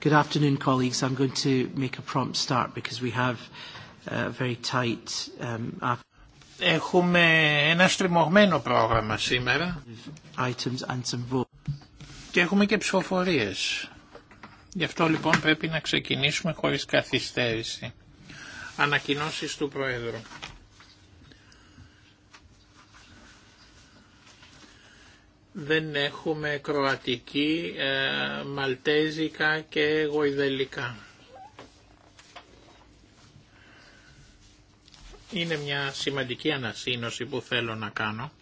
Good afternoon, colleagues. I'm going to make a prompt start because we have a uh, very tight. Um, έχουμε ένα στριμωγμένο πρόγραμμα σήμερα. Items and some votes. Και έχουμε και ψηφοφορίες. Γι' αυτό λοιπόν πρέπει να ξεκινήσουμε χωρίς καθυστέρηση. Ανακοινώσεις του Προέδρου. δεν έχουμε κροατική, ε, μαλτέζικα και γοιδελικά. Είναι μια σημαντική ανασύνωση που θέλω να κάνω.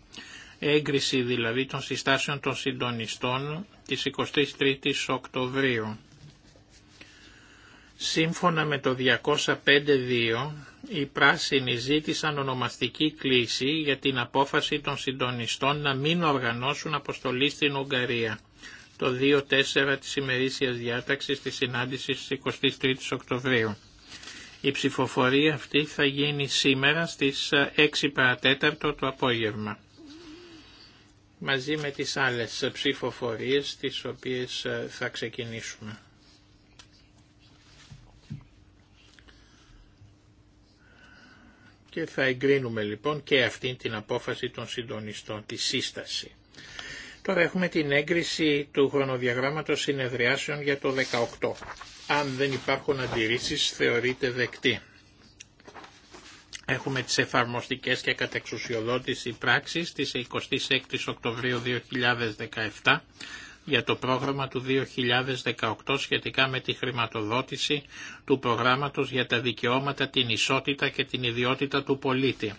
Έγκριση δηλαδή των συστάσεων των συντονιστών της 23ης Οκτωβρίου. Σύμφωνα με το 205.2, οι πράσινοι ζήτησαν ονομαστική κλίση για την απόφαση των συντονιστών να μην οργανώσουν αποστολή στην Ουγγαρία. Το 2.4 της ημερήσιας διάταξης της συνάντησης 23 Οκτωβρίου. Η ψηφοφορία αυτή θα γίνει σήμερα στις 6 το απόγευμα. Μαζί με τις άλλες ψηφοφορίες τις οποίες θα ξεκινήσουμε. και θα εγκρίνουμε λοιπόν και αυτή την απόφαση των συντονιστών, τη σύσταση. Τώρα έχουμε την έγκριση του χρονοδιαγράμματος συνεδριάσεων για το 18. Αν δεν υπάρχουν αντιρρήσεις θεωρείται δεκτή. Έχουμε τις εφαρμοστικές και κατεξουσιοδότηση πράξεις της 26 Οκτωβρίου 2017 για το πρόγραμμα του 2018 σχετικά με τη χρηματοδότηση του προγράμματος για τα δικαιώματα, την ισότητα και την ιδιότητα του πολίτη.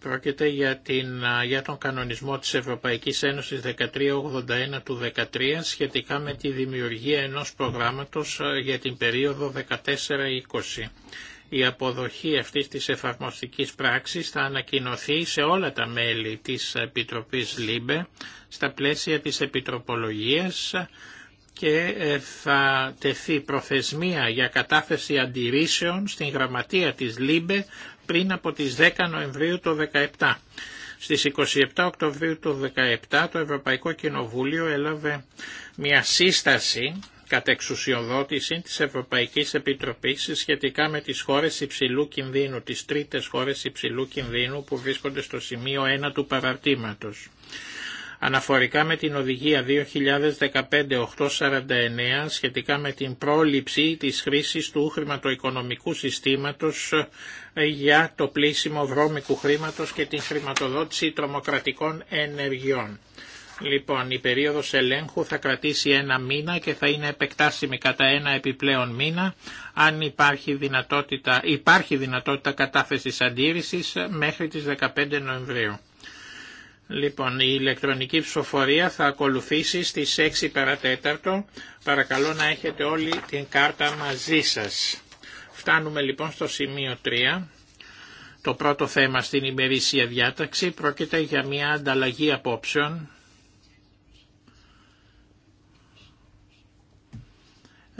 Πρόκειται για, την, για τον κανονισμό της Ευρωπαϊκής Ένωσης 1381 του 13 σχετικά με τη δημιουργία ενός προγράμματος για την περίοδο 14-20. Η αποδοχή αυτής της εφαρμοστικής πράξης θα ανακοινωθεί σε όλα τα μέλη της Επιτροπής ΛΥΜΠΕ στα πλαίσια της Επιτροπολογίας και ε, θα τεθεί προθεσμία για κατάθεση αντιρρήσεων στην γραμματεία της ΛΥΜΠΕ πριν από τις 10 Νοεμβρίου του 2017. Στις 27 Οκτωβρίου του 2017 το Ευρωπαϊκό Κοινοβούλιο έλαβε μια σύσταση εξουσιοδότηση της Ευρωπαϊκής Επιτροπής σχετικά με τις χώρες υψηλού κινδύνου, τις τρίτες χώρες υψηλού κινδύνου που βρίσκονται στο σημείο 1 του παραρτήματος. Αναφορικά με την Οδηγία 2015-849 σχετικά με την πρόληψη της χρήσης του χρηματοοικονομικού συστήματος ε, για το πλήσιμο βρώμικου χρήματος και την χρηματοδότηση τρομοκρατικών ενεργειών. Λοιπόν, η περίοδος ελέγχου θα κρατήσει ένα μήνα και θα είναι επεκτάσιμη κατά ένα επιπλέον μήνα αν υπάρχει δυνατότητα, υπάρχει δυνατότητα κατάθεσης αντίρρησης μέχρι τις 15 Νοεμβρίου. Λοιπόν, η ηλεκτρονική ψηφοφορία θα ακολουθήσει στις 6 Παρακαλώ να έχετε όλη την κάρτα μαζί σας. Φτάνουμε λοιπόν στο σημείο 3. Το πρώτο θέμα στην ημερήσια διάταξη πρόκειται για μια ανταλλαγή απόψεων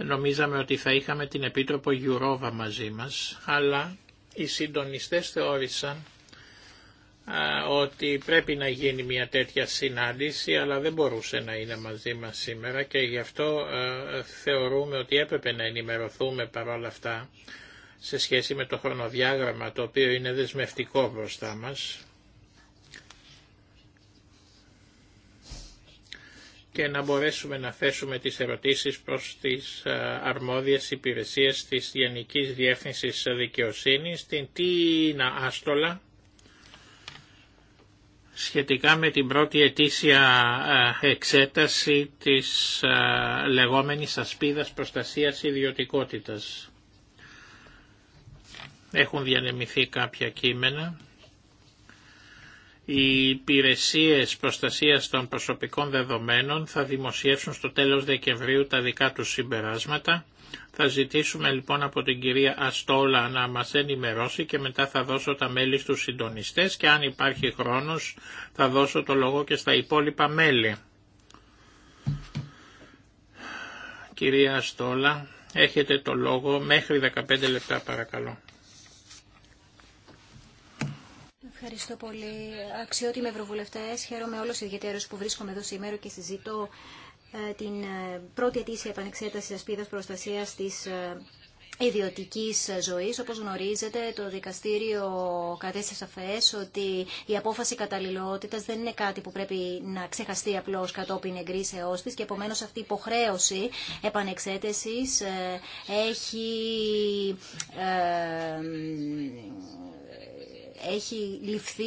Νομίζαμε ότι θα είχαμε την Επίτροπο Γιουρόβα μαζί μας, αλλά οι συντονιστές θεώρησαν ότι πρέπει να γίνει μια τέτοια συνάντηση, αλλά δεν μπορούσε να είναι μαζί μας σήμερα και γι' αυτό θεωρούμε ότι έπρεπε να ενημερωθούμε παρόλα αυτά σε σχέση με το χρονοδιάγραμμα το οποίο είναι δεσμευτικό μπροστά μας και να μπορέσουμε να θέσουμε τις ερωτήσεις προς τις ε, αρμόδιες υπηρεσίες της Γενικής Διεύθυνσης Δικαιοσύνης, την Τίνα Άστολα, σχετικά με την πρώτη ετήσια ε, εξέταση της ε, λεγόμενης ασπίδας προστασίας ιδιωτικότητας. Έχουν διανεμηθεί κάποια κείμενα. Οι υπηρεσίες προστασίας των προσωπικών δεδομένων θα δημοσιεύσουν στο τέλος Δεκεμβρίου τα δικά του συμπεράσματα. Θα ζητήσουμε λοιπόν από την κυρία Αστόλα να μας ενημερώσει και μετά θα δώσω τα μέλη στους συντονιστές και αν υπάρχει χρόνος θα δώσω το λόγο και στα υπόλοιπα μέλη. Κυρία Αστόλα, έχετε το λόγο μέχρι 15 λεπτά παρακαλώ. Ευχαριστώ πολύ. Αξιότιμοι Ευρωβουλευτέ, χαίρομαι όλου ιδιαίτερω που βρίσκομαι εδώ σήμερα και συζητώ ε, την ε, πρώτη ετήσια επανεξέταση ασπίδας προστασίας της ε, ιδιωτική ζωή. Όπω γνωρίζετε, το δικαστήριο κατέστησε σαφέ ότι η απόφαση καταλληλότητα δεν είναι κάτι που πρέπει να ξεχαστεί απλώ κατόπιν εγκρίσεώ τη και επομένω αυτή η υποχρέωση επανεξέτεση έχει έχει ληφθεί,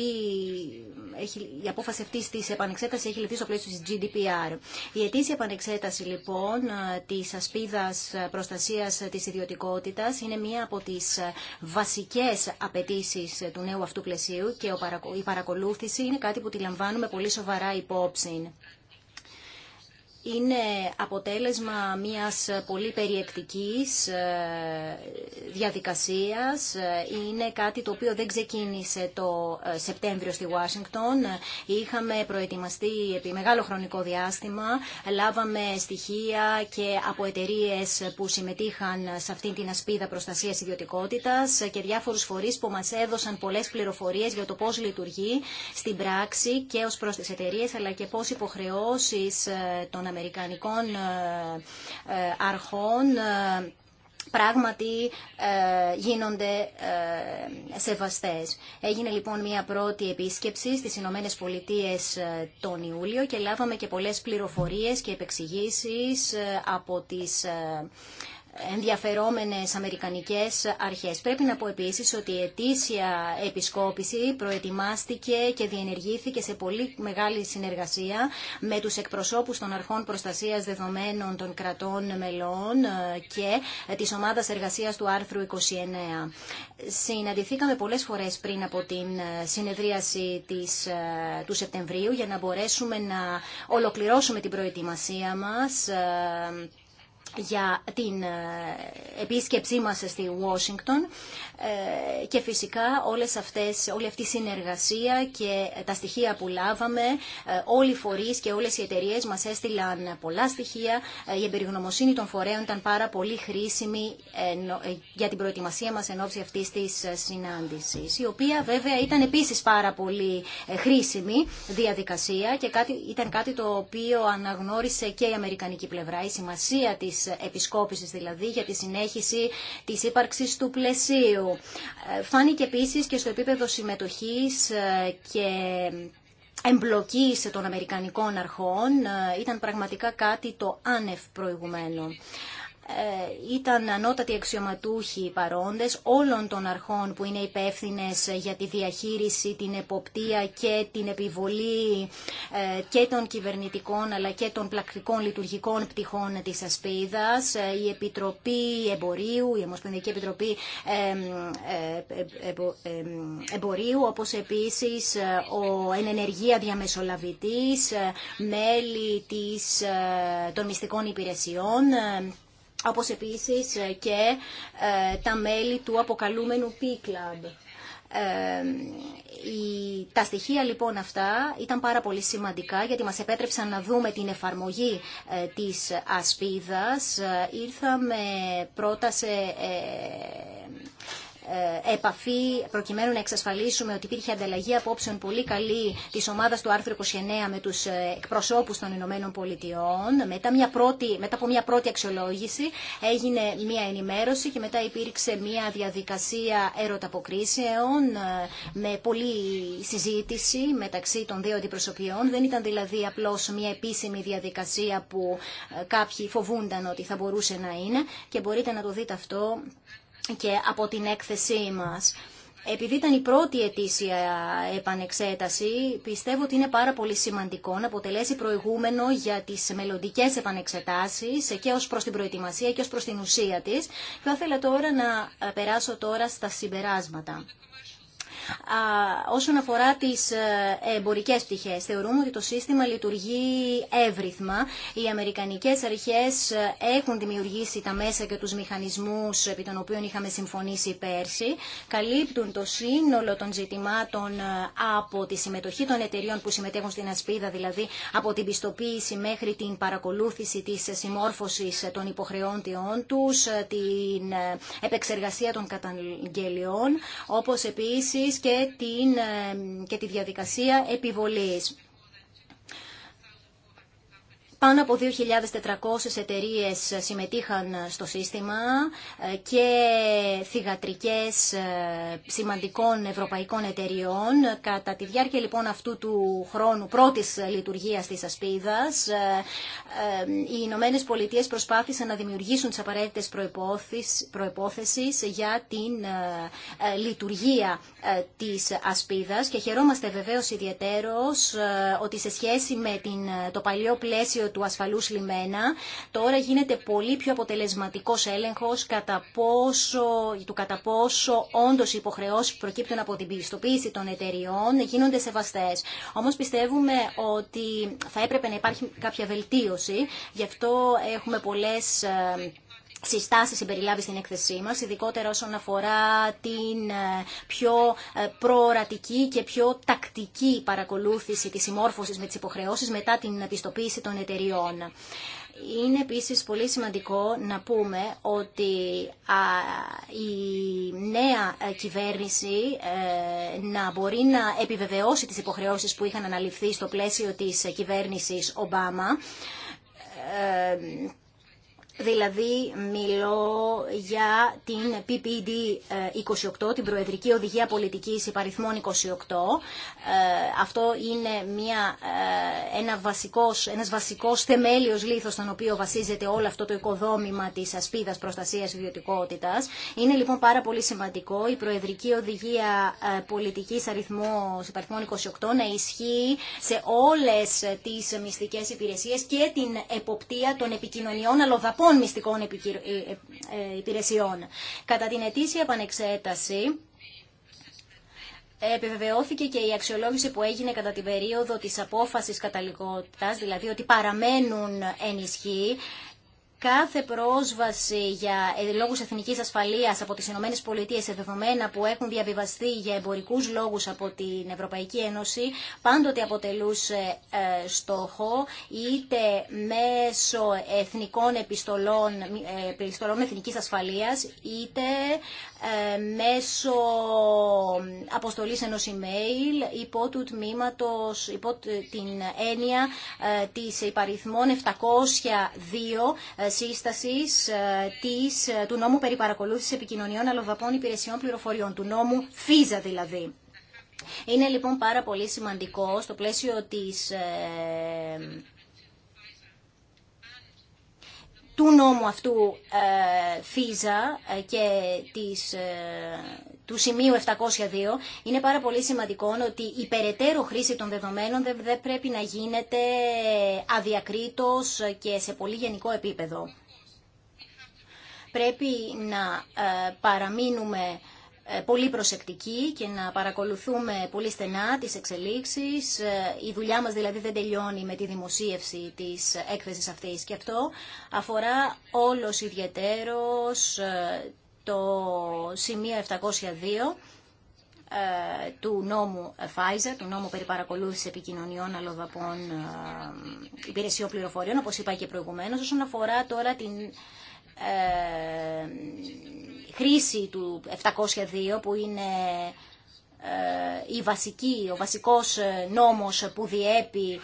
έχει, η απόφαση αυτή τη επανεξέταση έχει ληφθεί στο πλαίσιο τη GDPR. Η ετήσια επανεξέταση λοιπόν τη ασπίδα προστασία τη ιδιωτικότητα είναι μία από τι βασικέ απαιτήσει του νέου αυτού πλαισίου και η παρακολούθηση είναι κάτι που τη λαμβάνουμε πολύ σοβαρά υπόψη είναι αποτέλεσμα μιας πολύ περιεκτικής ε, διαδικασίας. Είναι κάτι το οποίο δεν ξεκίνησε το ε, Σεπτέμβριο στη Ουάσιγκτον. Είχαμε προετοιμαστεί επί μεγάλο χρονικό διάστημα. Λάβαμε στοιχεία και από εταιρείε που συμμετείχαν σε αυτή την ασπίδα προστασίας ιδιωτικότητας και διάφορους φορείς που μας έδωσαν πολλές πληροφορίες για το πώς λειτουργεί στην πράξη και ως προς τις εταιρείε αλλά και πώς υποχρεώσεις ε, των Αμερικανικών ε, ε, αρχών ε, πράγματι γίνονται ε, σεβαστές. Έγινε λοιπόν μια πρώτη επίσκεψη στις Ηνωμένε Πολιτείε τον Ιούλιο και λάβαμε και πολλές πληροφορίες και επεξηγήσεις από τις ενδιαφερόμενες αμερικανικές αρχές. Πρέπει να πω επίσης ότι η ετήσια επισκόπηση προετοιμάστηκε και διενεργήθηκε σε πολύ μεγάλη συνεργασία με τους εκπροσώπους των αρχών προστασίας δεδομένων των κρατών μελών ε, και ε, της ομάδας εργασίας του άρθρου 29. Συναντηθήκαμε πολλές φορές πριν από την ε, συνεδρίαση της, του Σεπτεμβρίου για να μπορέσουμε να ολοκληρώσουμε την προετοιμασία μας για την ε, επίσκεψή μας στη Ουάσιγκτον ε, και φυσικά όλες αυτές, όλη αυτή η συνεργασία και τα στοιχεία που λάβαμε, ε, όλοι οι φορείς και όλες οι εταιρείε μας έστειλαν πολλά στοιχεία. Η εμπεριγνωμοσύνη των φορέων ήταν πάρα πολύ χρήσιμη για την προετοιμασία μας εν ώψη αυτής της συνάντησης, η οποία βέβαια ήταν επίσης πάρα πολύ χρήσιμη διαδικασία και ήταν κάτι το οποίο αναγνώρισε και η Αμερικανική πλευρά, η σημασία της επισκόπησης δηλαδή για τη συνέχιση της ύπαρξης του πλαισίου. Ε, φάνηκε επίσης και στο επίπεδο συμμετοχής ε, και εμπλοκής των Αμερικανικών αρχών ε, ήταν πραγματικά κάτι το άνευ προηγουμένο. Ε, ήταν ανώτατοι αξιωματούχοι παρόντες όλων των αρχών που είναι υπεύθυνε για τη διαχείριση, την εποπτεία και την επιβολή ε, και των κυβερνητικών αλλά και των πλακτικών λειτουργικών πτυχών της ασπίδας. Ε, η Επιτροπή Εμπορίου, η Ομοσπονδιακή Επιτροπή Εμπορίου, όπως επίσης ο ενεργεία διαμεσολαβητής, μέλη της, των μυστικών υπηρεσιών όπως επίσης και ε, τα μέλη του αποκαλούμενου P-Club. Ε, τα στοιχεία λοιπόν αυτά ήταν πάρα πολύ σημαντικά γιατί μας επέτρεψαν να δούμε την εφαρμογή ε, της ασπίδας. ήρθαμε πρώτα σε ε, επαφή προκειμένου να εξασφαλίσουμε ότι υπήρχε ανταλλαγή απόψεων πολύ καλή της ομάδας του άρθρου 29 με τους ε, εκπροσώπους των Ηνωμένων Πολιτειών. Μετά, μια πρώτη, μετά από μια πρώτη αξιολόγηση έγινε μια ενημέρωση και μετά υπήρξε μια διαδικασία ερωταποκρίσεων ε, με πολλή συζήτηση μεταξύ των δύο αντιπροσωπιών. Δεν ήταν δηλαδή απλώ μια επίσημη διαδικασία που κάποιοι φοβούνταν ότι θα μπορούσε να είναι και μπορείτε να το δείτε αυτό και από την έκθεσή μας. Επειδή ήταν η πρώτη ετήσια επανεξέταση, πιστεύω ότι είναι πάρα πολύ σημαντικό να αποτελέσει προηγούμενο για τις μελλοντικέ επανεξετάσεις και ως προς την προετοιμασία και ως προς την ουσία της. Θα ήθελα τώρα να περάσω τώρα στα συμπεράσματα όσον αφορά τις ε, εμπορικές πτυχέ, Θεωρούμε ότι το σύστημα λειτουργεί εύρυθμα. Οι Αμερικανικές αρχές ε, έχουν δημιουργήσει τα μέσα και τους μηχανισμούς επί των οποίων είχαμε συμφωνήσει πέρσι. Καλύπτουν το σύνολο των ζητημάτων ε, από τη συμμετοχή των εταιρείων που συμμετέχουν στην ασπίδα, δηλαδή από την πιστοποίηση μέχρι την παρακολούθηση της συμμόρφωση των υποχρεώντιών τους, την επεξεργασία των καταγγελιών, όπως επίση, και, την, ε, και τη διαδικασία επιβολής. Πάνω από 2.400 εταιρείες συμμετείχαν στο σύστημα ε, και θυγατρικές ε, σημαντικών ευρωπαϊκών εταιριών. Κατά τη διάρκεια λοιπόν αυτού του χρόνου πρώτης λειτουργίας της ασπίδας, οι Ηνωμένε Πολιτείε προσπάθησαν να δημιουργήσουν τις απαραίτητες προϋπόθεσεις για την λειτουργία της ασπίδας και χαιρόμαστε βεβαίως ιδιαιτέρως ε, ότι σε σχέση με την, το παλιό πλαίσιο του ασφαλούς λιμένα τώρα γίνεται πολύ πιο αποτελεσματικός έλεγχος κατά πόσο, του κατά πόσο όντως οι υποχρεώσεις που προκύπτουν από την πιστοποίηση των εταιριών γίνονται σεβαστές. Όμως πιστεύουμε ότι θα έπρεπε να υπάρχει κάποια βελτίωση γι' αυτό έχουμε πολλές ε, συστάσεις συμπεριλάβει στην έκθεσή μας, ειδικότερα όσον αφορά την ε, πιο ε, προορατική και πιο τακτική παρακολούθηση της συμμόρφωσης με τις υποχρεώσεις μετά την επιστοποίηση των εταιριών. Είναι επίσης πολύ σημαντικό να πούμε ότι η νέα ε, κυβέρνηση να μπορεί να επιβεβαιώσει τις υποχρεώσεις που είχαν αναλυφθεί στο πλαίσιο της κυβέρνησης Ομπάμα Δηλαδή μιλώ για την PPD 28, ε, την Προεδρική Οδηγία Πολιτικής Υπαριθμών 28. Ε, αυτό είναι μια, ε, ένα βασικός, ένας βασικός θεμέλιος λίθος στον οποίο βασίζεται όλο αυτό το οικοδόμημα της ασπίδας προστασίας ιδιωτικότητας. Είναι λοιπόν πάρα πολύ σημαντικό η Προεδρική Οδηγία Πολιτικής Υπαριθμών 28 να ισχύει σε όλες τις μυστικές υπηρεσίες και την εποπτεία των επικοινωνιών αλλοδαπών βασικών μυστικών ε, ε, ε, υπηρεσιών. Κατά την ετήσια επανεξέταση, επιβεβαιώθηκε και η αξιολόγηση που έγινε κατά την περίοδο της απόφασης καταλικότητας, δηλαδή ότι παραμένουν ενισχύ κάθε πρόσβαση για λόγους εθνικής ασφαλείας από τις Ηνωμένες Πολιτείες σε δεδομένα που έχουν διαβιβαστεί για εμπορικούς λόγους από την Ευρωπαϊκή Ένωση πάντοτε αποτελούσε ε, στόχο είτε μέσω εθνικών επιστολών, ε, επιστολών εθνικής ασφαλείας είτε ε, μέσω αποστολής ενός email υπό του τμήματος, υπό την έννοια ε, της υπαριθμών 702 ε, σύστασης της, του νόμου περί παρακολούθησης επικοινωνιών αλλοδαπών υπηρεσιών πληροφοριών, του νόμου ΦΙΖΑ δηλαδή. Είναι λοιπόν πάρα πολύ σημαντικό στο πλαίσιο της του νόμου αυτού ε, ΦΙΖΑ ε, και της, ε, του σημείου 702 είναι πάρα πολύ σημαντικό ότι η περαιτέρω χρήση των δεδομένων δεν πρέπει να γίνεται αδιακρίτως και σε πολύ γενικό επίπεδο. Πρέπει να παραμείνουμε ε, πολύ προσεκτικοί και να παρακολουθούμε πολύ στενά τις εξελίξεις. Ε, η δουλειά μας δηλαδή δεν τελειώνει με τη δημοσίευση της έκθεσης αυτής και αυτό αφορά όλος ιδιαιτέρως ε, το σημείο 702 του νόμου Pfizer, του νόμου περί παρακολούθησης επικοινωνιών αλλοδαπών υπηρεσιών πληροφοριών, όπως είπα και προηγουμένως, όσον αφορά τώρα την ε, χρήση του 702 που είναι ε, η βασική, ο βασικός ε, νόμος που διέπει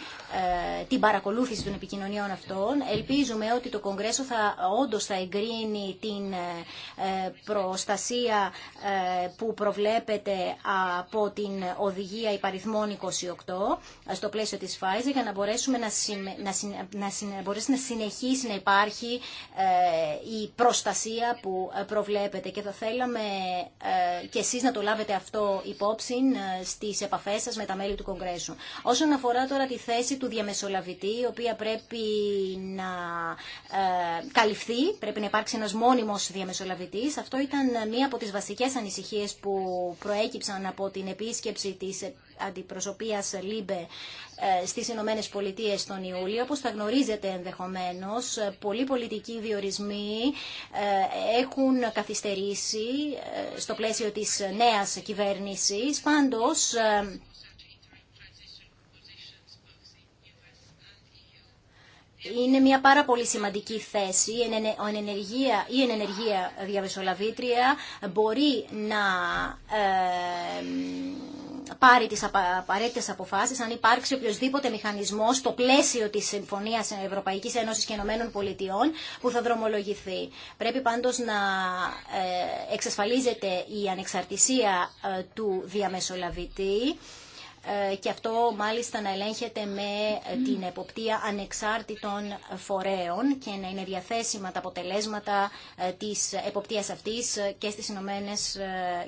ε, την παρακολούθηση των επικοινωνιών αυτών. Ελπίζουμε ότι το Κογκρέσο θα, όντως θα εγκρίνει την προστασία που προβλέπεται από την οδηγία υπαριθμών 28 στο πλαίσιο της ΦΑΙΖΕ για να, μπορέσουμε να, να, μπορέσει να συνεχίσει να υπάρχει η προστασία που προβλέπεται και θα θέλαμε και εσείς να το λάβετε αυτό υπόψη υπόψη ε, στις επαφές σα με τα μέλη του Κογκρέσου. Όσον αφορά τώρα τη θέση του διαμεσολαβητή, η οποία πρέπει να ε, καλυφθεί, πρέπει να υπάρξει ένας μόνιμος διαμεσολαβητής, αυτό ήταν μία από τις βασικές ανησυχίες που προέκυψαν από την επίσκεψη της αντιπροσωπείας ΛΥΜΠΕ ε, στις Ηνωμένε Πολιτείε τον Ιούλιο. Όπως θα γνωρίζετε ενδεχομένως, ε, πολλοί πολιτικοί διορισμοί ε, έχουν καθυστερήσει στο πλαίσιο της νέας κυβέρνησης. Πάντως, Είναι μια πάρα πολύ σημαντική θέση. Η ενεργεία, η ενεργεία διαμεσολαβήτρια μπορεί να πάρει τις απαραίτητες αποφάσεις αν υπάρξει οποιοδήποτε μηχανισμός στο πλαίσιο της Συμφωνίας Ευρωπαϊκής Ένωσης και Ενωμένων Πολιτειών που θα δρομολογηθεί. Πρέπει πάντως να ε, εξασφαλίζεται η ανεξαρτησία ε, του διαμεσολαβητή ε, και αυτό μάλιστα να ελέγχεται με την εποπτεία ανεξάρτητων φορέων και να είναι διαθέσιμα τα αποτελέσματα της εποπτείας αυτής και, στις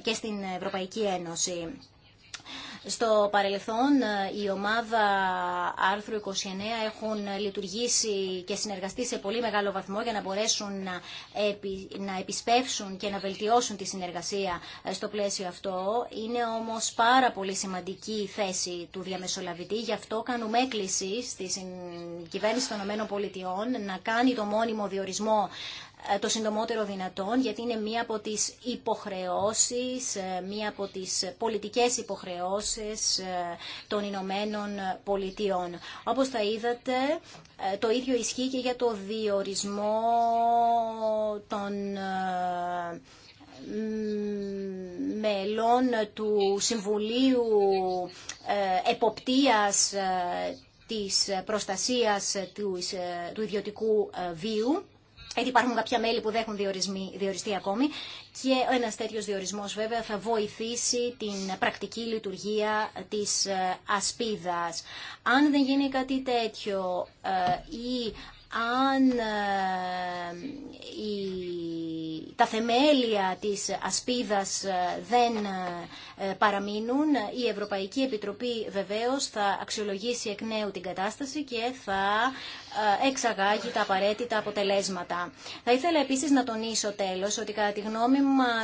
και στην Ευρωπαϊκή Ένωση. Στο παρελθόν ε, η ομάδα άρθρου 29 έχουν λειτουργήσει και συνεργαστεί σε πολύ μεγάλο βαθμό για να μπορέσουν να, επι, επισπεύσουν και να βελτιώσουν τη συνεργασία ε, στο πλαίσιο αυτό. Είναι όμως πάρα πολύ σημαντική η θέση του διαμεσολαβητή, γι' αυτό κάνουμε έκκληση στη κυβέρνηση των ΗΠΑ να κάνει το μόνιμο διορισμό ε, το συντομότερο δυνατόν, γιατί είναι μία από τις υποχρεώσεις, ε, μία από τις πολιτικές υποχρεώσεις ε, των Ηνωμένων Πολιτειών. Όπως θα είδατε, το ίδιο ισχύει και για το διορισμό των μελών του Συμβουλίου Εποπτείας της Προστασίας του Ιδιωτικού Βίου γιατί υπάρχουν κάποια μέλη που δεν έχουν διοριστεί ακόμη και ένα τέτοιο διορισμό βέβαια θα βοηθήσει την πρακτική λειτουργία τη ε, ασπίδα. Αν δεν γίνει κάτι τέτοιο ε, ή αν ε, τα θεμέλια της ασπίδας δεν παραμείνουν, η Ευρωπαϊκή Επιτροπή βεβαίως θα αξιολογήσει εκ νέου την κατάσταση και θα ε, εξαγάγει τα απαραίτητα αποτελέσματα. Θα ήθελα επίσης να τονίσω τέλος ότι κατά τη γνώμη μα,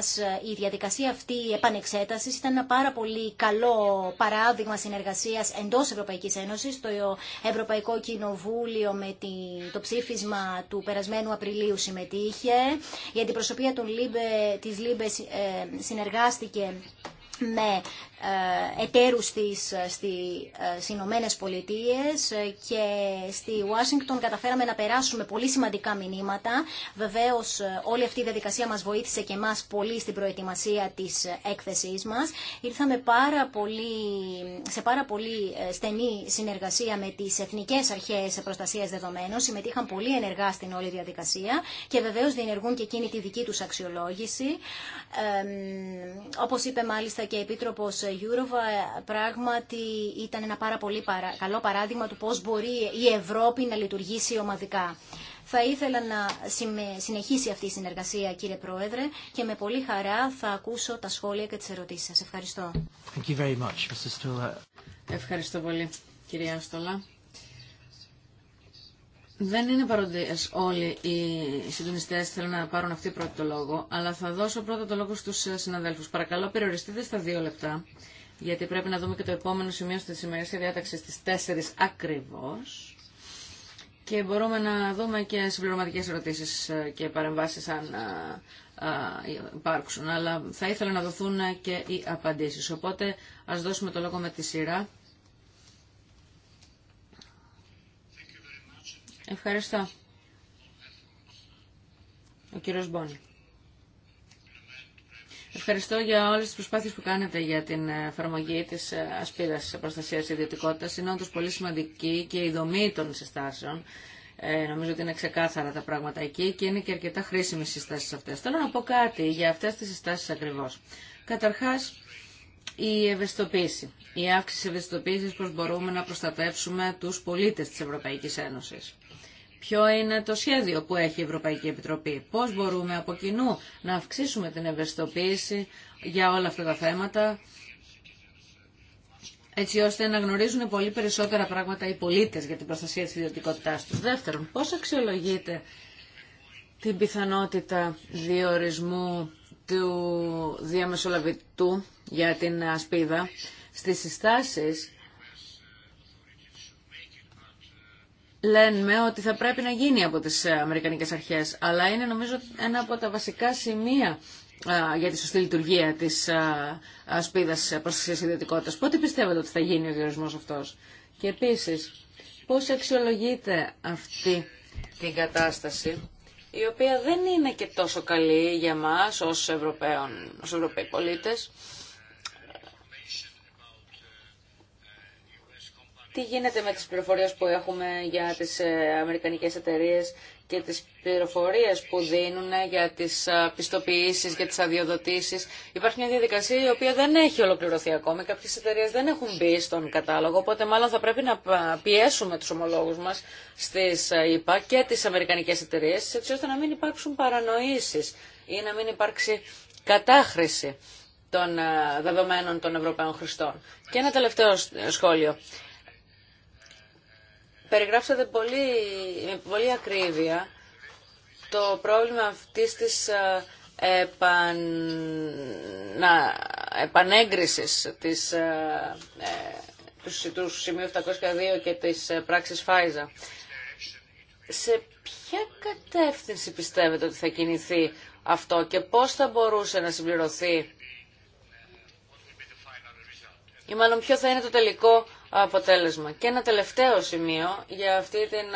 ε, η διαδικασία αυτή επανεξέταση επανεξέτασης ήταν ένα πάρα πολύ καλό παράδειγμα συνεργασία εντό Ευρωπαϊκής Ένωσης. Το Ευρωπαϊκό Κοινοβούλιο με το ψήφισμα του περασμένου Απριλίου συμμετείχε. Η αντιπροσωπεία τη ΛΥΜΠΕ ε, συνεργάστηκε με ε, εταίρους ε, της ε, στις Ηνωμένες Πολιτείες και στη Ουάσιγκτον καταφέραμε να περάσουμε πολύ σημαντικά μηνύματα. Βεβαίως όλη αυτή η διαδικασία μας βοήθησε και εμάς πολύ στην προετοιμασία της έκθεσής μας. Ήρθαμε πάρα πολύ, σε πάρα πολύ στενή συνεργασία με τις Εθνικές Αρχές Προστασίας Δεδομένων. Συμμετείχαν πολύ ενεργά στην όλη διαδικασία και βεβαίως διενεργούν και εκείνη τη δική τους αξιολόγηση. Ε, όπως είπε μάλιστα και η Επίτροπος Γιούροβα ε, πράγματι ήταν ένα πάρα πολύ καλό παράδειγμα του πώς μπορεί η Ευρώπη να λειτουργήσει ομαδικά. Θα ήθελα να συνεχίσει αυτή η συνεργασία, κύριε Πρόεδρε, και με πολύ χαρά θα ακούσω τα σχόλια και τις ερωτήσεις σας. Ευχαριστώ. Thank you very much, Ευχαριστώ πολύ, κυρία Στολά. Δεν είναι παροντέ όλοι οι συντονιστέ θέλουν να πάρουν αυτή πρώτο το λόγο, αλλά θα δώσω πρώτα το λόγο στου ε, συναδέλφου. Παρακαλώ περιοριστείτε στα δύο λεπτά, γιατί πρέπει να δούμε και το επόμενο σημείο στη σημερινή διάταξη στις 4 ακριβώ. Και μπορούμε να δούμε και συμπληρωματικέ ερωτήσει ε, και παρεμβάσει αν ε, υπάρξουν. Αλλά θα ήθελα να δοθούν και οι απαντήσει. Οπότε α δώσουμε το λόγο με τη σειρά Ευχαριστώ. Ο κύριος Μπόνι. Ευχαριστώ για όλε τι προσπάθειε που κάνετε για την εφαρμογή τη ασπίδα προστασία ιδιωτικότητα. Είναι όντω πολύ σημαντική και η δομή των συστάσεων. Ε, νομίζω ότι είναι ξεκάθαρα τα πράγματα εκεί και είναι και αρκετά χρήσιμε οι συστάσει αυτέ. Θέλω να πω κάτι για αυτέ τι συστάσει ακριβώ. Καταρχά, η ευαισθητοποίηση. Η αύξηση ευαισθητοποίηση πώ μπορούμε να προστατεύσουμε του πολίτε τη Ευρωπαϊκή Ένωση. Ποιο είναι το σχέδιο που έχει η Ευρωπαϊκή Επιτροπή. Πώς μπορούμε από κοινού να αυξήσουμε την ευαισθητοποίηση για όλα αυτά τα θέματα έτσι ώστε να γνωρίζουν πολύ περισσότερα πράγματα οι πολίτες για την προστασία της ιδιωτικότητάς τους. Δεύτερον, πώς αξιολογείται την πιθανότητα διορισμού του διαμεσολαβητού για την ασπίδα στις συστάσεις λένε ότι θα πρέπει να γίνει από τις ε, Αμερικανικές αρχές, αλλά είναι νομίζω ένα από τα βασικά σημεία για τη σωστή λειτουργία της σπίδας προστασίας ιδιωτικότητας. Πότε πιστεύετε ότι θα γίνει ο διορισμός αυτός. Και επίσης, πώς αξιολογείται αυτή την κατάσταση η οποία δεν είναι και τόσο καλή για μας ως, Ευρωπαίων, ως Ευρωπαίοι πολίτες. τι γίνεται με τις πληροφορίες που έχουμε για τις ε, αμερικανικές εταιρείες και τις πληροφορίες που δίνουν ε, για τις ε, πιστοποιήσεις, για τις αδειοδοτήσεις. Υπάρχει μια διαδικασία η οποία δεν έχει ολοκληρωθεί ακόμη. Κάποιες εταιρείες δεν έχουν μπει στον κατάλογο, οπότε μάλλον θα πρέπει να πιέσουμε τους ομολόγους μας στις ΙΠΑ και τις αμερικανικές εταιρείες, έτσι ώστε να μην υπάρξουν παρανοήσεις ή να μην υπάρξει κατάχρηση των δεδομένων των Ευρωπαίων χρηστών. Και ένα τελευταίο σχόλιο περιγράψατε πολύ, με πολύ ακρίβεια το πρόβλημα αυτής της ε, επαν... να... επανέγκρισης της, ε, ε, του, σημείου 702 και της πράξης Φάιζα. Σε ποια κατεύθυνση πιστεύετε ότι θα κινηθεί αυτό και πώς θα μπορούσε να συμπληρωθεί ή μάλλον ποιο θα είναι το τελικό αποτέλεσμα. Και ένα τελευταίο σημείο για αυτή την,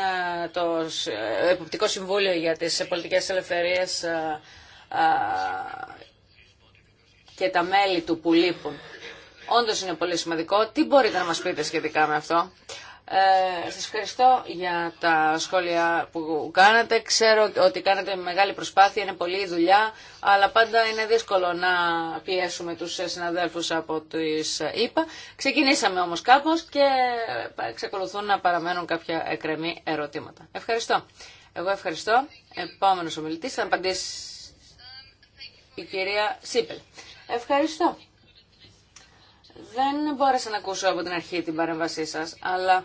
το Εποπτικό Συμβούλιο για τις Πολιτικές Ελευθερίες και τα μέλη του που λείπουν. Όντως είναι πολύ σημαντικό. Τι μπορείτε να μας πείτε σχετικά με αυτό. Ε, ευχαριστώ για τα σχόλια που κάνατε. Ξέρω ότι κάνατε μεγάλη προσπάθεια, είναι πολλή δουλειά, αλλά πάντα είναι δύσκολο να πιέσουμε τους συναδέλφους από τις ΕΙΠΑ. Ξεκινήσαμε όμως κάπως και εξακολουθούν να παραμένουν κάποια εκρεμή ερωτήματα. Ευχαριστώ. Εγώ ευχαριστώ. Επόμενος ομιλητής θα απαντήσει η κυρία Σίπελ. Ευχαριστώ. Δεν μπόρεσα να ακούσω από την αρχή την παρέμβασή σας, αλλά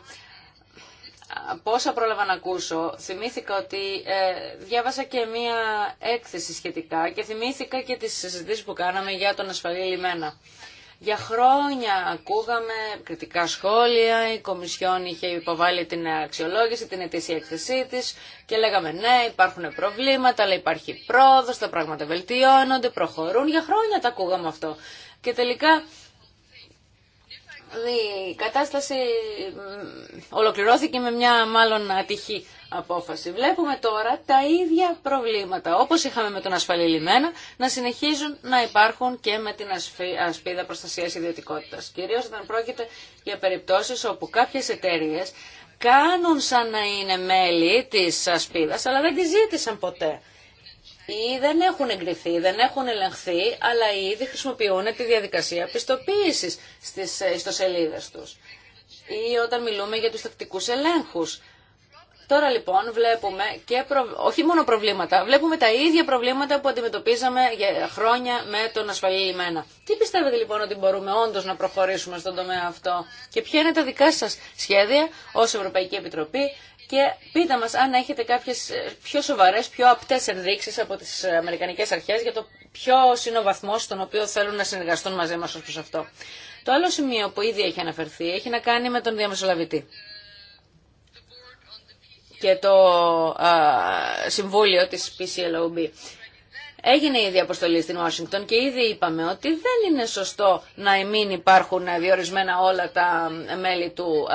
από όσα πρόλαβα να ακούσω, θυμήθηκα ότι ε, διάβασα και μία έκθεση σχετικά και θυμήθηκα και τις συζητήσεις που κάναμε για τον ασφαλή λιμένα. Για χρόνια ακούγαμε κριτικά σχόλια, η Κομισιόν είχε υποβάλει την αξιολόγηση, την ετήσια έκθεσή τη και λέγαμε ναι υπάρχουν προβλήματα, αλλά υπάρχει πρόοδος, τα πράγματα βελτιώνονται, προχωρούν. Για χρόνια τα ακούγαμε αυτό. Και τελικά Δηλαδή, η κατάσταση ολοκληρώθηκε με μια μάλλον ατυχή απόφαση. Βλέπουμε τώρα τα ίδια προβλήματα, όπως είχαμε με τον ασφαλή να συνεχίζουν να υπάρχουν και με την ασπίδα προστασίας ιδιωτικότητας. Κυρίως όταν πρόκειται για περιπτώσεις όπου κάποιες εταιρείε κάνουν σαν να είναι μέλη της ασπίδας, αλλά δεν τη ζήτησαν ποτέ ή δεν έχουν εγκριθεί, δεν έχουν ελεγχθεί, αλλά ήδη χρησιμοποιούν τη διαδικασία πιστοποίησης στις ε, ιστοσελίδε τους. Ή όταν μιλούμε για τους τακτικούς ελέγχους. Τώρα λοιπόν βλέπουμε και όχι μόνο προβλήματα, βλέπουμε τα ίδια προβλήματα που αντιμετωπίζαμε για χρόνια με τον ασφαλή ημένα. Τι πιστεύετε λοιπόν ότι μπορούμε όντως να προχωρήσουμε στον τομέα αυτό και ποια είναι τα δικά σας σχέδια ως Ευρωπαϊκή Επιτροπή και πείτε μας αν έχετε κάποιες ε, πιο σοβαρές, πιο απτές ενδείξεις από τις ε, Αμερικανικές αρχές για το ποιο είναι ο βαθμός στον οποίο θέλουν να συνεργαστούν μαζί μας ως προς αυτό. Το άλλο σημείο που ήδη έχει αναφερθεί έχει να κάνει με τον διαμεσολαβητή και το α, συμβούλιο της PCLOB. Έγινε ήδη αποστολή στην Ουάσιγκτον και ήδη είπαμε ότι δεν είναι σωστό να μην υπάρχουν διορισμένα όλα τα μέλη του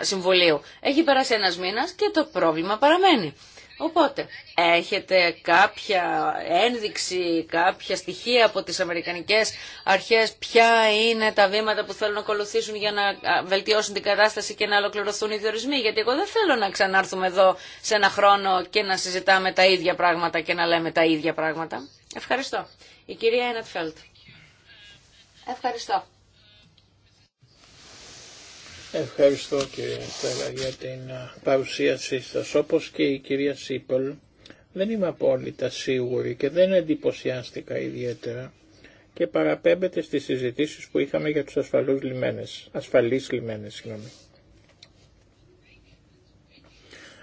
Συμβουλίου. Έχει περάσει ένας μήνας και το πρόβλημα παραμένει. Οπότε, έχετε κάποια ένδειξη, κάποια στοιχεία από τις Αμερικανικές αρχές, ποια είναι τα βήματα που θέλουν να ακολουθήσουν για να βελτιώσουν την κατάσταση και να ολοκληρωθούν οι διορισμοί. Γιατί εγώ δεν θέλω να ξανάρθουμε εδώ σε ένα χρόνο και να συζητάμε τα ίδια πράγματα και να λέμε τα ίδια πράγματα. Ευχαριστώ. Η κυρία Ένετφελτ. Ευχαριστώ. Ευχαριστώ κύριε Στέλλα για την παρουσίασή σα, Όπως και η κυρία Σίπολ, δεν είμαι απόλυτα σίγουρη και δεν εντυπωσιάστηκα ιδιαίτερα και παραπέμπεται στις συζητήσεις που είχαμε για τους ασφαλούς λιμένες, ασφαλείς λιμένες. Συγγνώμη.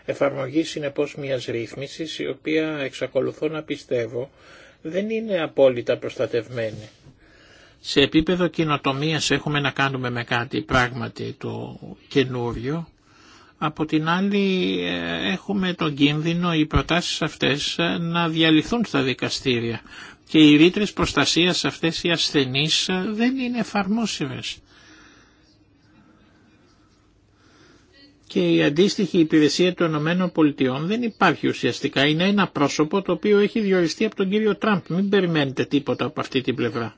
Εφαρμογή συνεπώς μιας ρύθμισης η οποία εξακολουθώ να πιστεύω δεν είναι απόλυτα προστατευμένη. Σε επίπεδο κοινοτομία έχουμε να κάνουμε με κάτι πράγματι το καινούριο. Από την άλλη ε, έχουμε τον κίνδυνο οι προτάσεις αυτές ε, να διαλυθούν στα δικαστήρια και οι ρήτρες προστασίας αυτές οι ασθενείς ε, δεν είναι εφαρμόσιμες. και η αντίστοιχη υπηρεσία των Ηνωμένων Πολιτειών δεν υπάρχει ουσιαστικά. Είναι ένα πρόσωπο το οποίο έχει διοριστεί από τον κύριο Τραμπ. Μην περιμένετε τίποτα από αυτή την πλευρά.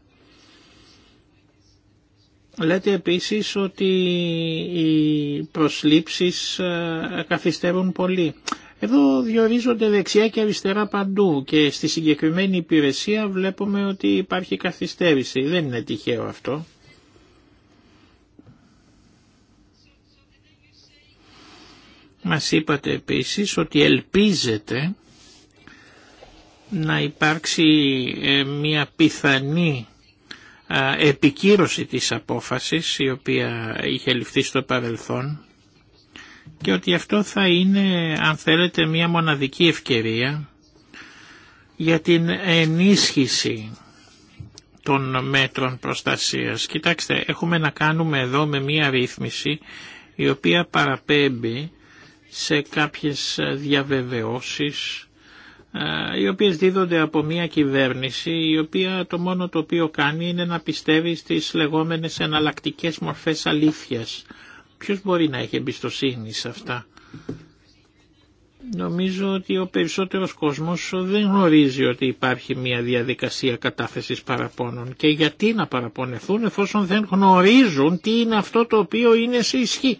Λέτε επίσης ότι οι προσλήψεις ε, καθυστερούν πολύ. Εδώ διορίζονται δεξιά και αριστερά παντού και στη συγκεκριμένη υπηρεσία βλέπουμε ότι υπάρχει καθυστέρηση. Δεν είναι τυχαίο αυτό. Μας είπατε επίσης ότι ελπίζετε να υπάρξει ε, μια πιθανή επικύρωση της απόφασης η οποία είχε ληφθεί στο παρελθόν και ότι αυτό θα είναι αν θέλετε μια μοναδική ευκαιρία για την ενίσχυση των μέτρων προστασίας. Κοιτάξτε, έχουμε να κάνουμε εδώ με μια ρύθμιση η οποία παραπέμπει σε κάποιες διαβεβαιώσεις οι οποίες δίδονται από μια κυβέρνηση η οποία το μόνο το οποίο κάνει είναι να πιστεύει στις λεγόμενες εναλλακτικέ μορφές αλήθειας. Ποιος μπορεί να έχει εμπιστοσύνη σε αυτά. Νομίζω ότι ο περισσότερος κόσμος δεν γνωρίζει ότι υπάρχει μια διαδικασία κατάθεσης παραπώνων και γιατί να παραπονεθούν εφόσον δεν γνωρίζουν τι είναι αυτό το οποίο είναι σε ισχύ.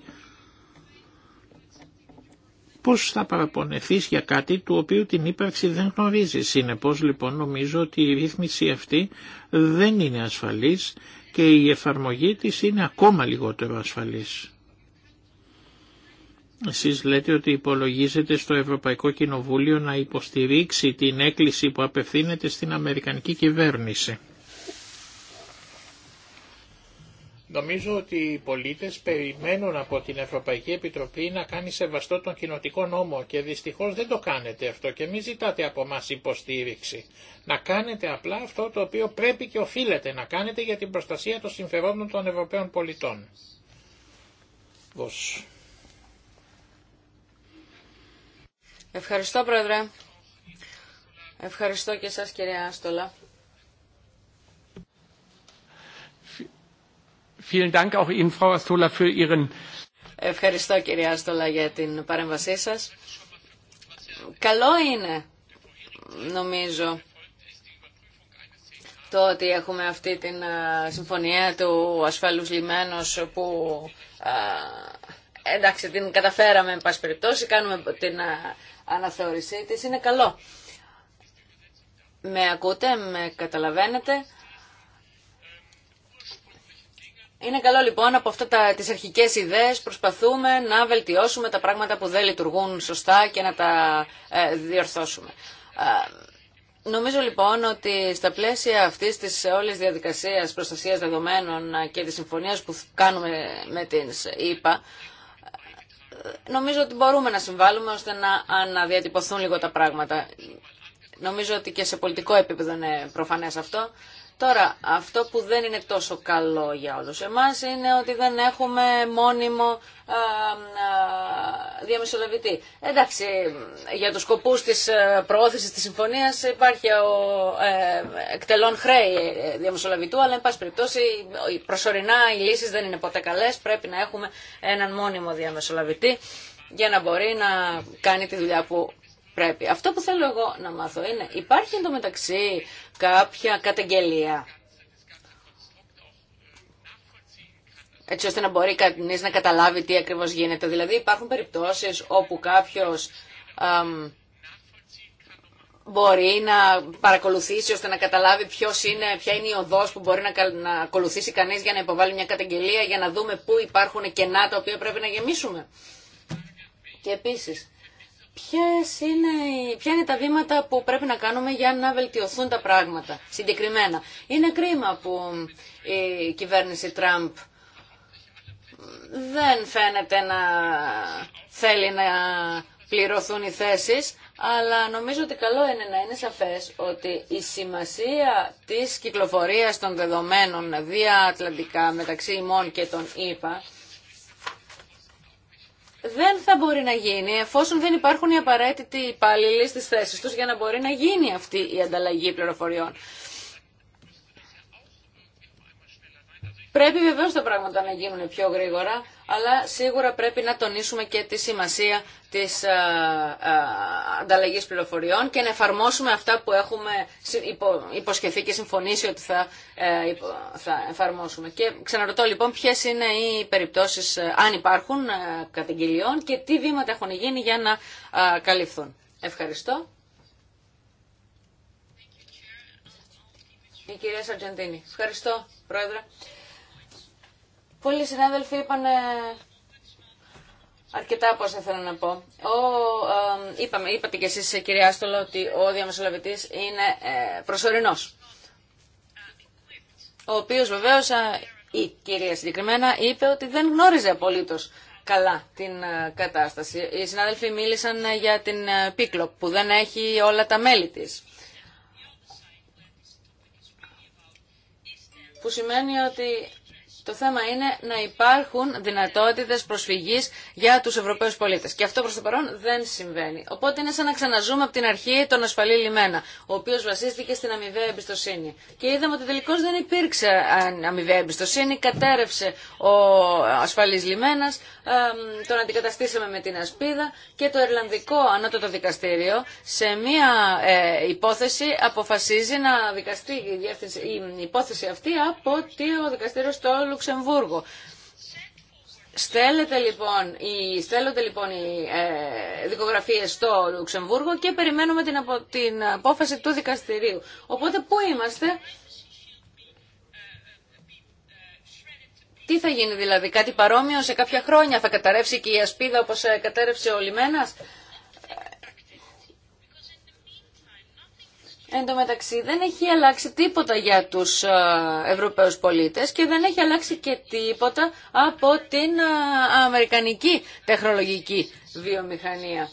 Πώς θα παραπονεθείς για κάτι του οποίου την ύπαρξη δεν γνωρίζει. Συνεπώς λοιπόν νομίζω ότι η ρύθμιση αυτή δεν είναι ασφαλής και η εφαρμογή της είναι ακόμα λιγότερο ασφαλής. Εσείς λέτε ότι υπολογίζετε στο Ευρωπαϊκό Κοινοβούλιο να υποστηρίξει την έκκληση που απευθύνεται στην Αμερικανική κυβέρνηση. Νομίζω ότι οι πολίτες περιμένουν από την Ευρωπαϊκή Επιτροπή να κάνει σεβαστό τον κοινοτικό νόμο και δυστυχώς δεν το κάνετε αυτό και μην ζητάτε από μας υποστήριξη. Να κάνετε απλά αυτό το οποίο πρέπει και οφείλετε να κάνετε για την προστασία των συμφερόντων των Ευρωπαίων πολιτών. Ευχαριστώ Πρόεδρε. Ευχαριστώ και εσάς κυρία Άστολα. Ευχαριστώ κυρία Άστολα για την παρέμβασή σας. Καλό είναι, νομίζω, το ότι έχουμε αυτή την συμφωνία του ασφαλούς λιμένος που εντάξει την καταφέραμε εν πάση περιπτώσει, κάνουμε την αναθεώρησή της, είναι καλό. Με ακούτε, με καταλαβαίνετε. Είναι καλό λοιπόν από αυτά τα, τις αρχικές ιδέες προσπαθούμε να βελτιώσουμε τα πράγματα που δεν λειτουργούν σωστά και να τα ε, διορθώσουμε. Ε, νομίζω λοιπόν ότι στα πλαίσια αυτής της όλης διαδικασίας προστασίας δεδομένων και της συμφωνίας που κάνουμε με την ΕΥΠΑ ε, νομίζω ότι μπορούμε να συμβάλλουμε ώστε να αναδιατυπωθούν λίγο τα πράγματα. Νομίζω ότι και σε πολιτικό επίπεδο είναι προφανές αυτό. Τώρα, αυτό που δεν είναι τόσο καλό για όλους εμάς είναι ότι δεν έχουμε μόνιμο διαμεσολαβητή. Εντάξει, για τους σκοπούς της ε, προώθησης της συμφωνίας υπάρχει ο ε, εκτελών χρέη ε, διαμεσολαβητού, αλλά εν πάση περιπτώσει προσωρινά οι λύσεις δεν είναι ποτέ καλές, πρέπει να έχουμε έναν μόνιμο διαμεσολαβητή για να μπορεί να κάνει τη δουλειά που πρέπει. Αυτό που θέλω εγώ να μάθω είναι, υπάρχει εντωμεταξύ κάποια καταγγελία έτσι ώστε να μπορεί κανείς να καταλάβει τι ακριβώς γίνεται. Δηλαδή υπάρχουν περιπτώσεις όπου κάποιος μπορεί να παρακολουθήσει ώστε να καταλάβει ποιος είναι, ποια είναι η οδός που μπορεί να, να ακολουθήσει κανείς για να υποβάλει μια καταγγελία για να δούμε πού υπάρχουν κενά τα οποία πρέπει να γεμίσουμε. Και επίσης, ποιες είναι, ποια είναι τα βήματα που πρέπει να κάνουμε για να βελτιωθούν τα πράγματα συγκεκριμένα. Είναι κρίμα που η κυβέρνηση Τραμπ δεν φαίνεται να θέλει να πληρωθούν οι θέσεις, αλλά νομίζω ότι καλό είναι να είναι σαφές ότι η σημασία της κυκλοφορίας των δεδομένων δια μεταξύ ημών και των ΗΠΑ δεν θα μπορεί να γίνει εφόσον δεν υπάρχουν οι απαραίτητοι υπάλληλοι στις θέσεις τους για να μπορεί να γίνει αυτή η ανταλλαγή πληροφοριών. Πρέπει βεβαίως τα πράγματα να γίνουν πιο γρήγορα αλλά σίγουρα πρέπει να τονίσουμε και τη σημασία της α, ε, ε, ανταλλαγής πληροφοριών και να εφαρμόσουμε αυτά που έχουμε υποσχεθεί και συμφωνήσει ότι θα, ε, θα εφαρμόσουμε. Και ξαναρωτώ λοιπόν ποιες είναι οι περιπτώσεις, αν υπάρχουν, καταγγελιών και τι βήματα έχουν γίνει για να καλυφθούν. Ευχαριστώ. Η κυρία Σαρτζεντίνη. Ευχαριστώ, Πρόεδρε. Πολλοί συνάδελφοι είπαν αρκετά από θέλω να πω. Ο, είπαμε, είπατε κι εσείς κυρία Άστολο ότι ο διαμεσολαβητής είναι ε, προσωρινός. Ο οποίος βεβαίως η κυρία συγκεκριμένα είπε ότι δεν γνώριζε απολύτως καλά την ε, κατάσταση. Οι συνάδελφοι μίλησαν ε, για την ε, πίκλο που δεν έχει όλα τα μέλη της. Που σημαίνει ότι το θέμα είναι να υπάρχουν δυνατότητες προσφυγής για τους Ευρωπαίους πολίτες. Και αυτό προς το παρόν δεν συμβαίνει. Οπότε είναι σαν να ξαναζούμε από την αρχή τον ασφαλή λιμένα, ο οποίος βασίστηκε στην αμοιβαία εμπιστοσύνη. Και είδαμε ότι τελικώ δεν υπήρξε αμοιβαία εμπιστοσύνη, κατέρευσε ο ασφαλής λιμένας, τον αντικαταστήσαμε με την ασπίδα και το Ιρλανδικό Ανώτατο Δικαστήριο σε μία ε, υπόθεση αποφασίζει να δικαστεί η υπόθεση αυτή από το δικαστήριο στο Λουξεμβούργο. Στέλνεται λοιπόν στέλνονται λοιπόν οι ε, δικογραφίες στο Λουξεμβούργο και περιμένουμε την, απο, την απόφαση του δικαστηρίου. Οπότε πού είμαστε, Τι θα γίνει δηλαδή, κάτι παρόμοιο σε κάποια χρόνια, θα καταρρεύσει και η ασπίδα όπως ε, κατέρευσε ο λιμένας. Εν τω μεταξύ δεν έχει αλλάξει τίποτα για τους ε, Ευρωπαίους πολίτες και δεν έχει αλλάξει και τίποτα από την ε, Αμερικανική τεχνολογική βιομηχανία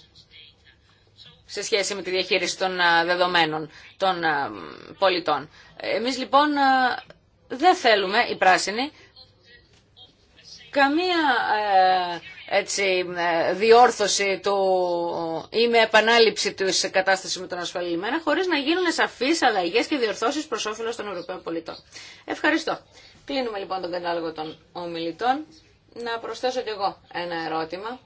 σε σχέση με τη διαχείριση των δεδομένων των πολιτών. Εμείς λοιπόν δεν θέλουμε οι πράσινοι καμία ε, έτσι, ε, διόρθωση του, ή με επανάληψη της κατάστασης με τον ασφαλισμένα, χωρίς να γίνουν σαφείς αλλαγές και διορθώσεις προς όφελος των Ευρωπαίων πολιτών. Ευχαριστώ. Κλείνουμε λοιπόν τον κατάλογο των ομιλητών. Να προσθέσω κι εγώ ένα ερώτημα.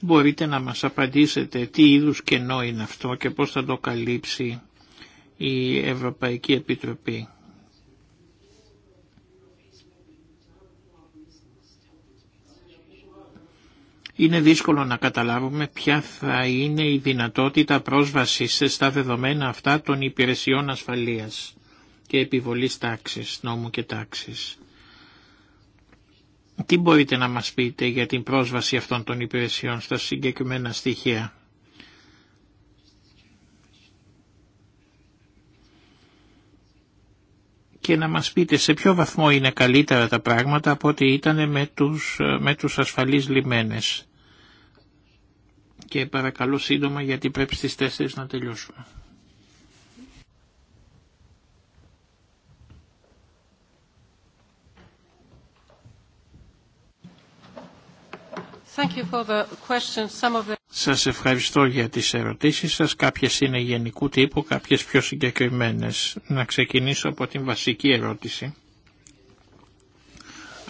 Μπορείτε να μας απαντήσετε τι είδους κενό είναι αυτό και πώς θα το καλύψει η Ευρωπαϊκή Επιτροπή. είναι δύσκολο να καταλάβουμε ποια θα είναι η δυνατότητα πρόσβασης στα δεδομένα αυτά των υπηρεσιών ασφαλείας και επιβολής τάξης, νόμου και τάξης. Τι μπορείτε να μας πείτε για την πρόσβαση αυτών των υπηρεσιών στα συγκεκριμένα στοιχεία. και να μας πείτε σε ποιο βαθμό είναι καλύτερα τα πράγματα από ότι ήταν με τους, με τους ασφαλείς λιμένες και παρακαλώ σύντομα γιατί πρέπει στις 4 να τελειώσουμε. Thank you for the Some of the... Σας ευχαριστώ για τις ερωτήσεις σας. Κάποιες είναι γενικού τύπου, κάποιες πιο συγκεκριμένες. Να ξεκινήσω από την βασική ερώτηση.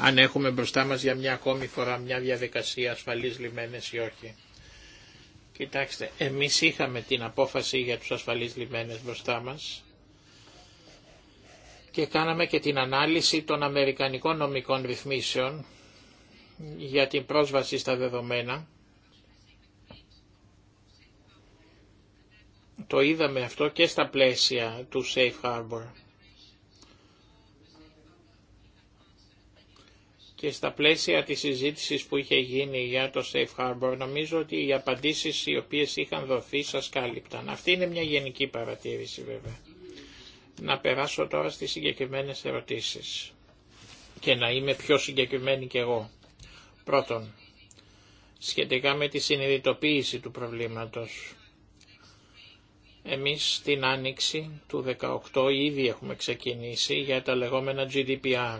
Αν έχουμε μπροστά μας για μια ακόμη φορά μια διαδικασία ασφαλής λιμένες ή όχι. Κοιτάξτε, εμείς είχαμε την απόφαση για τους ασφαλείς λιμένες μπροστά μας και κάναμε και την ανάλυση των Αμερικανικών νομικών ρυθμίσεων για την πρόσβαση στα δεδομένα. Το είδαμε αυτό και στα πλαίσια του Safe Harbor. και στα πλαίσια της συζήτησης που είχε γίνει για το Safe Harbor νομίζω ότι οι απαντήσεις οι οποίες είχαν δοθεί σας κάλυπταν. Αυτή είναι μια γενική παρατήρηση βέβαια. Να περάσω τώρα στις συγκεκριμένες ερωτήσεις και να είμαι πιο συγκεκριμένη κι εγώ. Πρώτον, σχετικά με τη συνειδητοποίηση του προβλήματος. Εμείς την Άνοιξη του 18 ήδη έχουμε ξεκινήσει για τα λεγόμενα GDPR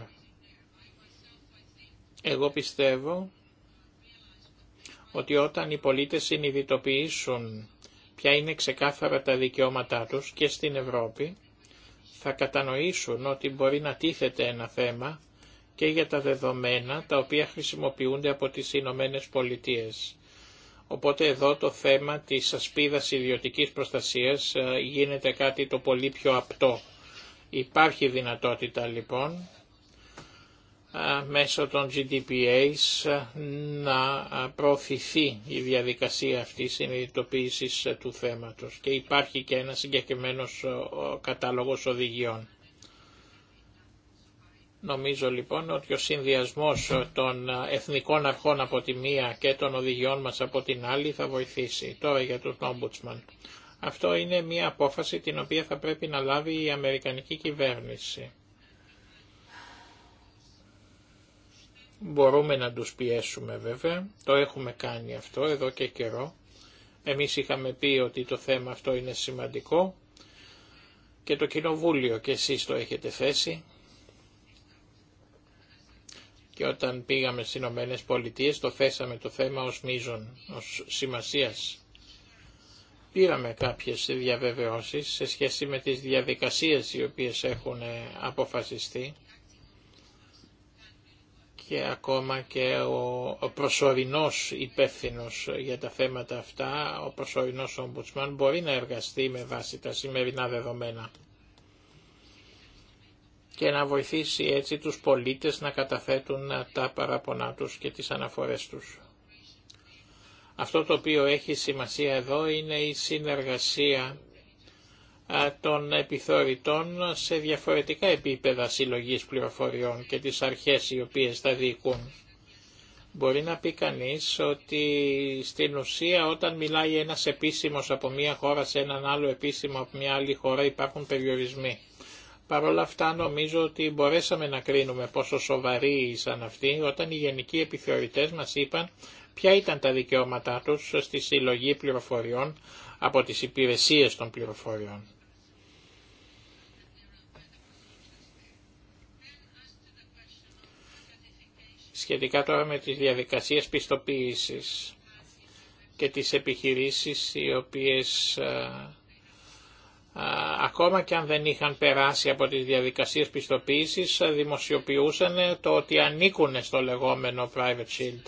εγώ πιστεύω ότι όταν οι πολίτες συνειδητοποιήσουν ποια είναι ξεκάθαρα τα δικαιώματά τους και στην Ευρώπη, θα κατανοήσουν ότι μπορεί να τίθεται ένα θέμα και για τα δεδομένα τα οποία χρησιμοποιούνται από τις Ηνωμένε Πολιτείες. Οπότε εδώ το θέμα της ασπίδας ιδιωτικής προστασίας ε, γίνεται κάτι το πολύ πιο απτό. Υπάρχει δυνατότητα λοιπόν μέσω των GDPAs να προωθηθεί η διαδικασία αυτή συνειδητοποίησης του θέματος και υπάρχει και ένα συγκεκριμένος κατάλογος οδηγιών. Νομίζω λοιπόν ότι ο συνδυασμός των εθνικών αρχών από τη μία και των οδηγιών μας από την άλλη θα βοηθήσει τώρα για τον Ombudsman. Αυτό είναι μια απόφαση την οποία θα πρέπει να λάβει η Αμερικανική κυβέρνηση Μπορούμε να τους πιέσουμε βέβαια, το έχουμε κάνει αυτό εδώ και καιρό. Εμείς είχαμε πει ότι το θέμα αυτό είναι σημαντικό και το Κοινοβούλιο και εσείς το έχετε θέσει. Και όταν πήγαμε στις Ηνωμένε Πολιτείες το θέσαμε το θέμα ως μείζον, ως σημασίας. Πήραμε κάποιες διαβεβαιώσεις σε σχέση με τις διαδικασίες οι οποίες έχουν αποφασιστεί και ακόμα και ο προσωρινός υπεύθυνο για τα θέματα αυτά, ο προσωρινός ομπουτσμάν μπορεί να εργαστεί με βάση τα σημερινά δεδομένα και να βοηθήσει έτσι τους πολίτες να καταθέτουν τα παραπονά τους και τις αναφορές τους. Αυτό το οποίο έχει σημασία εδώ είναι η συνεργασία των επιθεωρητών σε διαφορετικά επίπεδα συλλογής πληροφοριών και τις αρχές οι οποίες τα διοικούν. Μπορεί να πει κανείς ότι στην ουσία όταν μιλάει ένας επίσημος από μία χώρα σε έναν άλλο επίσημο από μία άλλη χώρα υπάρχουν περιορισμοί. Παρ' όλα αυτά νομίζω ότι μπορέσαμε να κρίνουμε πόσο σοβαροί ήσαν αυτοί όταν οι γενικοί επιθεωρητές μας είπαν ποια ήταν τα δικαιώματά τους στη συλλογή πληροφοριών από τις υπηρεσίες των πληροφοριών. σχετικά τώρα με τις διαδικασίες πιστοποίησης και τις επιχειρήσεις οι οποίες ε, ε, ακόμα και αν δεν είχαν περάσει από τις διαδικασίες πιστοποίησης ε, δημοσιοποιούσαν το ότι ανήκουν στο λεγόμενο private shield.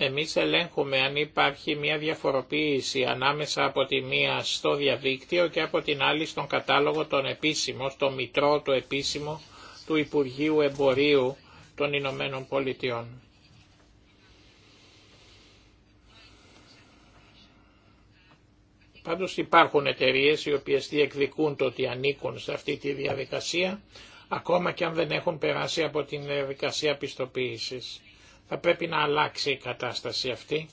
Εμείς ελέγχουμε αν υπάρχει μια διαφοροποίηση ανάμεσα από τη μία στο διαδίκτυο και από την άλλη στον κατάλογο των επίσημων, στο μητρό του επίσημο του Υπουργείου Εμπορίου των Ηνωμένων Πολιτειών. Πάντως υπάρχουν εταιρείες οι οποίες διεκδικούν το ότι ανήκουν σε αυτή τη διαδικασία, ακόμα και αν δεν έχουν περάσει από την διαδικασία πιστοποίησης. Θα πρέπει να αλλάξει η κατάσταση αυτή.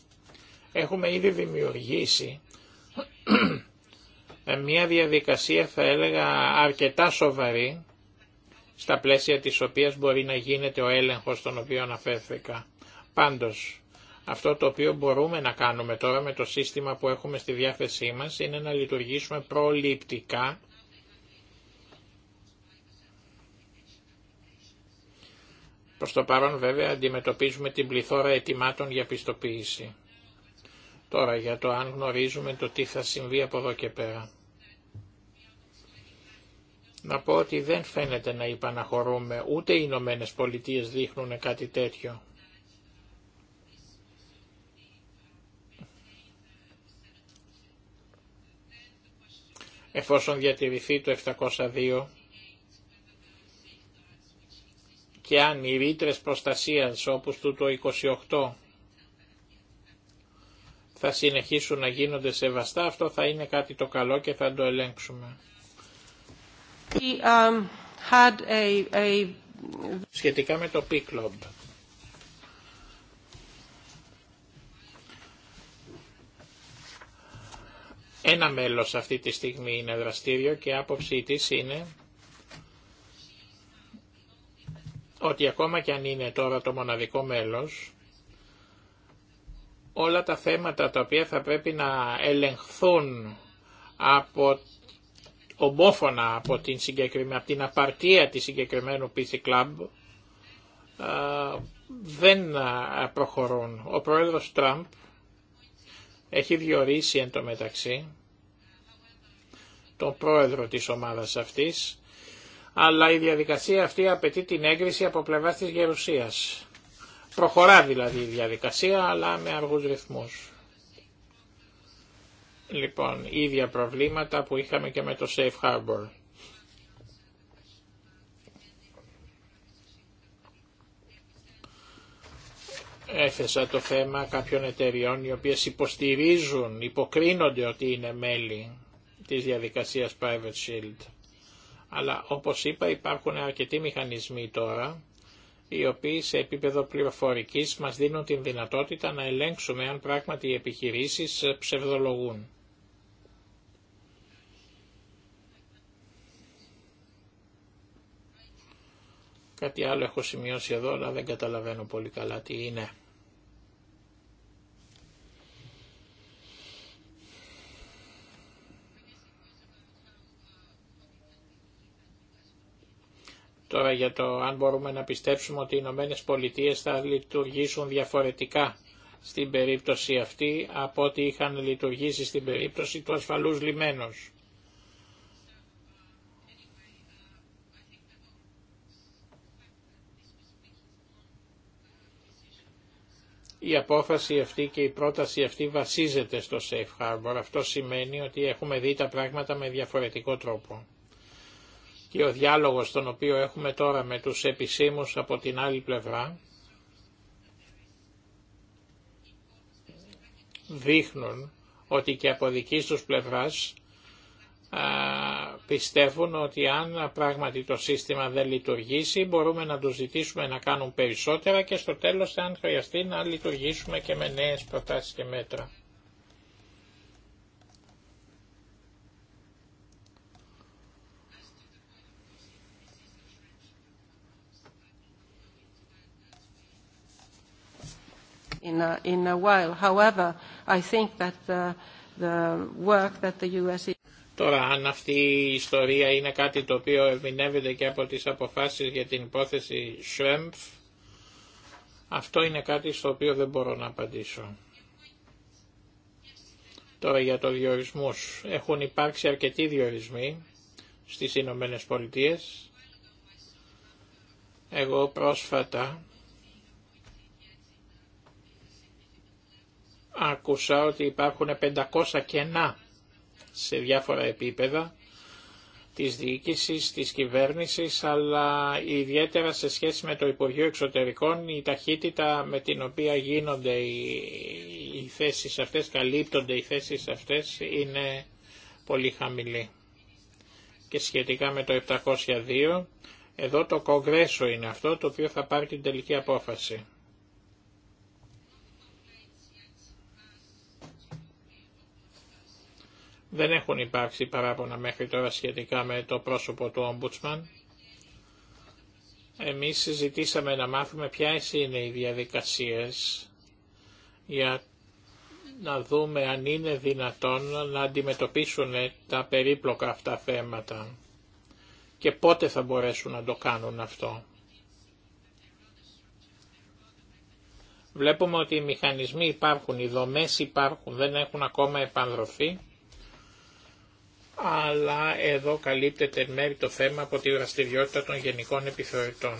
Έχουμε ήδη δημιουργήσει μια διαδικασία θα έλεγα αρκετά σοβαρή στα πλαίσια της οποίας μπορεί να γίνεται ο έλεγχος τον οποίο αναφέρθηκα. Πάντως, αυτό το οποίο μπορούμε να κάνουμε τώρα με το σύστημα που έχουμε στη διάθεσή μας είναι να λειτουργήσουμε προληπτικά Προς το παρόν βέβαια αντιμετωπίζουμε την πληθώρα ετοιμάτων για πιστοποίηση. Τώρα για το αν γνωρίζουμε το τι θα συμβεί από εδώ και πέρα να πω ότι δεν φαίνεται να υπαναχωρούμε, ούτε οι Ηνωμένε Πολιτείε δείχνουν κάτι τέτοιο. Εφόσον διατηρηθεί το 702 και αν οι ρήτρε προστασίας όπως τούτο το 28 θα συνεχίσουν να γίνονται σεβαστά, αυτό θα είναι κάτι το καλό και θα το ελέγξουμε. Um, Σχετικά με το P-Club. Ένα μέλος αυτή τη στιγμή είναι δραστήριο και άποψή της είναι ότι ακόμα και αν είναι τώρα το μοναδικό μέλος, όλα τα θέματα τα οποία θα πρέπει να ελεγχθούν από ομόφωνα από την, συγκεκριμέ... από την απαρτία της συγκεκριμένου PC Club δεν προχωρούν. Ο πρόεδρος Τραμπ έχει διορίσει εν τω μεταξύ τον πρόεδρο της ομάδας αυτής, αλλά η διαδικασία αυτή απαιτεί την έγκριση από πλευρά της Γερουσίας. Προχωρά δηλαδή η διαδικασία, αλλά με αργούς ρυθμούς. Λοιπόν, ίδια προβλήματα που είχαμε και με το Safe Harbor. Έθεσα το θέμα κάποιων εταιριών οι οποίες υποστηρίζουν, υποκρίνονται ότι είναι μέλη της διαδικασίας Private Shield. Αλλά όπως είπα υπάρχουν αρκετοί μηχανισμοί τώρα οι οποίοι σε επίπεδο πληροφορικής μας δίνουν την δυνατότητα να ελέγξουμε αν πράγματι οι επιχειρήσεις ψευδολογούν. κάτι άλλο έχω σημειώσει εδώ, αλλά δεν καταλαβαίνω πολύ καλά τι είναι. Τώρα για το αν μπορούμε να πιστέψουμε ότι οι Ηνωμένε Πολιτείε θα λειτουργήσουν διαφορετικά στην περίπτωση αυτή από ό,τι είχαν λειτουργήσει στην περίπτωση του ασφαλούς λιμένος. Η απόφαση αυτή και η πρόταση αυτή βασίζεται στο safe harbor. Αυτό σημαίνει ότι έχουμε δει τα πράγματα με διαφορετικό τρόπο. Και ο διάλογος τον οποίο έχουμε τώρα με τους επισήμους από την άλλη πλευρά δείχνουν ότι και από δική τους πλευράς πιστεύουν ότι αν πράγματι το σύστημα δεν λειτουργήσει μπορούμε να τους ζητήσουμε να κάνουν περισσότερα και στο τέλος αν χρειαστεί να λειτουργήσουμε και με νέες προτάσεις και μέτρα. in a, in a while. However, I think that uh, the work that the US Τώρα αν αυτή η ιστορία είναι κάτι το οποίο εμεινεύεται και από τις αποφάσεις για την υπόθεση Σουέμφ, αυτό είναι κάτι στο οποίο δεν μπορώ να απαντήσω. Τώρα για το διορισμούς. Έχουν υπάρξει αρκετοί διορισμοί στις Ηνωμένε Πολιτείε. Εγώ πρόσφατα άκουσα ότι υπάρχουν 500 κενά σε διάφορα επίπεδα της διοίκησης, της κυβέρνησης, αλλά ιδιαίτερα σε σχέση με το Υπουργείο Εξωτερικών η ταχύτητα με την οποία γίνονται οι θέσεις αυτές, καλύπτονται οι θέσεις αυτές, είναι πολύ χαμηλή. Και σχετικά με το 702, εδώ το Κογκρέσο είναι αυτό το οποίο θα πάρει την τελική απόφαση. Δεν έχουν υπάρξει παράπονα μέχρι τώρα σχετικά με το πρόσωπο του Ombudsman. Εμείς συζητήσαμε να μάθουμε ποιες είναι οι διαδικασίες για να δούμε αν είναι δυνατόν να αντιμετωπίσουν τα περίπλοκα αυτά θέματα και πότε θα μπορέσουν να το κάνουν αυτό. Βλέπουμε ότι οι μηχανισμοί υπάρχουν, οι δομές υπάρχουν, δεν έχουν ακόμα επανδροθεί αλλά εδώ καλύπτεται εν μέρη το θέμα από τη δραστηριότητα των γενικών επιθεωρητών.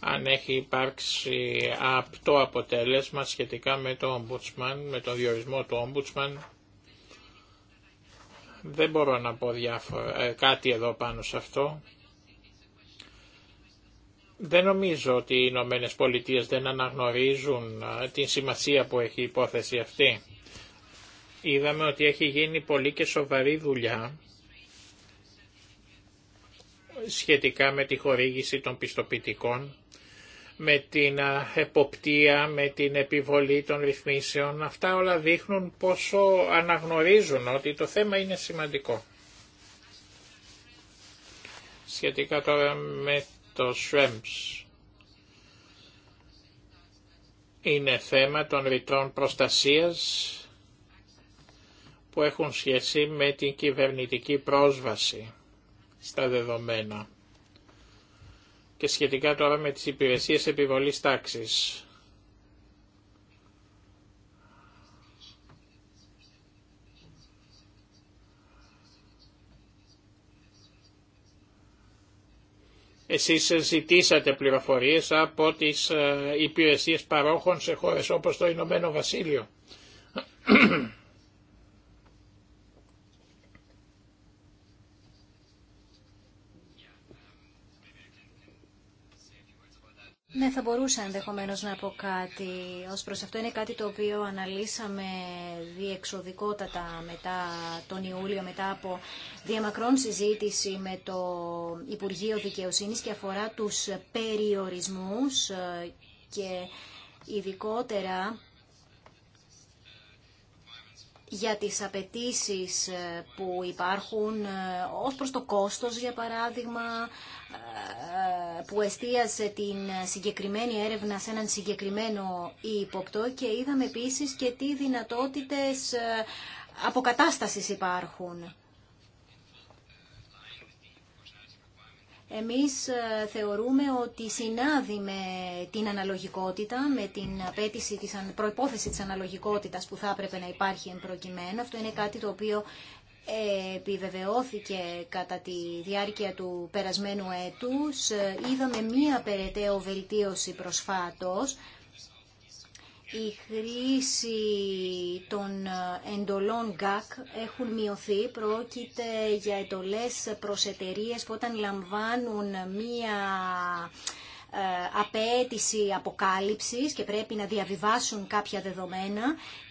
αν έχει υπάρξει αυτό αποτέλεσμα σχετικά με το Ombudsman, με τον διορισμό του Ombudsman. Δεν μπορώ να πω διάφορα, ε, κάτι εδώ πάνω σε αυτό. Δεν νομίζω ότι οι Ηνωμένε Πολιτείες δεν αναγνωρίζουν την σημασία που έχει η υπόθεση αυτή. Είδαμε ότι έχει γίνει πολύ και σοβαρή δουλειά σχετικά με τη χορήγηση των πιστοποιητικών, με την εποπτεία, με την επιβολή των ρυθμίσεων. Αυτά όλα δείχνουν πόσο αναγνωρίζουν ότι το θέμα είναι σημαντικό. Σχετικά τώρα με το ΣΡΕΜΣ. Είναι θέμα των ρητρών προστασίας που έχουν σχέση με την κυβερνητική πρόσβαση στα δεδομένα και σχετικά τώρα με τις υπηρεσίες επιβολής τάξης. Εσείς ζητήσατε πληροφορίες από τις ε, υπηρεσίες παρόχων σε χώρες όπως το Ηνωμένο Βασίλειο. θα μπορούσα ενδεχομένω να πω κάτι ως προς αυτό. Είναι κάτι το οποίο αναλύσαμε διεξοδικότατα μετά τον Ιούλιο, μετά από διαμακρόν συζήτηση με το Υπουργείο Δικαιοσύνης και αφορά τους περιορισμούς ε, και ειδικότερα για τις απαιτήσει ε, που υπάρχουν ε, ως προς το κόστος, για παράδειγμα, ε, που εστίασε την συγκεκριμένη έρευνα σε έναν συγκεκριμένο ύποπτο και είδαμε επίσης και τι δυνατότητες αποκατάστασης υπάρχουν. Εμείς ε, θεωρούμε ότι συνάδει με την αναλογικότητα, με την απέτηση της, προϋπόθεση της αναλογικότητας που θα έπρεπε να υπάρχει εν προκειμένου. Αυτό είναι κάτι το οποίο ε, επιβεβαιώθηκε κατά τη διάρκεια του περασμένου έτους. Ε, είδαμε μία περαιτέρω βελτίωση προσφάτως η χρήση των εντολών ΓΑΚ έχουν μειωθεί. Πρόκειται για εντολές προς εταιρείες που όταν λαμβάνουν μία ε, απέτηση αποκάλυψης και πρέπει να διαβιβάσουν κάποια δεδομένα,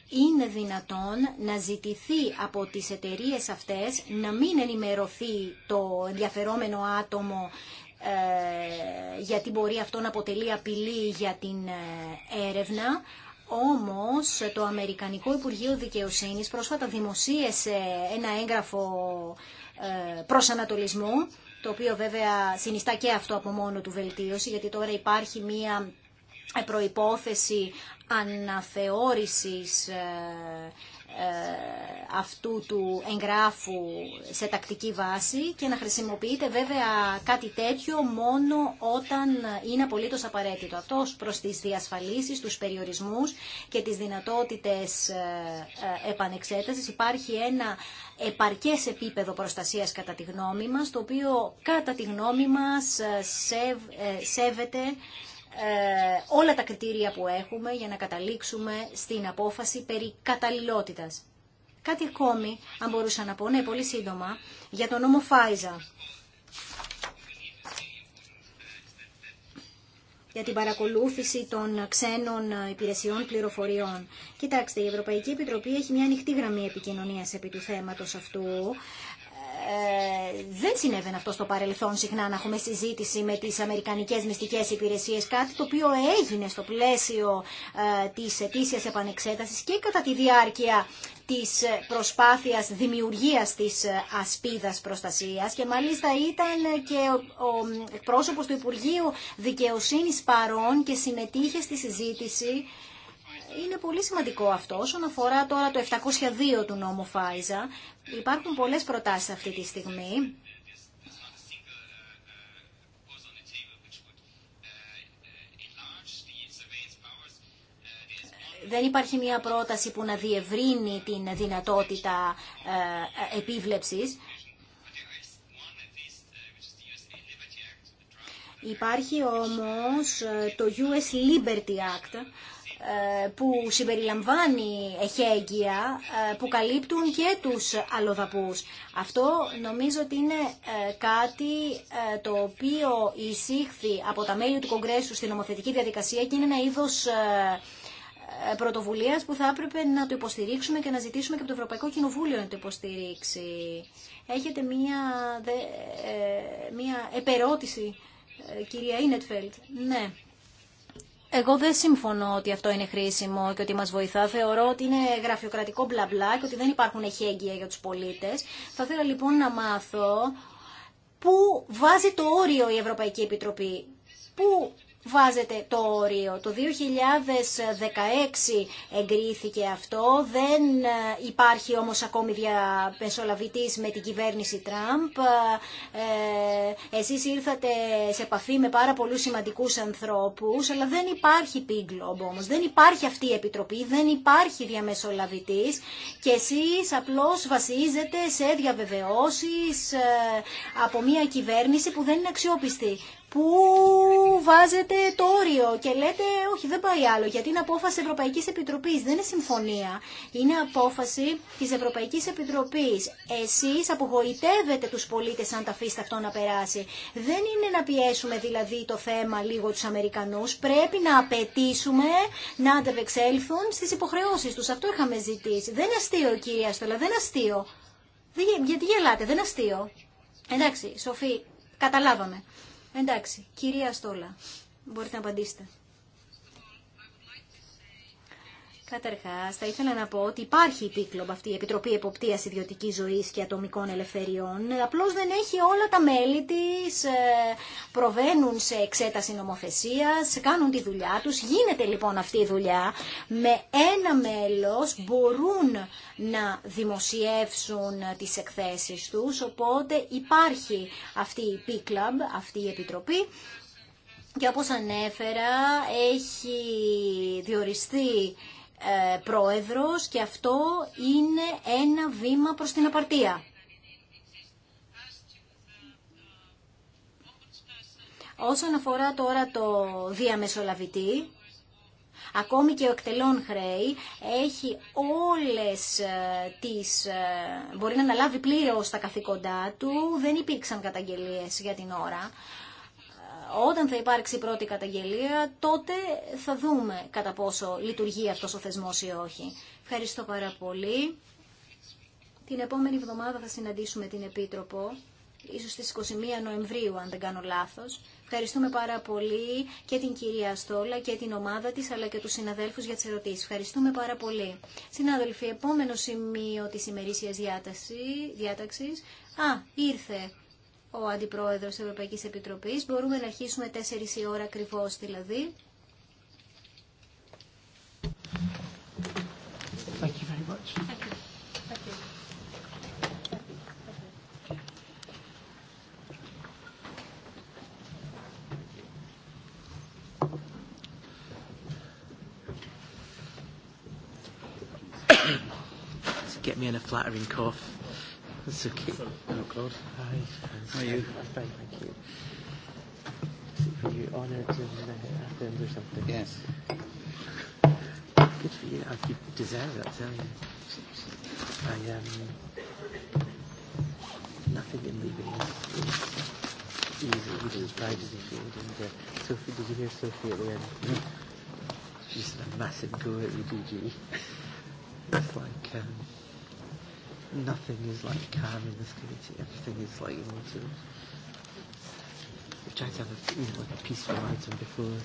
είναι δυνατόν να ζητηθεί από τις εταιρείες αυτές να μην ενημερωθεί το ενδιαφερόμενο άτομο ε, γιατί μπορεί αυτό να αποτελεί απειλή για την ε, έρευνα όμως το Αμερικανικό Υπουργείο Δικαιοσύνης πρόσφατα δημοσίεσε ένα έγγραφο ε, προσανατολισμού, το οποίο βέβαια συνιστά και αυτό από μόνο του βελτίωση, γιατί τώρα υπάρχει μία ε, προϋπόθεση αναθεώρησης ε, ε, αυτού του εγγράφου σε τακτική βάση και να χρησιμοποιείται βέβαια κάτι τέτοιο μόνο όταν είναι απολύτως απαραίτητο. Αυτό προς τις διασφαλίσεις, τους περιορισμούς και τις δυνατότητες ε, ε, επανεξέτασης υπάρχει ένα επαρκές επίπεδο προστασίας κατά τη γνώμη μας, το οποίο κατά τη γνώμη μας σέβεται ε, όλα τα κριτήρια που έχουμε για να καταλήξουμε στην απόφαση περί καταλληλότητας. Κάτι ακόμη, αν μπορούσα να πω, ναι, πολύ σύντομα, για τον νόμο Φάιζα. για την παρακολούθηση των ξένων υπηρεσιών πληροφοριών. Κοιτάξτε, η Ευρωπαϊκή Επιτροπή έχει μια ανοιχτή γραμμή επικοινωνίας επί του θέματος αυτού. Ε, δεν συνέβαινε αυτό στο παρελθόν συχνά να έχουμε συζήτηση με τις Αμερικανικές Μυστικές Υπηρεσίες, κάτι το οποίο έγινε στο πλαίσιο ε, της ετήσιας επανεξέτασης και κατά τη διάρκεια της προσπάθειας δημιουργίας της ε, ασπίδας προστασίας και μάλιστα ήταν και ο πρόσωπος του Υπουργείου Δικαιοσύνης παρών και συμμετείχε στη συζήτηση είναι πολύ σημαντικό αυτό. Όσον αφορά τώρα το 702 του νόμου Φάιζα, υπάρχουν πολλές προτάσεις αυτή τη στιγμή. δεν υπάρχει μια πρόταση που να διευρύνει την δυνατότητα ε, επίβλεψης. Υπάρχει όμως ε, το US Liberty Act, ε, που συμπεριλαμβάνει εχέγγυα ε, που καλύπτουν και τους αλλοδαπούς. Αυτό νομίζω ότι είναι ε, κάτι το οποίο εισήχθη από τα μέλη του Κογκρέσου στην νομοθετική διαδικασία και είναι ένα είδος πρωτοβουλίας που θα έπρεπε να το υποστηρίξουμε και να ζητήσουμε και από το Ευρωπαϊκό Κοινοβούλιο να το υποστηρίξει. Έχετε μία, μία επερώτηση, κυρία Ίνετφελτ. Ναι. Εγώ δεν συμφωνώ ότι αυτό είναι χρήσιμο και ότι μας βοηθά. Θεωρώ ότι είναι γραφειοκρατικό μπλα μπλα και ότι δεν υπάρχουν εχέγγυα για τους πολίτες. Θα ήθελα λοιπόν να μάθω πού βάζει το όριο η Ευρωπαϊκή Επιτροπή. Πού βάζετε το όριο. Το 2016 εγκρίθηκε αυτό, δεν ε, υπάρχει όμως ακόμη διαμεσολαβητής με την κυβέρνηση Τραμπ. Ε, εσείς ήρθατε σε επαφή με πάρα πολλούς σημαντικούς ανθρώπους, αλλά δεν υπάρχει πίγκλομπ όμως, δεν υπάρχει αυτή η επιτροπή, δεν υπάρχει διαμεσολαβητής και εσείς απλώς βασίζετε σε διαβεβαιώσεις ε, από μια κυβέρνηση που δεν είναι αξιόπιστη που βάζετε το όριο και λέτε όχι δεν πάει άλλο γιατί είναι απόφαση Ευρωπαϊκής Επιτροπής, δεν είναι συμφωνία, είναι απόφαση της Ευρωπαϊκής Επιτροπής. Εσείς απογοητεύετε τους πολίτες αν τα αφήσετε αυτό να περάσει. Δεν είναι να πιέσουμε δηλαδή το θέμα λίγο τους Αμερικανούς, πρέπει να απαιτήσουμε να αντεπεξέλθουν στις υποχρεώσεις τους. Αυτό είχαμε ζητήσει. Δεν είναι αστείο κυρία Στολα, δεν είναι αστείο. Γιατί γελάτε, δεν είναι αστείο. Εντάξει, Σοφή, καταλάβαμε. Εντάξει, κυρία Στόλα, μπορείτε να απαντήσετε. Καταρχά, θα ήθελα να πω ότι υπάρχει η P-Club, αυτή η Επιτροπή Εποπτείας Ιδιωτικής Ζωής και Ατομικών Ελευθεριών. Απλώς δεν έχει όλα τα μέλη της, ε, προβαίνουν σε εξέταση νομοθεσία, κάνουν τη δουλειά τους. Γίνεται λοιπόν αυτή η δουλειά. Με ένα μέλος μπορούν να δημοσιεύσουν τις εκθέσεις τους, οπότε υπάρχει αυτή η P-Club αυτή η Επιτροπή. Και όπως ανέφερα, έχει διοριστεί ε, πρόεδρος και αυτό είναι ένα βήμα προς την απαρτία. Όσον αφορά τώρα το διαμεσολαβητή, ακόμη και ο εκτελών χρέη έχει όλες ε, τις... Ε, μπορεί να αναλάβει πλήρως τα καθήκοντά του, δεν υπήρξαν καταγγελίες για την ώρα όταν θα υπάρξει η πρώτη καταγγελία, τότε θα δούμε κατά πόσο λειτουργεί αυτός ο θεσμός ή όχι. Ευχαριστώ πάρα πολύ. Την επόμενη εβδομάδα θα συναντήσουμε την Επίτροπο, ίσως στις 21 Νοεμβρίου, αν δεν κάνω λάθος. Ευχαριστούμε πάρα πολύ και την κυρία Στόλα και την ομάδα της, αλλά και τους συναδέλφους για τις ερωτήσεις. Ευχαριστούμε πάρα πολύ. Συνάδελφοι, επόμενο σημείο της ημερήσιας διάταξης. Α, ήρθε ο Αντιπρόεδρος της Ευρωπαϊκής Επιτροπής. Μπορούμε να αρχίσουμε 4 η ώρα ακριβώ δηλαδή. Thank you very much. Thank you. Get me in a flattering cough. That's okay. Hello, Claude. Hi. How are you? Fine, thank you. Are you honoured and Athens or something. Yes. Good for you. I, you deserve it, I tell you. I am um, nothing in leaving is easy. You did as bright as you feel. And uh, Sophie, did you hear Sophie at the end? Yeah. She's a massive go at the DG. It's like. Um, nothing is like calm in this community. Everything is like you to. We tried to have a, you know, like a peaceful item before.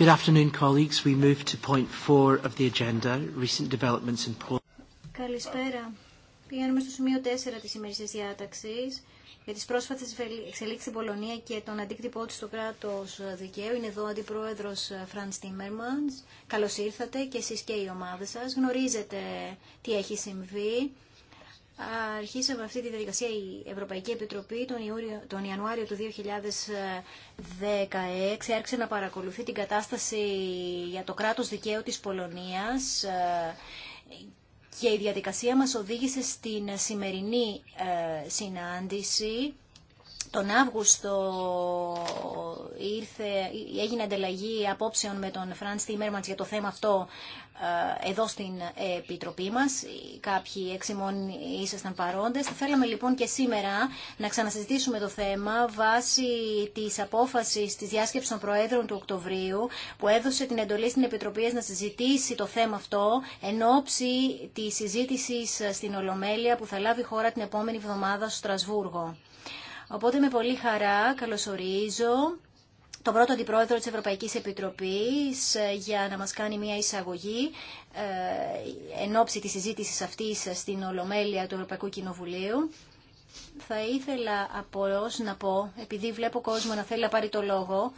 Good afternoon, colleagues. We move to point four of the agenda, recent developments in Poland. Καλησπέρα. Πηγαίνουμε στο σημείο 4 της ημερήσιας διάταξης για τις πρόσφατες εξελίξεις στην Πολωνία και τον αντίκτυπό της στο κράτος δικαίου. Είναι εδώ ο Αντιπρόεδρος Φραντς Τίμερμαντς. Καλώς ήρθατε και εσείς και η ομάδα σας. Γνωρίζετε τι έχει συμβεί Αρχίσαμε αυτή τη διαδικασία η Ευρωπαϊκή Επιτροπή τον, Ιούριο, τον Ιανουάριο του 2016 άρχισε να παρακολουθεί την κατάσταση για το κράτος δικαίου της Πολωνίας ε, και η διαδικασία μας οδήγησε στην σημερινή ε, συνάντηση τον Αύγουστο ήρθε, έγινε ανταλλαγή απόψεων με τον Φραντ Τίμερμαντς για το θέμα αυτό ε, εδώ στην Επιτροπή μας. Κάποιοι εξημών ήσασταν παρόντες. Θα θέλαμε λοιπόν και σήμερα να ξανασυζητήσουμε το θέμα βάσει της απόφασης της διάσκεψης των Προέδρων του Οκτωβρίου που έδωσε την εντολή στην Επιτροπή να συζητήσει το θέμα αυτό εν ώψη της συζήτησης στην Ολομέλεια που θα λάβει χώρα την επόμενη εβδομάδα στο Στρασβούργο. Οπότε με πολύ χαρά καλωσορίζω τον πρώτο αντιπρόεδρο της Ευρωπαϊκής Επιτροπής ε, για να μας κάνει μια εισαγωγή ε, εν ώψη της συζήτησης αυτής στην Ολομέλεια του Ευρωπαϊκού Κοινοβουλίου. Θα ήθελα απλώ να πω, επειδή βλέπω κόσμο να θέλει να πάρει το λόγο,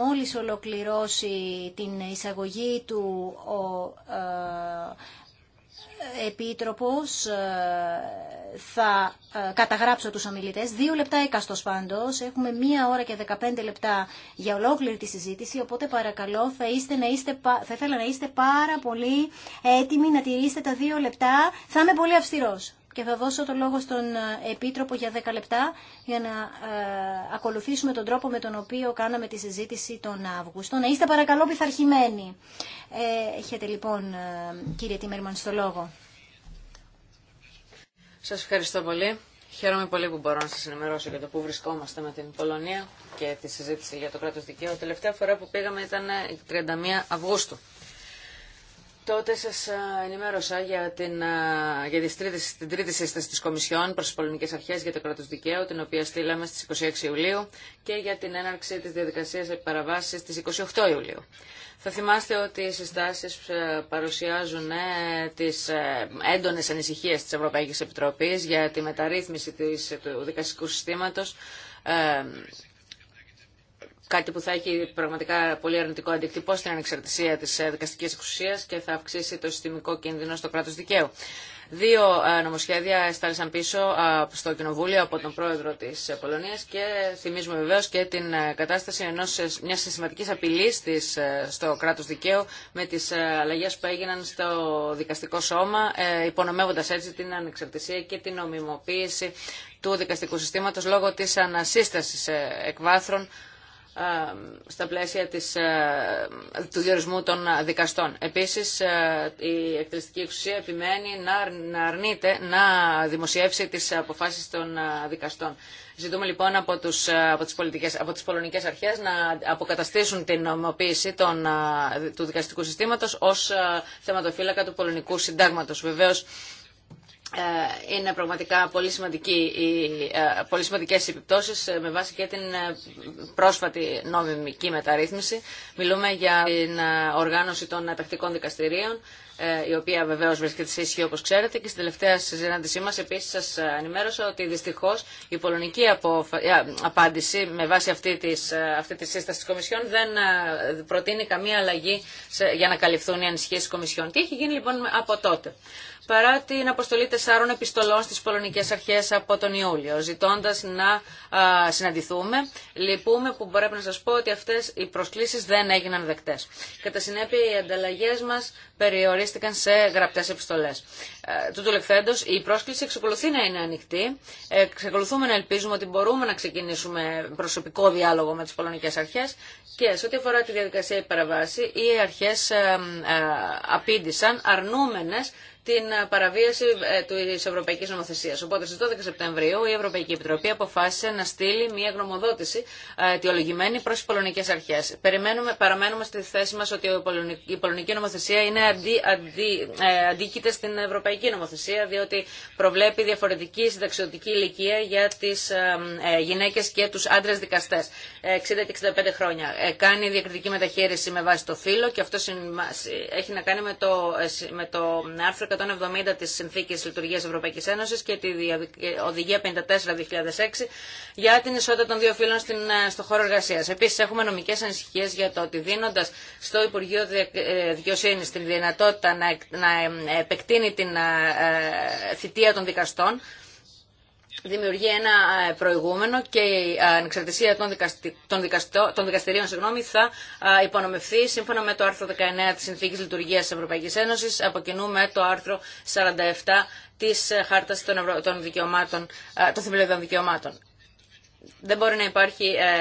μόλις ολοκληρώσει την εισαγωγή του ο ε, Επίτροπος ε, θα ε, καταγράψω τους ομιλητές. Δύο λεπτά έκαστος πάντως. Έχουμε μία ώρα και δεκαπέντε λεπτά για ολόκληρη τη συζήτηση. Οπότε παρακαλώ θα, είστε, να είστε, θα ήθελα να είστε πάρα πολύ έτοιμοι να τηρήσετε τα δύο λεπτά. Θα είμαι πολύ αυστηρός και θα δώσω το λόγο στον ε, Επίτροπο για 10 λεπτά για να ε, ακολουθήσουμε τον τρόπο με τον οποίο κάναμε τη συζήτηση τον Αύγουστο. Να είστε παρακαλώ πειθαρχημένοι. Ε, έχετε λοιπόν ε, κύριε Τίμερμαν στο λόγο. Σας ευχαριστώ πολύ. Χαίρομαι πολύ που μπορώ να σας ενημερώσω για το που βρισκόμαστε με την Πολωνία και τη συζήτηση για το κράτος δικαίου. Τελευταία φορά που πήγαμε ήταν 31 Αυγούστου. Τότε σα ε, ενημέρωσα για την, ε, για την τρίτη σύσταση τη Κομισιόν προ τι πολεμικέ αρχέ για το κράτο δικαίου, την οποία στείλαμε στι 26 Ιουλίου και για την έναρξη της διαδικασίας παραβάσης στι 28 Ιουλίου. Θα θυμάστε ότι οι συστάσει ε, παρουσιάζουν τι έντονε ανησυχίε τη Ευρωπαϊκή Επιτροπή, για τη μεταρρύθμιση του δικαστικού συστήματο κάτι που θα έχει πραγματικά πολύ αρνητικό αντικτυπώ στην ανεξαρτησία τη ε, δικαστική εξουσία και θα αυξήσει το συστημικό κίνδυνο στο κράτο δικαίου. Δύο ε, νομοσχέδια εστάλησαν πίσω ε, στο Κοινοβούλιο από τον πρόεδρο τη Πολωνία και θυμίζουμε βεβαίω και την κατάσταση ενός, μιας συστηματικής απειλής στο κράτο δικαίου με τι αλλαγέ που έγιναν στο δικαστικό σώμα υπονομεύοντα έτσι την ανεξαρτησία και την ομιμοποίηση του δικαστικού συστήματος λόγω της ανασύστασης εκβάθρων ε, στα πλαίσια της, ε, του διορισμού των δικαστών. Επίσης, ε, η εκτελεστική εξουσία επιμένει να αρνείται να δημοσιεύσει τις αποφάσεις των δικαστών. Ζητούμε λοιπόν από, τους, από, τις πολιτικές, από τις πολωνικές αρχές να αποκαταστήσουν την νομοποίηση του δικαστικού συστήματος ως θεματοφύλακα του πολωνικού συντάγματος. Βεβαίως, ε, είναι πραγματικά πολύ, σημαντική, ε, πολύ σημαντικές οι επιπτώσεις ε, με βάση και την πρόσφατη νόμιμική μεταρρύθμιση. Μιλούμε για την οργάνωση των τακτικών δικαστηρίων, η οποία βεβαίω βρίσκεται σε ισχύ όπω ξέρετε και στην τελευταία συζήτησή μα, επίση σα ενημέρωσα ότι δυστυχώ η πολωνική απάντηση με βάση αυτή τη αυτή της της Κομισιόν δεν προτείνει καμία αλλαγή για να καλυφθούν οι ανησυχίες τη Κομισιόν. Τι έχει γίνει λοιπόν από τότε παρά την αποστολή τεσσάρων επιστολών στις πολωνικές αρχές από τον Ιούλιο, ζητώντας να συναντηθούμε. Λυπούμε που πρέπει να σας πω ότι αυτές οι προσκλήσεις δεν έγιναν δεκτές. Κατά συνέπεια, οι ανταλλαγές μας περιορίστηκαν σε γραπτές επιστολές. Ε, Του λεκθέντος, η πρόσκληση εξακολουθεί να είναι ανοιχτή. Εξακολουθούμε να ελπίζουμε ότι μπορούμε να ξεκινήσουμε προσωπικό διάλογο με τις πολωνικές αρχές και σε ό,τι αφορά τη διαδικασία υπεραβάση, οι αρχές ε, απήντησαν αρνούμενες την ε, παραβίαση ε, τη Ευρωπαϊκή Νομοθεσία. Οπότε στι 12 Σεπτεμβρίου η Ευρωπαϊκή Επιτροπή αποφάσισε να στείλει μία γνωμοδότηση ε, αιτιολογημένη προ τι πολωνικέ αρχέ. Παραμένουμε στη θέση μα ότι η πολωνική νομοθεσία είναι αντί, αντί, αντίκειται στην Ευρωπαϊκή Νομοθεσία, διότι προβλέπει διαφορετική συνταξιωτική ηλικία για τι γυναίκε και του άντρε δικαστέ. 60 και 65 χρόνια. Κάνει διακριτική μεταχείριση με βάση το φύλλο και αυτό έχει να κάνει με το, με το άρθρο 170 της Συνθήκης Λειτουργίας Ευρωπαϊκής Ένωσης και τη ε, Οδηγία 54-2006 για την ισότητα των δύο φύλων στην, ε, στο χώρο εργασίας. Επίσης έχουμε νομικές ανησυχίες για το ότι δίνοντας στο Υπουργείο ε, Δικαιοσύνη την δυνατότητα να, να επεκτείνει την θητεία των δικαστών, δημιουργεί ένα ε, προηγούμενο και η ε, ανεξαρτησία των, δικαστη... των, δικαστηρίων συγγνώμη, θα ε, υπονομευθεί σύμφωνα με το άρθρο 19 της Συνθήκης Λειτουργίας της Ευρωπαϊκής Ένωσης από με το άρθρο 47 της Χάρτας των, Ευρω... δικαιωμάτων, των Θεμελιωδών Δικαιωμάτων δεν μπορεί να υπάρχει ε, ε,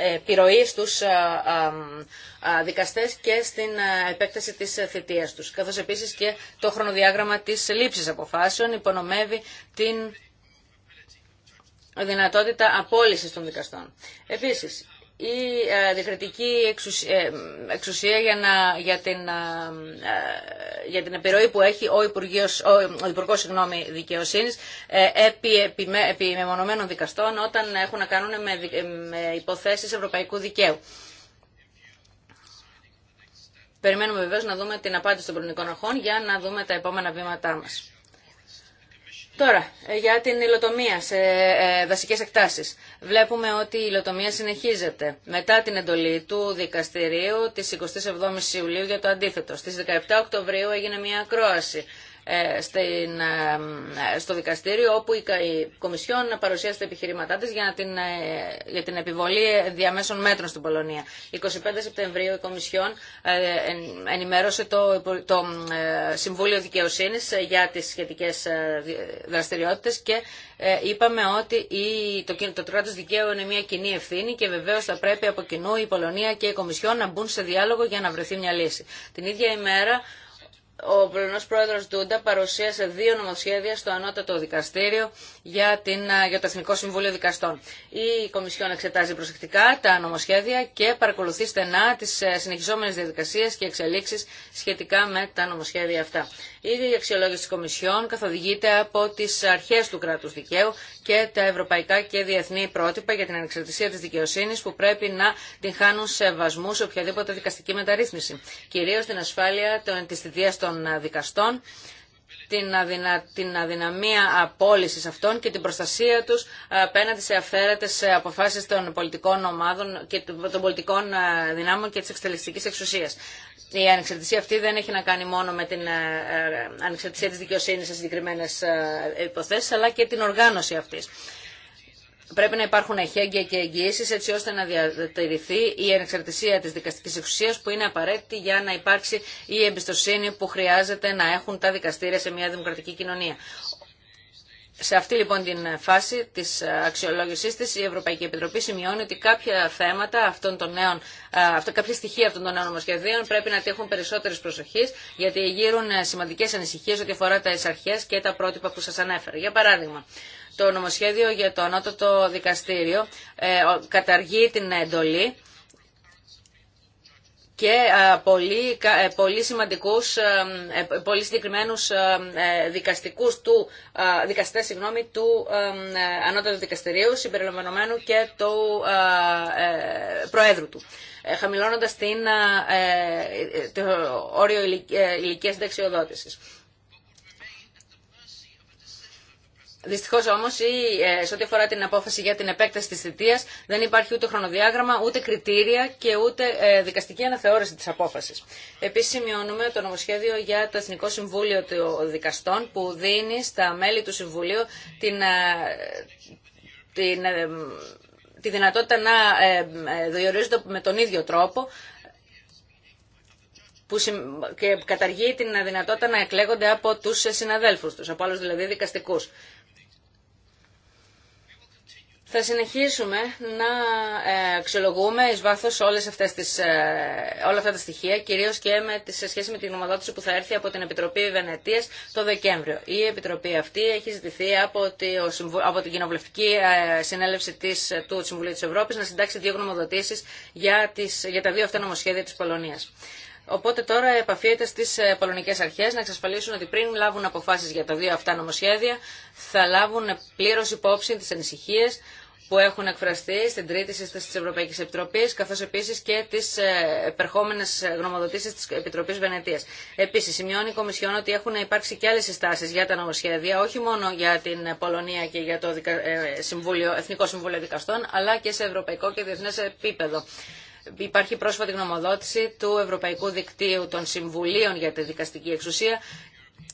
ε, επιρροή στους δικαστές και στην επέκταση της θητείας τους. Καθώς επίσης και το χρονοδιάγραμμα της λήψης αποφάσεων υπονομεύει την δυνατότητα απόλυσης των δικαστών. Επίσης, η ε, διακριτική ε, εξουσία για, να, για, την, ε, για την επιρροή που έχει ο, Υπουργός, ο, ο Υπουργός Δικαιοσύνης επί, επί, μεμονωμένων δικαστών όταν έχουν να κάνουν με, υποθέσεις ευρωπαϊκού δικαίου. Περιμένουμε βεβαίω να δούμε την απάντηση των πολιτικών αρχών για να δούμε τα επόμενα βήματά μας. Τώρα, ε, για την υλοτομία σε ε, ε, δασικές εκτάσεις. Βλέπουμε ότι η υλοτομία συνεχίζεται. Μετά την εντολή του δικαστηρίου της 27ης Ιουλίου για το αντίθετο. Στις 17 Οκτωβρίου έγινε μια ακρόαση ε, ε, στο δικαστήριο όπου η Κομισιόν παρουσίασε τα επιχειρήματά της για την, ε, για την επιβολή διαμέσων μέτρων στην Πολωνία. 25 Σεπτεμβρίου η Κομισιόν ενημέρωσε το, το Συμβούλιο Δικαιοσύνης για τις σχετικές δραστηριότητες και είπαμε ότι η, το, το κράτο δικαίου είναι μια κοινή ευθύνη και βεβαίω θα πρέπει από κοινού η Πολωνία και η Κομισιόν να μπουν σε διάλογο για να βρεθεί μια λύση. Την ίδια ημέρα ο πρωινό πρόεδρο Ντούντα παρουσίασε δύο νομοσχέδια στο ανώτατο δικαστήριο για, την, για το Εθνικό Συμβούλιο Δικαστών. Η Κομισιόν εξετάζει προσεκτικά τα νομοσχέδια και παρακολουθεί στενά τι ε, συνεχιζόμενε διαδικασίε και εξελίξει σχετικά με τα νομοσχέδια αυτά. Η αξιολόγηση της Κομισιόν καθοδηγείται από τις αρχές του κράτους δικαίου και τα ευρωπαϊκά και διεθνή πρότυπα για την ανεξαρτησία της δικαιοσύνης που πρέπει να την χάνουν σεβασμού σε οποιαδήποτε δικαστική μεταρρύθμιση. Κυρίως την ασφάλεια της θητείας των δικαστών την, αδυνα, την αδυναμία απόλυση αυτών και την προστασία τους απέναντι σε αυθαίρετες αποφάσεις των πολιτικών ομάδων και των πολιτικών ε, δυνάμων και τη εξτελεστική εξουσία. Η ανεξαρτησία αυτή δεν έχει να κάνει μόνο με την ε, ε, ανεξαρτησία τη δικαιοσύνης σε συγκεκριμένε υποθέσει, αλλά και την οργάνωση αυτής. Πρέπει να υπάρχουν εχέγγυα και εγγυήσει έτσι ώστε να διατηρηθεί η ανεξαρτησία τη δικαστική εξουσία, που είναι απαραίτητη για να υπάρξει η εμπιστοσύνη που χρειάζεται να έχουν τα δικαστήρια σε μια δημοκρατική κοινωνία. Σε αυτή λοιπόν την φάση τη αξιολόγησή τη, η Ευρωπαϊκή Επιτροπή σημειώνει ότι κάποια θέματα αυτών των νέων, αυτό, κάποια στοιχεία αυτών των νέων νομοσχεδίων πρέπει να τύχουν περισσότερη προσοχή, γιατί γύρουν σημαντικέ ανησυχίε ό,τι αφορά τι αρχέ και τα πρότυπα που σα ανέφερα. Για παράδειγμα, το νομοσχέδιο για το ανώτατο δικαστήριο ε, καταργεί την εντολή και ε, πολύ, ε, πολύ σημαντικούς, πολύ συγκεκριμένους δικαστικούς του, δικαστές συγγνώμη, του ανώτατου δικαστηρίου συμπεριλαμβανομένου και του προέδρου του χαμηλώνοντας την, το όριο ηλικίας δεξιοδότησης. Δυστυχώ όμω, ε, σε ό,τι αφορά την απόφαση για την επέκταση τη θητεία, δεν υπάρχει ούτε χρονοδιάγραμμα, ούτε κριτήρια και ούτε ε, δικαστική αναθεώρηση τη απόφαση. Επίση, σημειώνουμε το νομοσχέδιο για το Εθνικό Συμβούλιο των Δικαστών, που δίνει στα μέλη του Συμβουλίου την, ε, την, τη δυνατότητα να διορίζονται με τον ίδιο τρόπο που και καταργεί την δυνατότητα να εκλέγονται από τους συναδέλφους τους, από άλλους δηλαδή δικαστικούς θα συνεχίσουμε να ε, αξιολογούμε εις βάθος όλες αυτές τις, ε, όλα αυτά τα στοιχεία, κυρίως και με, σε σχέση με την γνωμοδότηση που θα έρθει από την Επιτροπή Βενετίας το Δεκέμβριο. Η Επιτροπή αυτή έχει ζητηθεί από, τη, από την Κοινοβουλευτική ε, Συνέλευση της, του Συμβουλίου της Ευρώπης να συντάξει δύο γνωμοδοτήσεις για, τις, για τα δύο αυτά νομοσχέδια της Πολωνίας. Οπότε τώρα επαφίεται στι πολωνικέ αρχέ να εξασφαλίσουν ότι πριν λάβουν αποφάσει για τα δύο αυτά νομοσχέδια θα λάβουν πλήρω υπόψη τι ανησυχίε που έχουν εκφραστεί στην τρίτη σύσταση τη Ευρωπαϊκή Επιτροπή, καθώ επίση και τι ε, επερχόμενε γνωμοδοτήσει τη Επιτροπή Βενετία. Επίση, σημειώνει η Κομισιόν ότι έχουν υπάρξει και άλλε συστάσει για τα νομοσχέδια, όχι μόνο για την Πολωνία και για το ε, Συμβούλιο, Εθνικό Συμβούλιο Δικαστών, αλλά και σε ευρωπαϊκό και διεθνέ επίπεδο. Υπάρχει πρόσφατη γνωμοδότηση του Ευρωπαϊκού Δικτύου των Συμβουλίων για τη Δικαστική Εξουσία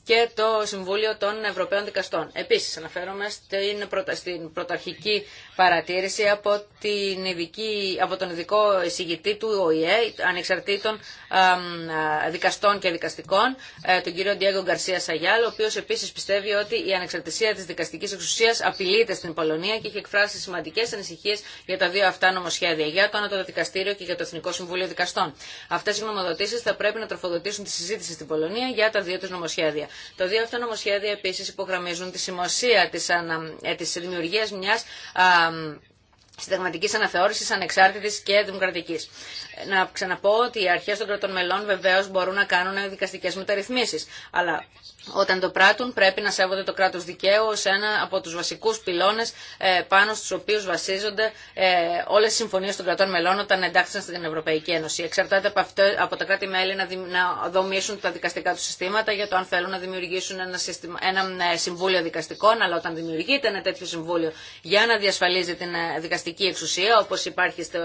και το Συμβούλιο των Ευρωπαίων Δικαστών. Επίσης αναφέρομαι στην, πρωτα, στην πρωταρχική παρατήρηση από, την ειδική, από τον ειδικό εισηγητή του ΟΗΕ, ανεξαρτήτων δικαστών και δικαστικών, ε, τον κύριο Ντιέγκο Γκαρσία Σαγιάλ, ο οποίος επίσης πιστεύει ότι η ανεξαρτησία της δικαστικής εξουσίας απειλείται στην Πολωνία και έχει εκφράσει σημαντικέ ανησυχίε για τα δύο αυτά νομοσχέδια, για το Ανώτατο Δικαστήριο και για το Εθνικό Συμβούλιο Δικαστών. Αυτέ οι γνωμοδοτήσεις θα πρέπει να τροφοδοτήσουν τη συζήτηση στην Πολωνία για τα δύο του νομοσχέδια. Το δύο αυτά νομοσχέδια επίσης υπογραμμίζουν τη σημασία της, ανα, ε, της δημιουργίας μιας α, αναθεώρησης ανεξάρτητης και δημοκρατικής να ξαναπώ ότι οι αρχές των κρατών μελών βεβαίως μπορούν να κάνουν δικαστικές μεταρρυθμίσεις. Αλλά όταν το πράττουν πρέπει να σέβονται το κράτος δικαίου ως ένα από τους βασικούς πυλώνες ε, πάνω στους οποίους βασίζονται ε, όλες οι συμφωνίες των κρατών μελών όταν εντάχθησαν στην Ευρωπαϊκή Ένωση. Εξαρτάται από, αυτό, από τα κράτη-μέλη να, δομήσουν τα δικαστικά του συστήματα για το αν θέλουν να δημιουργήσουν ένα, ένα ε, συμβούλιο δικαστικών, αλλά όταν δημιουργείται ένα τέτοιο συμβούλιο για να διασφαλίζει την δικαστική εξουσία, όπως υπάρχει στο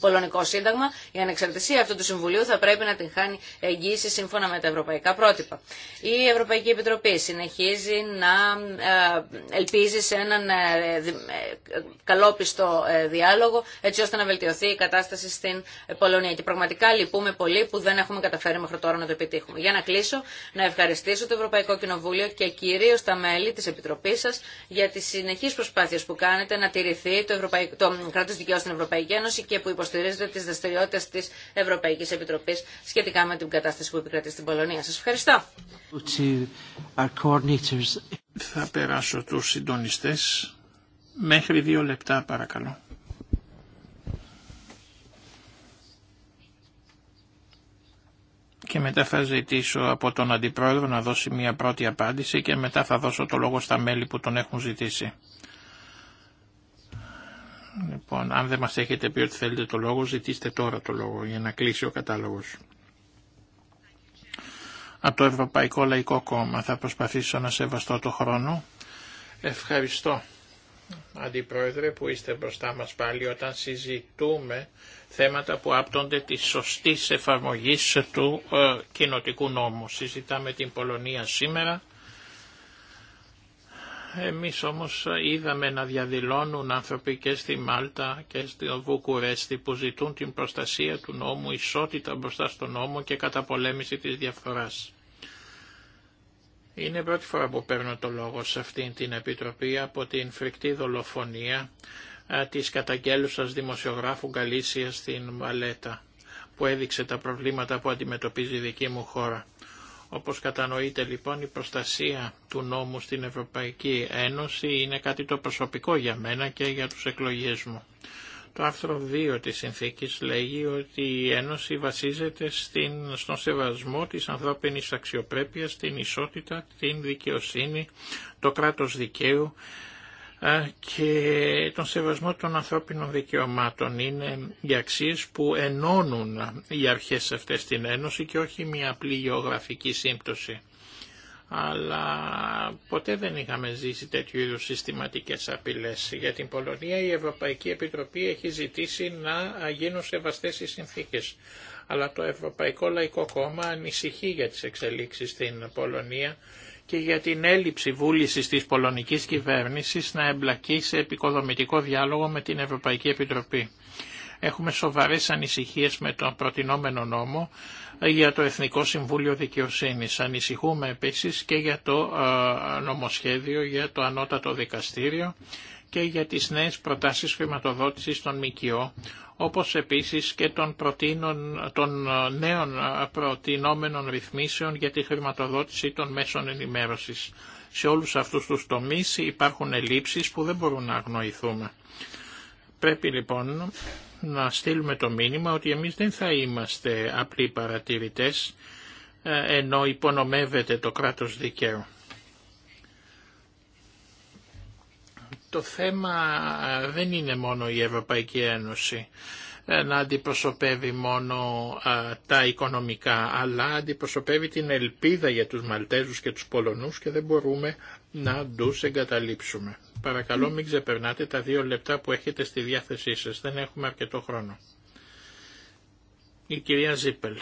Πολωνικό Σύνταγμα, η ανεξαρτησία αυτού του Συμβουλίου θα πρέπει να την χάνει εγγύηση σύμφωνα με τα ευρωπαϊκά πρότυπα. Η Ευρωπαϊκή Επιτροπή συνεχίζει να ε, ελπίζει σε έναν ε, ε, καλόπιστο διάλογο έτσι ώστε να βελτιωθεί η κατάσταση στην Πολωνία. Και πραγματικά λυπούμε πολύ που δεν έχουμε καταφέρει μέχρι τώρα να το επιτύχουμε. Για να κλείσω, να ευχαριστήσω το Ευρωπαϊκό Κοινοβούλιο και κυρίω τα μέλη τη Επιτροπή σα για τι συνεχεί προσπάθειε που κάνετε να τηρηθεί το, το κράτο δικαίου στην Ευρωπαϊκή Ένωση και που υποστηρίζετε τι δραστηριότητε Τη της Ευρωπαϊκής Επιτροπής σχετικά με την κατάσταση που επικρατεί στην Πολωνία. Σα ευχαριστώ. Θα περάσω του συντονιστέ Μέχρι δύο λεπτά παρακαλώ. και μετά θα ζητήσω από τον Αντιπρόεδρο να δώσει μια πρώτη απάντηση και μετά θα δώσω το λόγο στα μέλη που τον έχουν ζητήσει. Λοιπόν, αν δεν μας έχετε πει ότι θέλετε το λόγο, ζητήστε τώρα το λόγο για να κλείσει ο κατάλογος. Από το Ευρωπαϊκό Λαϊκό Κόμμα θα προσπαθήσω να σεβαστώ το χρόνο. Ευχαριστώ, Αντιπρόεδρε, που είστε μπροστά μας πάλι όταν συζητούμε θέματα που άπτονται τη σωστή εφαρμογή του ε, κοινοτικού νόμου. Συζητάμε την Πολωνία σήμερα εμείς όμως είδαμε να διαδηλώνουν άνθρωποι και στη Μάλτα και στη Βουκουρέστη που ζητούν την προστασία του νόμου, ισότητα μπροστά στον νόμο και καταπολέμηση της διαφθοράς. Είναι πρώτη φορά που παίρνω το λόγο σε αυτήν την Επιτροπή από την φρικτή δολοφονία της καταγγέλουσας δημοσιογράφου Γκαλίσια στην Βαλέτα που έδειξε τα προβλήματα που αντιμετωπίζει η δική μου χώρα. Όπως κατανοείται λοιπόν η προστασία του νόμου στην Ευρωπαϊκή Ένωση είναι κάτι το προσωπικό για μένα και για τους εκλογές μου. Το άρθρο 2 της συνθήκης λέγει ότι η Ένωση βασίζεται στην, στον σεβασμό της ανθρώπινης αξιοπρέπειας, την ισότητα, την δικαιοσύνη, το κράτος δικαίου, και τον σεβασμό των ανθρώπινων δικαιωμάτων. Είναι οι αξίες που ενώνουν οι αρχές αυτές στην Ένωση και όχι μια απλή γεωγραφική σύμπτωση. Αλλά ποτέ δεν είχαμε ζήσει τέτοιου είδου συστηματικέ απειλές. Για την Πολωνία η Ευρωπαϊκή Επιτροπή έχει ζητήσει να γίνουν σεβαστές οι συνθήκες. Αλλά το Ευρωπαϊκό Λαϊκό Κόμμα ανησυχεί για τι εξελίξει στην Πολωνία και για την έλλειψη βούλησης της πολωνικής κυβέρνησης να εμπλακεί σε επικοδομητικό διάλογο με την Ευρωπαϊκή Επιτροπή. Έχουμε σοβαρές ανησυχίες με τον προτινόμενο νόμο ε, για το Εθνικό Συμβούλιο Δικαιοσύνης. Ανησυχούμε επίσης και για το ε, νομοσχέδιο για το Ανώτατο Δικαστήριο και για τις νέες προτάσεις χρηματοδότησης των ΜΚΟ, όπως επίσης και των, των ε, νέων ε, προτινόμενων ρυθμίσεων για τη χρηματοδότηση των μέσων ενημέρωσης. Σε όλους αυτούς τους τομείς υπάρχουν ελλείψεις που δεν μπορούν να αγνοηθούμε. Πρέπει λοιπόν να στείλουμε το μήνυμα ότι εμείς δεν θα είμαστε απλοί παρατηρητές ε, ενώ υπονομεύεται το κράτος δικαίου. το θέμα ε, δεν είναι μόνο η Ευρωπαϊκή Ένωση ε, να αντιπροσωπεύει μόνο ε, τα οικονομικά, αλλά αντιπροσωπεύει την ελπίδα για τους Μαλτέζους και τους Πολωνούς και δεν μπορούμε να τους εγκαταλείψουμε. Παρακαλώ μην ξεπερνάτε τα δύο λεπτά που έχετε στη διάθεσή σας. Δεν έχουμε αρκετό χρόνο. Η κυρία Ζίπελ.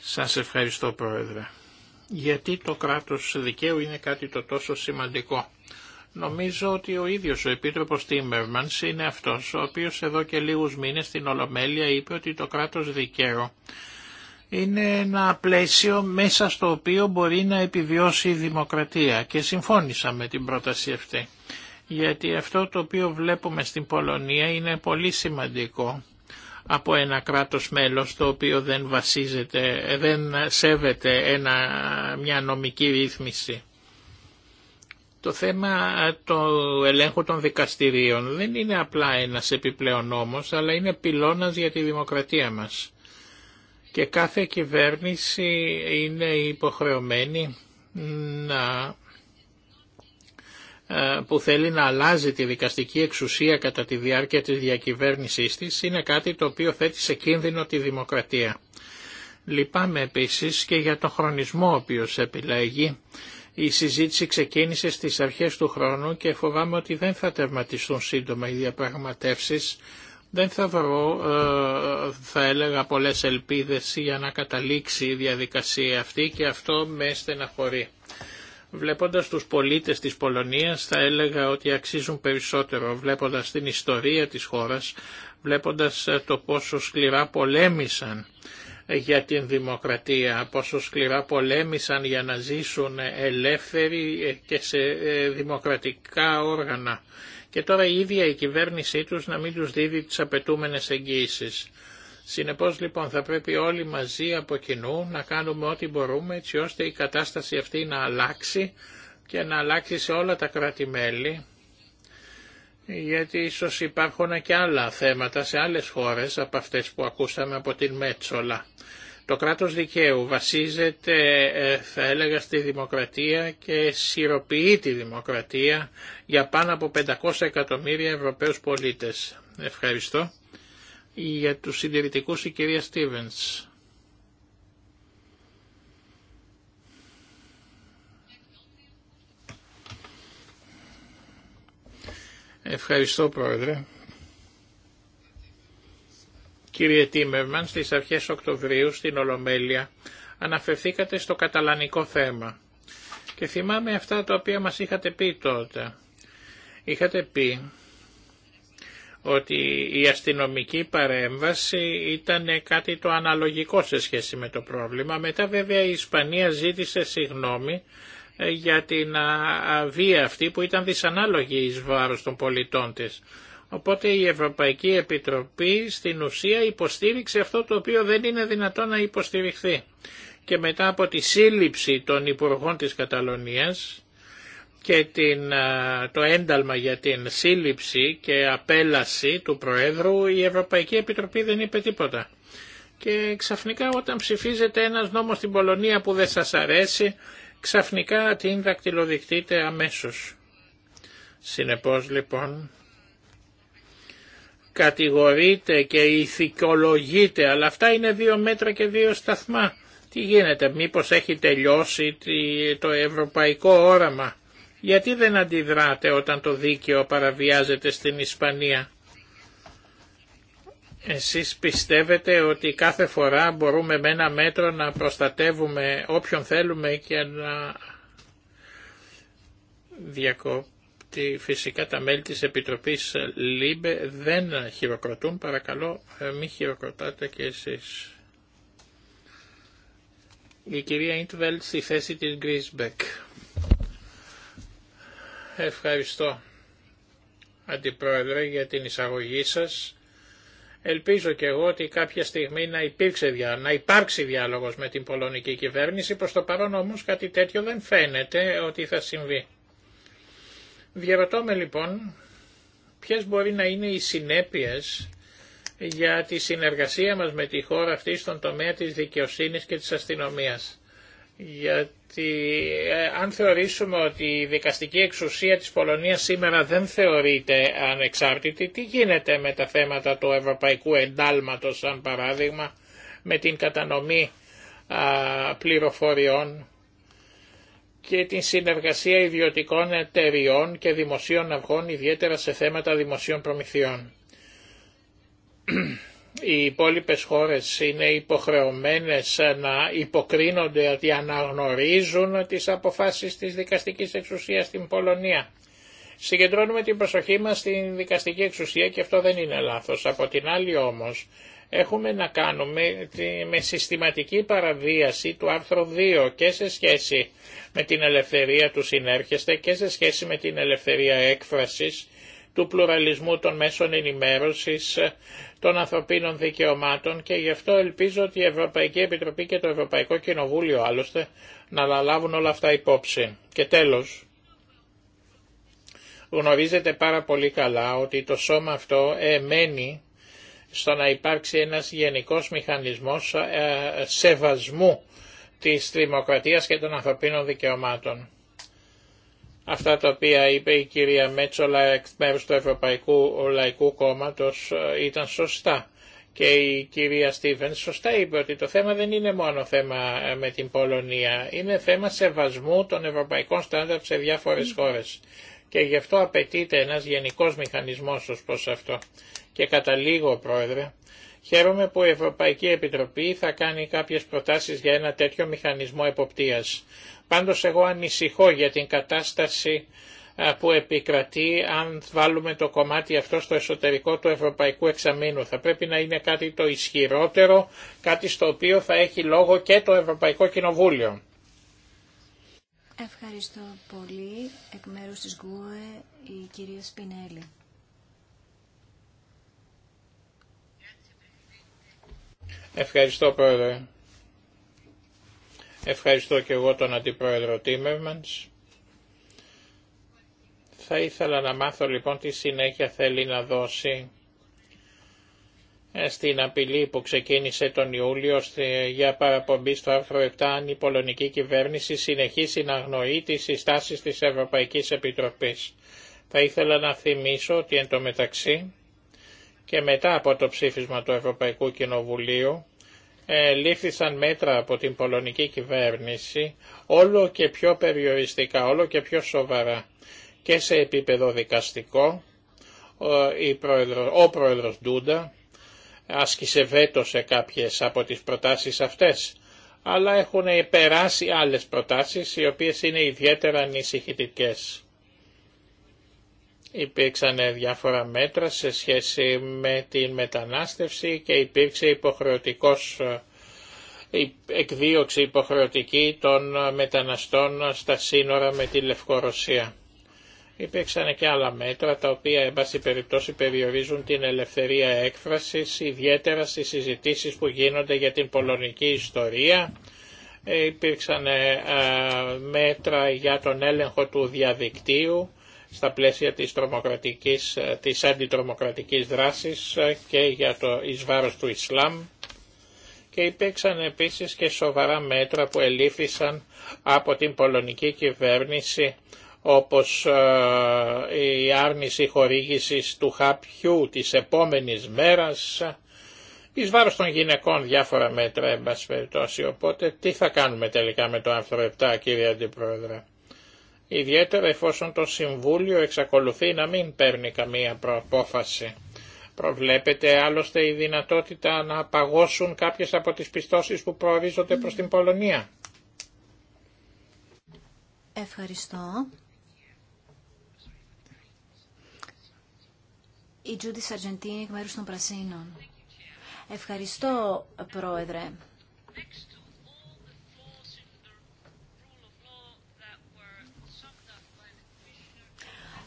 Σας ευχαριστώ Πρόεδρε γιατί το κράτος δικαίου είναι κάτι το τόσο σημαντικό. Νομίζω ότι ο ίδιος ο Επίτροπος Τίμερμανς είναι αυτός, ο οποίος εδώ και λίγους μήνες στην Ολομέλεια είπε ότι το κράτος δικαίου είναι ένα πλαίσιο μέσα στο οποίο μπορεί να επιβιώσει η δημοκρατία και συμφώνησα με την πρόταση αυτή. Γιατί αυτό το οποίο βλέπουμε στην Πολωνία είναι πολύ σημαντικό από ένα κράτος μέλος το οποίο δεν βασίζεται, δεν σέβεται ένα, μια νομική ρύθμιση. Το θέμα του ελέγχου των δικαστηρίων δεν είναι απλά ένας επιπλέον νόμος, αλλά είναι πυλώνας για τη δημοκρατία μας. Και κάθε κυβέρνηση είναι υποχρεωμένη να ε, που θέλει να αλλάζει τη δικαστική εξουσία κατά τη διάρκεια της διακυβέρνησής της είναι κάτι το οποίο θέτει σε κίνδυνο τη δημοκρατία. Λυπάμαι επίσης και για τον χρονισμό ο οποίος επιλέγει. Η συζήτηση ξεκίνησε στις αρχές του χρόνου και φοβάμαι ότι δεν θα τερματιστούν σύντομα οι διαπραγματεύσεις. Δεν θα βρω, ε, θα έλεγα, πολλές ελπίδες για να καταλήξει η διαδικασία αυτή και αυτό με στεναχωρεί. Βλέποντας τους πολίτες της Πολωνίας θα έλεγα ότι αξίζουν περισσότερο, βλέποντας την ιστορία της χώρας, βλέποντας ε, το πόσο σκληρά πολέμησαν ε, για την δημοκρατία, πόσο σκληρά πολέμησαν για να ζήσουν ε, ελεύθεροι και σε δημοκρατικά όργανα. Και τώρα η ίδια η κυβέρνησή τους να μην τους δίδει τις απαιτούμενες εγγύησεις. Συνεπώς λοιπόν θα πρέπει όλοι μαζί από κοινού να κάνουμε ό,τι μπορούμε έτσι ώστε η κατάσταση αυτή να αλλάξει και να αλλάξει σε όλα τα κράτη-μέλη γιατί ίσως υπάρχουν και άλλα θέματα σε άλλες χώρες από αυτές που ακούσαμε από την Μέτσολα. Το κράτος δικαίου βασίζεται, ε, θα έλεγα, στη δημοκρατία και σιροποιεί τη δημοκρατία για πάνω από 500 εκατομμύρια Ευρωπαίους πολίτες. Ευχαριστώ. Για τους συντηρητικούς η κυρία Στίβενς. Ευχαριστώ Πρόεδρε. Κύριε Τίμερμαν, στις αρχές Οκτωβρίου στην Ολομέλεια αναφερθήκατε στο καταλανικό θέμα και θυμάμαι αυτά τα οποία μας είχατε πει τότε. Είχατε πει ότι η αστυνομική παρέμβαση ήταν κάτι το αναλογικό σε σχέση με το πρόβλημα. Μετά βέβαια η Ισπανία ζήτησε συγγνώμη ε, για την βία αυτή που ήταν δυσανάλογη εις βάρος των πολιτών της. Οπότε η Ευρωπαϊκή Επιτροπή στην ουσία υποστήριξε αυτό το οποίο δεν είναι δυνατό να υποστηριχθεί. Και μετά από τη σύλληψη των υπουργών της Καταλωνίας, και την, ε, το ένταλμα για την σύλληψη και απέλαση του Προέδρου η Ευρωπαϊκή Επιτροπή δεν είπε τίποτα. Και ξαφνικά όταν ψηφίζεται ένας νόμος στην Πολωνία που δεν σας αρέσει, ξαφνικά την δακτυλοδεικτείτε αμέσως. Συνεπώς λοιπόν κατηγορείται και ηθικολογείται, αλλά αυτά είναι δύο μέτρα και δύο σταθμά. Τι γίνεται, μήπως έχει τελειώσει το ευρωπαϊκό όραμα γιατί δεν αντιδράτε όταν το δίκαιο παραβιάζεται στην Ισπανία. Εσείς πιστεύετε ότι κάθε φορά μπορούμε με ένα μέτρο να προστατεύουμε όποιον θέλουμε και να διακόπτει φυσικά τα μέλη της Επιτροπής ΛΥΜΠΕ δεν χειροκροτούν. Παρακαλώ ε, μη χειροκροτάτε και εσείς. Η κυρία Ιντβέλτ στη θέση της Γκρίσμπεκ. Ευχαριστώ, Αντιπρόεδρε, για την εισαγωγή σας. Ελπίζω και εγώ ότι κάποια στιγμή να, υπήρξε, να υπάρξει διάλογος με την πολωνική κυβέρνηση, προς το παρόν όμως κάτι τέτοιο δεν φαίνεται ότι θα συμβεί. Διαρωτώ λοιπόν ποιες μπορεί να είναι οι συνέπειες για τη συνεργασία μας με τη χώρα αυτή στον τομέα της δικαιοσύνης και της αστυνομίας γιατί ε, αν θεωρήσουμε ότι η δικαστική εξουσία της Πολωνίας σήμερα δεν θεωρείται ανεξάρτητη, τι γίνεται με τα θέματα του ευρωπαϊκού εντάλματος, σαν παράδειγμα, με την κατανομή πληροφοριών και την συνεργασία ιδιωτικών εταιριών και δημοσίων αυγών, ιδιαίτερα σε θέματα δημοσίων προμηθειών οι υπόλοιπε χώρες είναι υποχρεωμένες να υποκρίνονται ότι αναγνωρίζουν τις αποφάσεις της δικαστικής εξουσίας στην Πολωνία. Συγκεντρώνουμε την προσοχή μας στην δικαστική εξουσία και αυτό δεν είναι λάθος. Από την άλλη όμως έχουμε να κάνουμε με συστηματική παραβίαση του άρθρου 2 και σε σχέση με την ελευθερία του συνέρχεστε και σε σχέση με την ελευθερία έκφρασης του πλουραλισμού των μέσων ενημέρωσης, των ανθρωπίνων δικαιωμάτων και γι' αυτό ελπίζω ότι η Ευρωπαϊκή Επιτροπή και το Ευρωπαϊκό Κοινοβούλιο άλλωστε να λαλάβουν όλα αυτά υπόψη. Και τέλος, γνωρίζετε πάρα πολύ καλά ότι το σώμα αυτό εμένει στο να υπάρξει ένας γενικός μηχανισμός ε, σεβασμού της δημοκρατίας και των ανθρωπίνων δικαιωμάτων. Αυτά τα οποία είπε η κυρία Μέτσολα εκ μέρους του Ευρωπαϊκού Λαϊκού Κόμματος ε, ήταν σωστά. Και η κυρία Στίβεν σωστά είπε ότι το θέμα δεν είναι μόνο θέμα ε, με την Πολωνία, είναι θέμα σεβασμού των ευρωπαϊκών στάνταρτ σε διάφορες χώρες. Και γι' αυτό απαιτείται ένας γενικός μηχανισμός ως προς αυτό. Και καταλήγω, Πρόεδρε, χαίρομαι που η Ευρωπαϊκή Επιτροπή θα κάνει κάποιες προτάσεις για ένα τέτοιο μηχανισμό εποπτείας. Πάντως εγώ ανησυχώ για την κατάσταση που επικρατεί αν βάλουμε το κομμάτι αυτό στο εσωτερικό του Ευρωπαϊκού Εξαμήνου. Θα πρέπει να είναι κάτι το ισχυρότερο, κάτι στο οποίο θα έχει λόγο και το Ευρωπαϊκό Κοινοβούλιο. Ευχαριστώ πολύ. Εκ μέρους της ΓΟΕ η κυρία Σπινέλη. Ευχαριστώ πρόεδρε. Ευχαριστώ και εγώ τον Αντιπρόεδρο Τίμερμανς. Θα ήθελα να μάθω λοιπόν τι συνέχεια θέλει να δώσει ε, στην απειλή που ξεκίνησε τον Ιούλιο για παραπομπή στο άρθρο 7 αν η πολωνική κυβέρνηση συνεχίσει να αγνοεί τις συστάσεις της Ευρωπαϊκής Επιτροπής. Θα ήθελα να θυμίσω ότι εν τω μεταξύ και μετά από το ψήφισμα του Ευρωπαϊκού Κοινοβουλίου ε, λήφθησαν μέτρα από την πολωνική κυβέρνηση όλο και πιο περιοριστικά, όλο και πιο σοβαρά και σε επίπεδο δικαστικό. Ο πρόεδρος Ντούντα άσκησε βέτο σε κάποιες από τις προτάσεις αυτές, αλλά έχουν περάσει άλλες προτάσεις οι οποίες είναι ιδιαίτερα ανησυχητικές υπήρξαν διάφορα μέτρα σε σχέση με την μετανάστευση και υπήρξε υποχρεωτικός ε, εκδίωξη υποχρεωτική των μεταναστών στα σύνορα με τη Λευκορωσία. Υπήρξαν και άλλα μέτρα τα οποία εν πάση περιπτώσει περιορίζουν την ελευθερία έκφρασης, ιδιαίτερα στις συζητήσεις που γίνονται για την πολωνική ιστορία. Ε, υπήρξαν ε, μέτρα για τον έλεγχο του διαδικτύου στα πλαίσια της, τρομοκρατικής, ε, της αντιτρομοκρατικής δράσης ε, και για το εις του Ισλάμ και υπήρξαν επίσης και σοβαρά μέτρα που ελήφθησαν από την πολωνική κυβέρνηση όπως ε, η άρνηση χορήγησης του χαπιού της επόμενης μέρας, εις βάρος των γυναικών διάφορα μέτρα, εν Οπότε τι θα κάνουμε τελικά με το άρθρο 7, κύριε Αντιπρόεδρε ιδιαίτερα εφόσον το Συμβούλιο εξακολουθεί να μην παίρνει καμία προπόφαση. Προβλέπεται άλλωστε η δυνατότητα να παγώσουν κάποιες από τις πιστώσεις που προορίζονται προς την Πολωνία. Ευχαριστώ. Η Τζούντι Σαρτζεντίνη εκ μέρους των Πρασίνων. Ευχαριστώ, Πρόεδρε.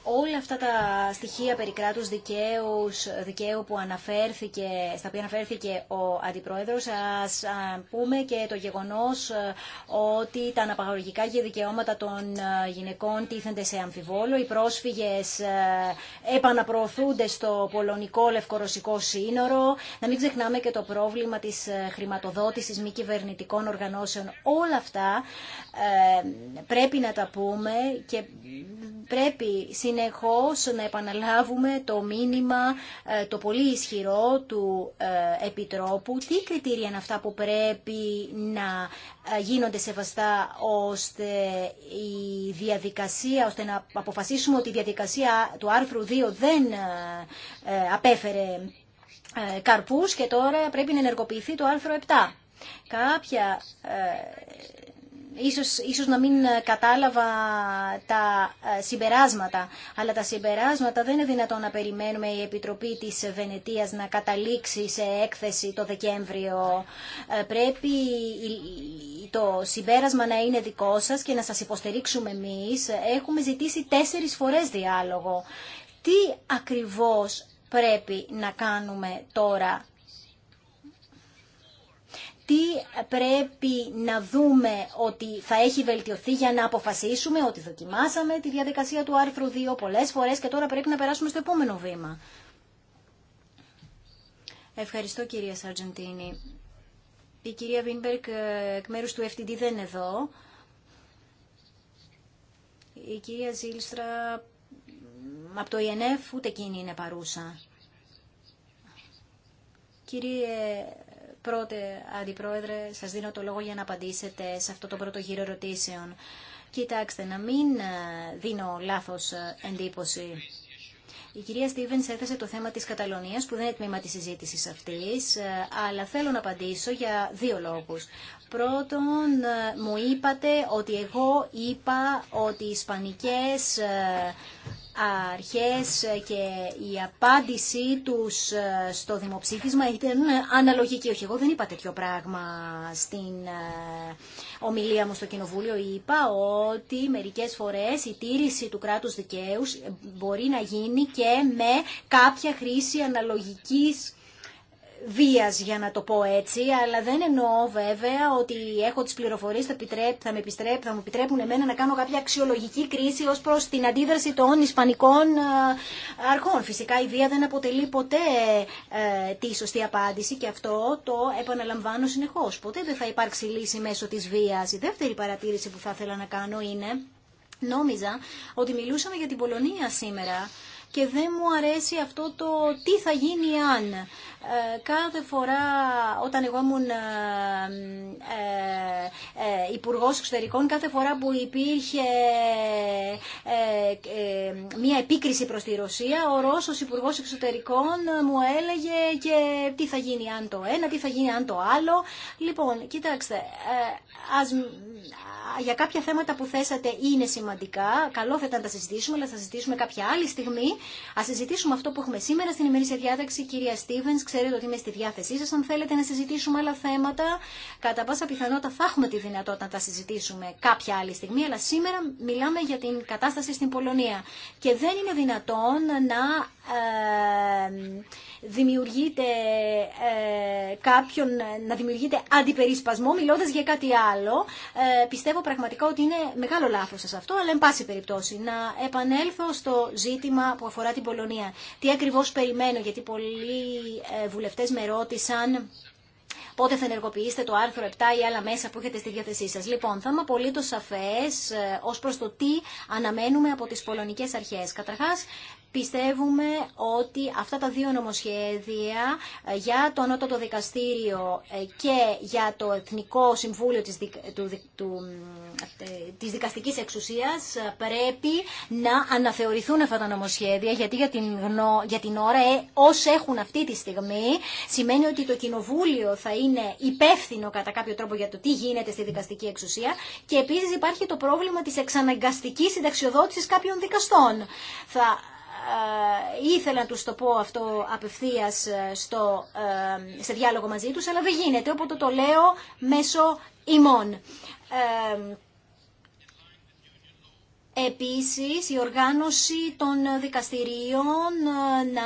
όλα αυτά τα στοιχεία περί κράτους δικαίου, δικαίου που αναφέρθηκε, στα οποία αναφέρθηκε ο Αντιπρόεδρος, ας πούμε και το γεγονός ε, ότι τα αναπαγωγικά και δικαιώματα των ε, γυναικών τίθενται σε αμφιβόλο. Οι πρόσφυγες ε, επαναπροωθούνται στο πολωνικό λευκορωσικό σύνορο. Να μην ξεχνάμε και το πρόβλημα της χρηματοδότησης μη κυβερνητικών οργανώσεων. Όλα αυτά πρέπει να τα πούμε και πρέπει συνεχώς να επαναλάβουμε το μήνυμα, ε, το πολύ ισχυρό του ε, Επιτρόπου. Τι κριτήρια είναι αυτά που πρέπει να ε, γίνονται σεβαστά ώστε η διαδικασία, ώστε να αποφασίσουμε ότι η διαδικασία του άρθρου 2 δεν απέφερε καρπούς και τώρα πρέπει να ενεργοποιηθεί το άρθρο 7. Κάποια ίσως, ίσως να μην ε, κατάλαβα τα ε, συμπεράσματα, αλλά τα συμπεράσματα δεν είναι δυνατόν να περιμένουμε η Επιτροπή της Βενετίας να καταλήξει σε έκθεση το Δεκέμβριο. Ε, πρέπει το συμπέρασμα να είναι δικό σας και να σας υποστηρίξουμε εμείς. Έχουμε ζητήσει τέσσερις φορές διάλογο. Τι ακριβώς πρέπει να κάνουμε τώρα τι πρέπει να δούμε ότι θα έχει βελτιωθεί για να αποφασίσουμε ότι δοκιμάσαμε τη διαδικασία του άρθρου 2 πολλές φορές και τώρα πρέπει να περάσουμε στο επόμενο βήμα. Ευχαριστώ κυρία Σαρτζεντίνη. Η κυρία Βίνμπερκ ε, εκ μέρους του FTD δεν είναι εδώ. Η κυρία Ζήλστρα από το ΙΕΝΕΦ e ούτε εκείνη είναι παρούσα. Κύριε Πρώτε, Αντιπρόεδρε, σας δίνω το λόγο για να απαντήσετε σε αυτό το πρώτο γύρο ερωτήσεων. Κοιτάξτε, να μην ε, δίνω λάθος ε, εντύπωση. Η κυρία Στίβενς έθεσε το θέμα της Καταλωνίας που δεν είναι τμήμα της συζήτησης αυτής, ε, αλλά θέλω να απαντήσω για δύο λόγους. Πρώτον, ε, μου είπατε ότι εγώ είπα ότι οι ισπανικές ε, αρχές ε, και η απάντησή τους στο δημοψήφισμα ήταν αναλογική. Όχι, εγώ δεν είπα τέτοιο πράγμα στην ομιλία μου στο Κοινοβούλιο. Είπα ότι μερικές φορές η τήρηση του κράτους δικαίου μπορεί να γίνει και με κάποια χρήση αναλογικής βίας για να το πω έτσι, αλλά δεν εννοώ βέβαια ότι έχω τις πληροφορίες θα, θα, με επιτρέπ, θα μου επιτρέπουν εμένα να κάνω κάποια αξιολογική κρίση ως προς την αντίδραση των ισπανικών ε, αρχών. Φυσικά η βία δεν αποτελεί ποτέ ε, τη σωστή απάντηση και αυτό το επαναλαμβάνω συνεχώς. Ποτέ δεν θα υπάρξει λύση μέσω της βίας. Η δεύτερη παρατήρηση που θα ήθελα να κάνω είναι, νόμιζα ότι μιλούσαμε για την Πολωνία σήμερα και δεν μου αρέσει αυτό το τι θα γίνει αν. Ε, κάθε φορά όταν εγώ ήμουν ε, ε, ε υπουργό εξωτερικών, κάθε φορά που υπήρχε μία επίκριση προς τη Ρωσία, ο Ρώσος υπουργό εξωτερικών μου έλεγε και τι θα γίνει αν το ένα, τι θα γίνει αν το άλλο. Λοιπόν, κοιτάξτε, ας, για κάποια θέματα που θέσατε είναι σημαντικά, καλό θα ήταν να τα συζητήσουμε, αλλά θα συζητήσουμε κάποια άλλη στιγμή. Ας συζητήσουμε αυτό που έχουμε σήμερα στην ημερήσια διάταξη, κυρία Στίβενς, Ξέρετε ότι είμαι στη διάθεσή σας. Αν θέλετε να συζητήσουμε άλλα θέματα, κατά πάσα πιθανότητα θα έχουμε τη δυνατότητα να τα συζητήσουμε κάποια άλλη στιγμή, αλλά σήμερα μιλάμε για την κατάσταση στην Πολωνία. Και δεν είναι δυνατόν να ε, δημιουργείται ε, κάποιον, να δημιουργείται αντιπερίσπασμο μιλώντας για κάτι άλλο. Ε, πιστεύω πραγματικά ότι είναι μεγάλο λάθος σε αυτό, αλλά εν πάση περιπτώσει να επανέλθω στο ζήτημα που αφορά την Πολωνία. Τι ακριβώς περιμένω, γιατί πολλοί ε, Βουλευτέ με ρώτησαν πότε θα ενεργοποιήσετε το άρθρο 7 ή άλλα μέσα που έχετε στη διάθεσή σας. Λοιπόν, θα είμαι απολύτω σαφέ ε, ως προς το τι αναμένουμε από τις πολωνικές αρχέ. Καταρχά. Πιστεύουμε ότι αυτά τα δύο νομοσχέδια ε, για το Ανώτατο Δικαστήριο ε, και για το Εθνικό Συμβούλιο της, του... Ε, της Δικαστικής Εξουσίας πρέπει να αναθεωρηθούν αυτά τα νομοσχέδια γιατί για την, για την ώρα όσοι έχουν αυτή τη στιγμή σημαίνει ότι το Κοινοβούλιο θα είναι υπεύθυνο κατά κάποιο τρόπο για το τι γίνεται στη δικαστική εξουσία και επίσης υπάρχει το πρόβλημα της εξαναγκαστικής συνταξιοδότησης κάποιων δικαστών. Θα ε, ήθελα να τους το πω αυτό απευθείας ε, στο, ε, σε διάλογο μαζί τους, αλλά δεν γίνεται, οπότε το λέω μέσω ημών. Επίσης, η οργάνωση των δικαστηρίων ε, να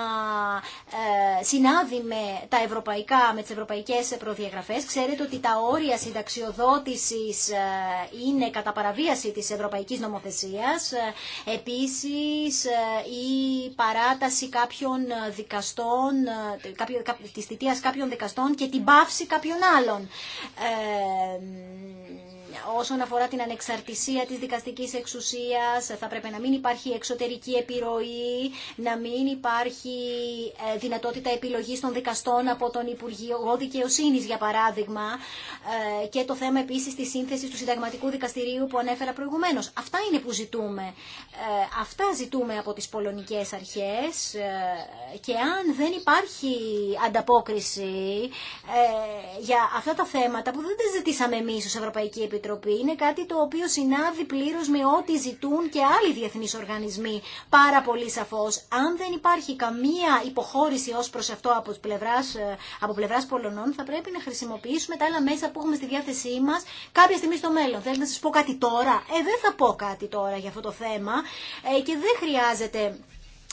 ε, συνάδει με, τα ευρωπαϊκά, με τις ευρωπαϊκές προδιαγραφές. Ξέρετε ότι τα όρια συνταξιοδότησης ε, είναι κατά παραβίαση της ευρωπαϊκής νομοθεσίας. Επίσης, η παράταση κάποιων δικαστών, κάποιο, της θητείας κάποιων δικαστών και την πάυση κάποιων άλλων όσον αφορά την ανεξαρτησία της δικαστικής εξουσίας, θα πρέπει να μην υπάρχει εξωτερική επιρροή, να μην υπάρχει ε, δυνατότητα επιλογής των δικαστών από τον Υπουργείο Δικαιοσύνη, για παράδειγμα, ε, και το θέμα επίσης της σύνθεσης του Συνταγματικού Δικαστηρίου που ανέφερα προηγουμένως. Αυτά είναι που ζητούμε. Ε, αυτά ζητούμε από τις πολωνικές αρχές και αν δεν υπάρχει ανταπόκριση για αυτά τα θέματα που δεν τα ζητήσαμε εμείς ως Ευρωπαϊκή Επιτροπή, είναι κάτι το οποίο συνάδει πλήρω με ό,τι ζητούν και άλλοι διεθνεί οργανισμοί. Πάρα πολύ σαφώ. Αν δεν υπάρχει καμία υποχώρηση ω προ αυτό από πλευρά ε, από πλευράς Πολωνών, θα πρέπει να χρησιμοποιήσουμε τα άλλα μέσα που έχουμε στη διάθεσή μα κάποια στιγμή στο μέλλον. Θέλετε να σα πω κάτι τώρα. Ε, δεν θα πω κάτι τώρα για αυτό το θέμα ε, και δεν χρειάζεται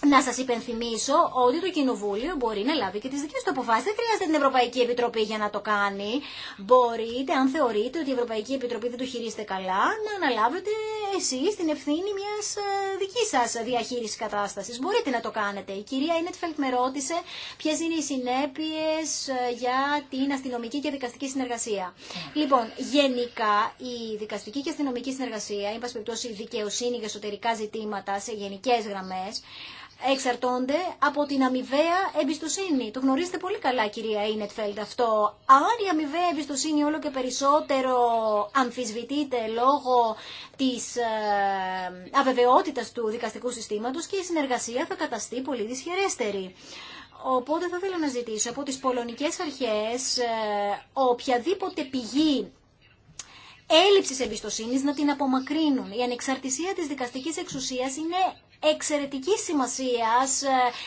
να σας υπενθυμίσω ότι το Κοινοβούλιο μπορεί να λάβει και τις δικές του αποφάσεις. Δεν χρειάζεται την Ευρωπαϊκή Επιτροπή για να το κάνει. Μπορείτε, αν θεωρείτε ότι η Ευρωπαϊκή Επιτροπή δεν το χειρίζεται καλά, να αναλάβετε εσείς την ευθύνη μιας ε, δικής σας διαχείρισης κατάστασης. Μπορείτε να το κάνετε. Η κυρία Ινέτφελτ με ρώτησε ποιες είναι οι συνέπειες ε, για την αστυνομική και δικαστική συνεργασία. Λοιπόν, γενικά η δικαστική και αστυνομική συνεργασία, εν περιπτώσει δικαιοσύνη για εσωτερικά ζητήματα σε γενικές γραμμές, εξαρτώνται από την αμοιβαία εμπιστοσύνη. Το γνωρίζετε πολύ καλά κυρία Ίνετφελντ αυτό. Αν η αμοιβαία εμπιστοσύνη όλο και περισσότερο αμφισβητείται λόγω της ε, αβεβαιότητας του δικαστικού συστήματος και η συνεργασία θα καταστεί πολύ δυσχερέστερη. Οπότε θα ήθελα να ζητήσω από τις πολωνικές αρχές ε, οποιαδήποτε πηγή έλλειψης εμπιστοσύνης να την απομακρύνουν. Η ανεξαρτησία της δικαστικής εξουσίας είναι Εξαιρετική σημασία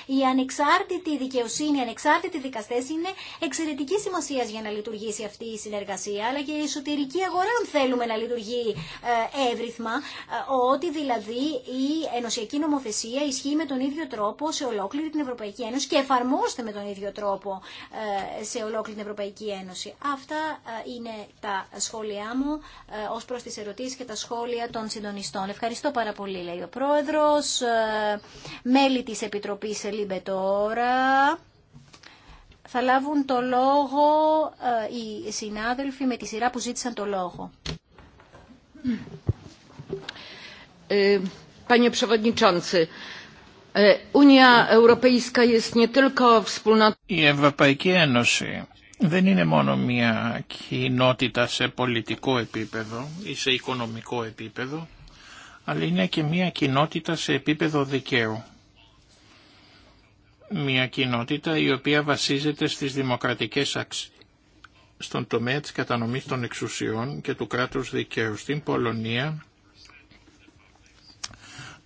ε, Η ανεξάρτητη δικαιοσύνη, οι ανεξάρτητοι δικαστέ είναι εξαιρετική σημασία για να λειτουργήσει αυτή η συνεργασία, αλλά και η εσωτερική αγορά αν θέλουμε να λειτουργεί ε, εύρυθμα, ε, ότι δηλαδή η ενωσιακή νομοθεσία ισχύει με τον ίδιο τρόπο σε ολόκληρη την Ευρωπαϊκή Ένωση και εφαρμόστε με τον ίδιο τρόπο σε ολόκληρη την Ευρωπαϊκή Ένωση. Αυτά είναι τα σχόλιά μου ως προς τις ερωτήσεις και τα σχόλια των συντονιστών. Ευχαριστώ πάρα πολύ, λέει ο Πρόεδρος. Ε, μέλη της Επιτροπής Ελίμπε τώρα. Θα λάβουν το λόγο ε, οι συνάδελφοι με τη σειρά που ζήτησαν το λόγο. Ε, panie e, η Ευρωπαϊκή Ένωση δεν είναι μόνο μια κοινότητα σε πολιτικό επίπεδο ή σε οικονομικό επίπεδο, αλλά είναι και μια κοινότητα σε επίπεδο δικαίου. Μια κοινότητα η οποία βασίζεται στις δημοκρατικές αξίες στον τομέα της κατανομής των εξουσιών και του κράτους δικαίου. Στην Πολωνία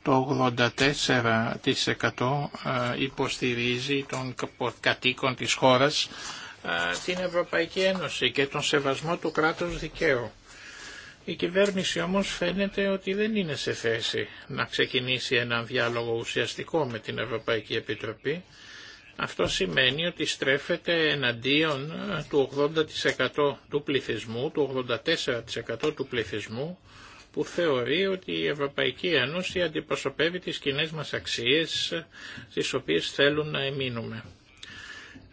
το 84% ε, υποστηρίζει των κατοίκων της χώρας ε, την Ευρωπαϊκή Ένωση και τον σεβασμό του κράτους δικαίου. Η κυβέρνηση όμως φαίνεται ότι δεν είναι σε θέση να ξεκινήσει έναν διάλογο ουσιαστικό με την Ευρωπαϊκή Επιτροπή. Αυτό σημαίνει ότι στρέφεται εναντίον του 80% του πληθυσμού, του 84% του πληθυσμού, που θεωρεί ότι η Ευρωπαϊκή Ένωση αντιπροσωπεύει τις κοινέ μας αξίες στις οποίες θέλουν να εμείνουμε.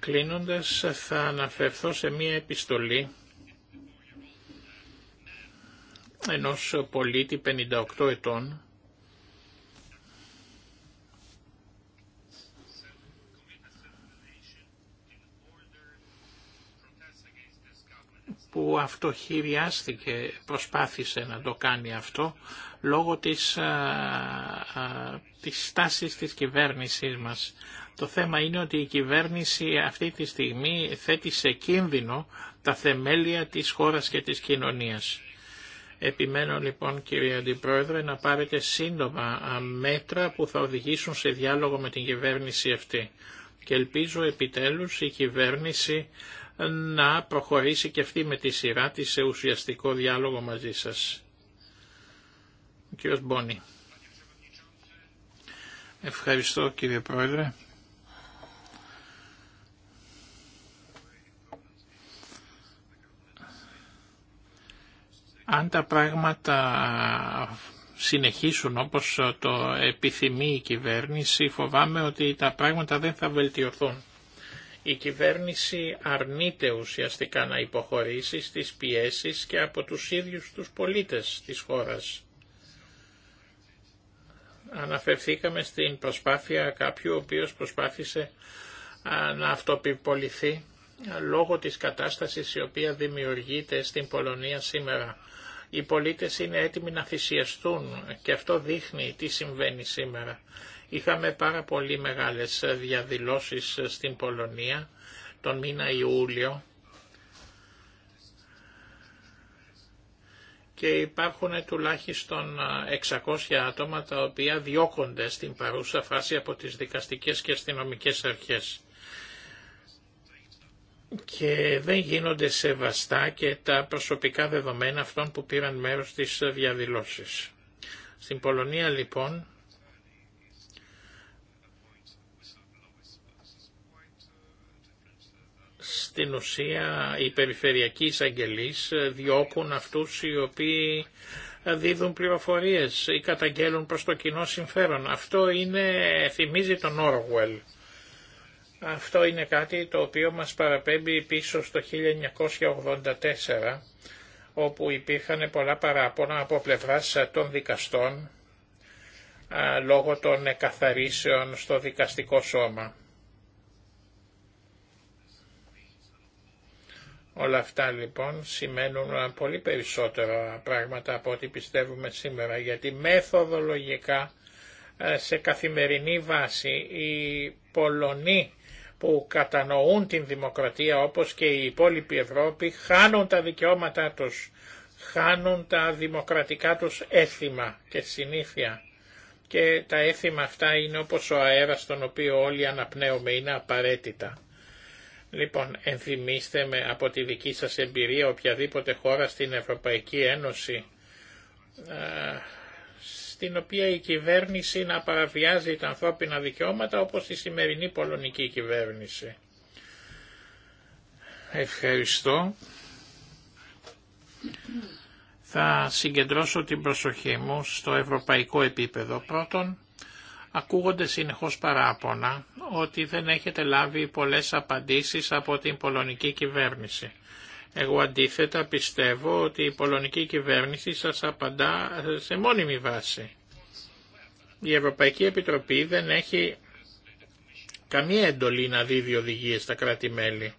Κλείνοντας θα αναφερθώ σε μία επιστολή ενός πολίτη 58 ετών που αυτοχειριάστηκε, προσπάθησε να το κάνει αυτό λόγω της, α, της στάσης της κυβέρνησής μας. Το θέμα είναι ότι η κυβέρνηση αυτή τη στιγμή θέτει σε κίνδυνο τα θεμέλια της χώρας και της κοινωνίας. Επιμένω λοιπόν κύριε Αντιπρόεδρε να πάρετε σύντομα μέτρα που θα οδηγήσουν σε διάλογο με την κυβέρνηση αυτή. Και ελπίζω επιτέλους η κυβέρνηση να προχωρήσει και αυτή με τη σειρά της σε ουσιαστικό διάλογο μαζί σας. Ο κύριος Ευχαριστώ κύριε Πρόεδρε. Αν τα πράγματα συνεχίσουν όπως το επιθυμεί η κυβέρνηση, φοβάμαι ότι τα πράγματα δεν θα βελτιωθούν. Η κυβέρνηση αρνείται ουσιαστικά να υποχωρήσει στις πιέσεις και από τους ίδιους τους πολίτες της χώρας. Αναφερθήκαμε στην προσπάθεια κάποιου ο οποίος προσπάθησε να αυτοπιποληθεί λόγω της κατάστασης η οποία δημιουργείται στην Πολωνία σήμερα. Οι πολίτες είναι έτοιμοι να θυσιαστούν και αυτό δείχνει τι συμβαίνει σήμερα. Είχαμε πάρα πολύ μεγάλες διαδηλώσεις στην Πολωνία τον μήνα Ιούλιο και υπάρχουν τουλάχιστον 600 άτομα τα οποία διώκονται στην παρούσα φάση από τις δικαστικές και αστυνομικές αρχές και δεν γίνονται σεβαστά και τα προσωπικά δεδομένα αυτών που πήραν μέρος στις διαδηλώσεις. Στην Πολωνία λοιπόν στην ουσία οι περιφερειακοί εισαγγελείς διώκουν αυτούς οι οποίοι δίδουν πληροφορίες ή καταγγέλουν προς το κοινό συμφέρον. Αυτό είναι, θυμίζει τον Orwell. Αυτό είναι κάτι το οποίο μας παραπέμπει πίσω στο 1984, όπου υπήρχαν πολλά παράπονα από πλευράς των δικαστών λόγω των εκαθαρίσεων στο δικαστικό σώμα. Όλα αυτά λοιπόν σημαίνουν πολύ περισσότερα πράγματα από ό,τι πιστεύουμε σήμερα, γιατί μεθοδολογικά σε καθημερινή βάση οι Πολωνοί που κατανοούν την δημοκρατία όπως και οι υπόλοιπη Ευρώπη χάνουν τα δικαιώματά τους, χάνουν τα δημοκρατικά τους έθιμα και συνήθεια. Και τα έθιμα αυτά είναι όπως ο αέρας τον οποίο όλοι αναπνέουμε, είναι απαραίτητα. Λοιπόν, ενθυμίστε με από τη δική σας εμπειρία οποιαδήποτε χώρα στην Ευρωπαϊκή Ένωση ε, στην οποία η κυβέρνηση να παραβιάζει τα ανθρώπινα δικαιώματα όπως η σημερινή πολωνική κυβέρνηση. Ευχαριστώ. Θα συγκεντρώσω την προσοχή μου στο ευρωπαϊκό επίπεδο. Πρώτον, ακούγονται συνεχώς παράπονα ότι δεν έχετε λάβει πολλές απαντήσεις από την πολωνική κυβέρνηση. Εγώ αντίθετα πιστεύω ότι η πολωνική κυβέρνηση σας απαντά σε μόνιμη βάση. Η Ευρωπαϊκή Επιτροπή δεν έχει καμία εντολή να δίδει οδηγίες στα κράτη-μέλη.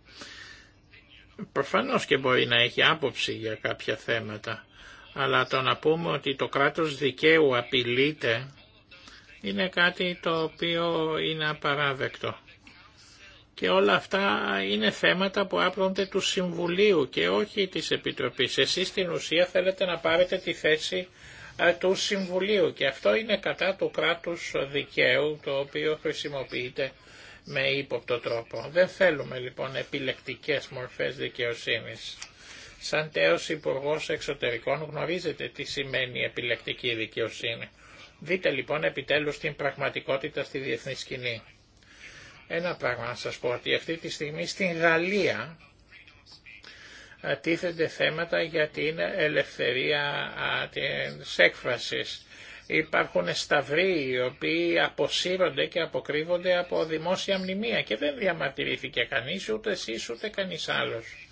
Προφανώς και μπορεί να έχει άποψη για κάποια θέματα, αλλά το να πούμε ότι το κράτος δικαίου απειλείται είναι κάτι το οποίο είναι απαράδεκτο και όλα αυτά είναι θέματα που άπνονται του Συμβουλίου και όχι της Επιτροπής. Εσείς στην ουσία θέλετε να πάρετε τη θέση του Συμβουλίου και αυτό είναι κατά του κράτους δικαίου το οποίο χρησιμοποιείται με ύποπτο τρόπο. Δεν θέλουμε λοιπόν επιλεκτικές μορφές δικαιοσύνης. Σαν τέος υπουργό Εξωτερικών γνωρίζετε τι σημαίνει επιλεκτική δικαιοσύνη. Δείτε λοιπόν επιτέλους την πραγματικότητα στη διεθνή σκηνή. Ένα πράγμα να σας πω ότι αυτή τη στιγμή στην Γαλλία ε, τίθενται θέματα για την ελευθερία της έκφρασης. Υπάρχουν σταυροί οι οποίοι αποσύρονται και αποκρύβονται από δημόσια μνημεία και δεν διαμαρτυρήθηκε κανείς ούτε εσείς ούτε κανείς άλλος.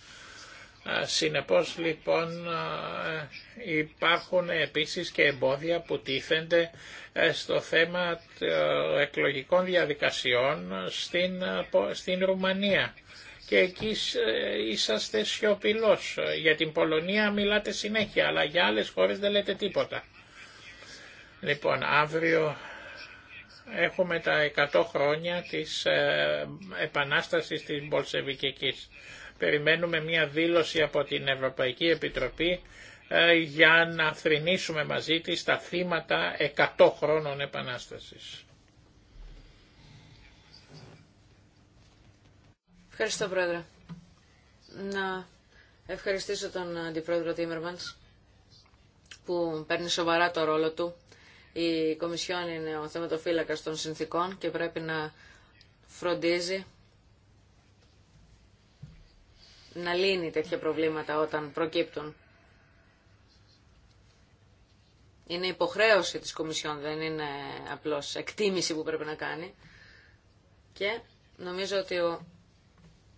Ε, συνεπώς λοιπόν ε, υπάρχουν επίσης και εμπόδια που τίθενται ε, στο θέμα εκλογικών διαδικασιών στην, στην Ρουμανία. Και εκεί είσαστε σιωπηλός. Για την Πολωνία μιλάτε συνέχεια, αλλά για άλλες χώρες δεν λέτε τίποτα. Λοιπόν, αύριο έχουμε τα 100 χρόνια της επανάστασης της Μπολσεβικικής. Περιμένουμε μια δήλωση από την Ευρωπαϊκή Επιτροπή ε, για να θρηνήσουμε μαζί της τα θύματα 100 χρόνων Επανάστασης. Ευχαριστώ Πρόεδρε. Να ευχαριστήσω τον Αντιπρόεδρο Τίμερμανς που παίρνει σοβαρά το ρόλο του. Η Κομισιόν είναι ο θεματοφύλακας των συνθήκων και πρέπει να φροντίζει να λύνει τέτοια προβλήματα όταν προκύπτουν. Είναι υποχρέωση της Κομισιόν, δεν είναι απλώς εκτίμηση που πρέπει να κάνει. Και νομίζω ότι ο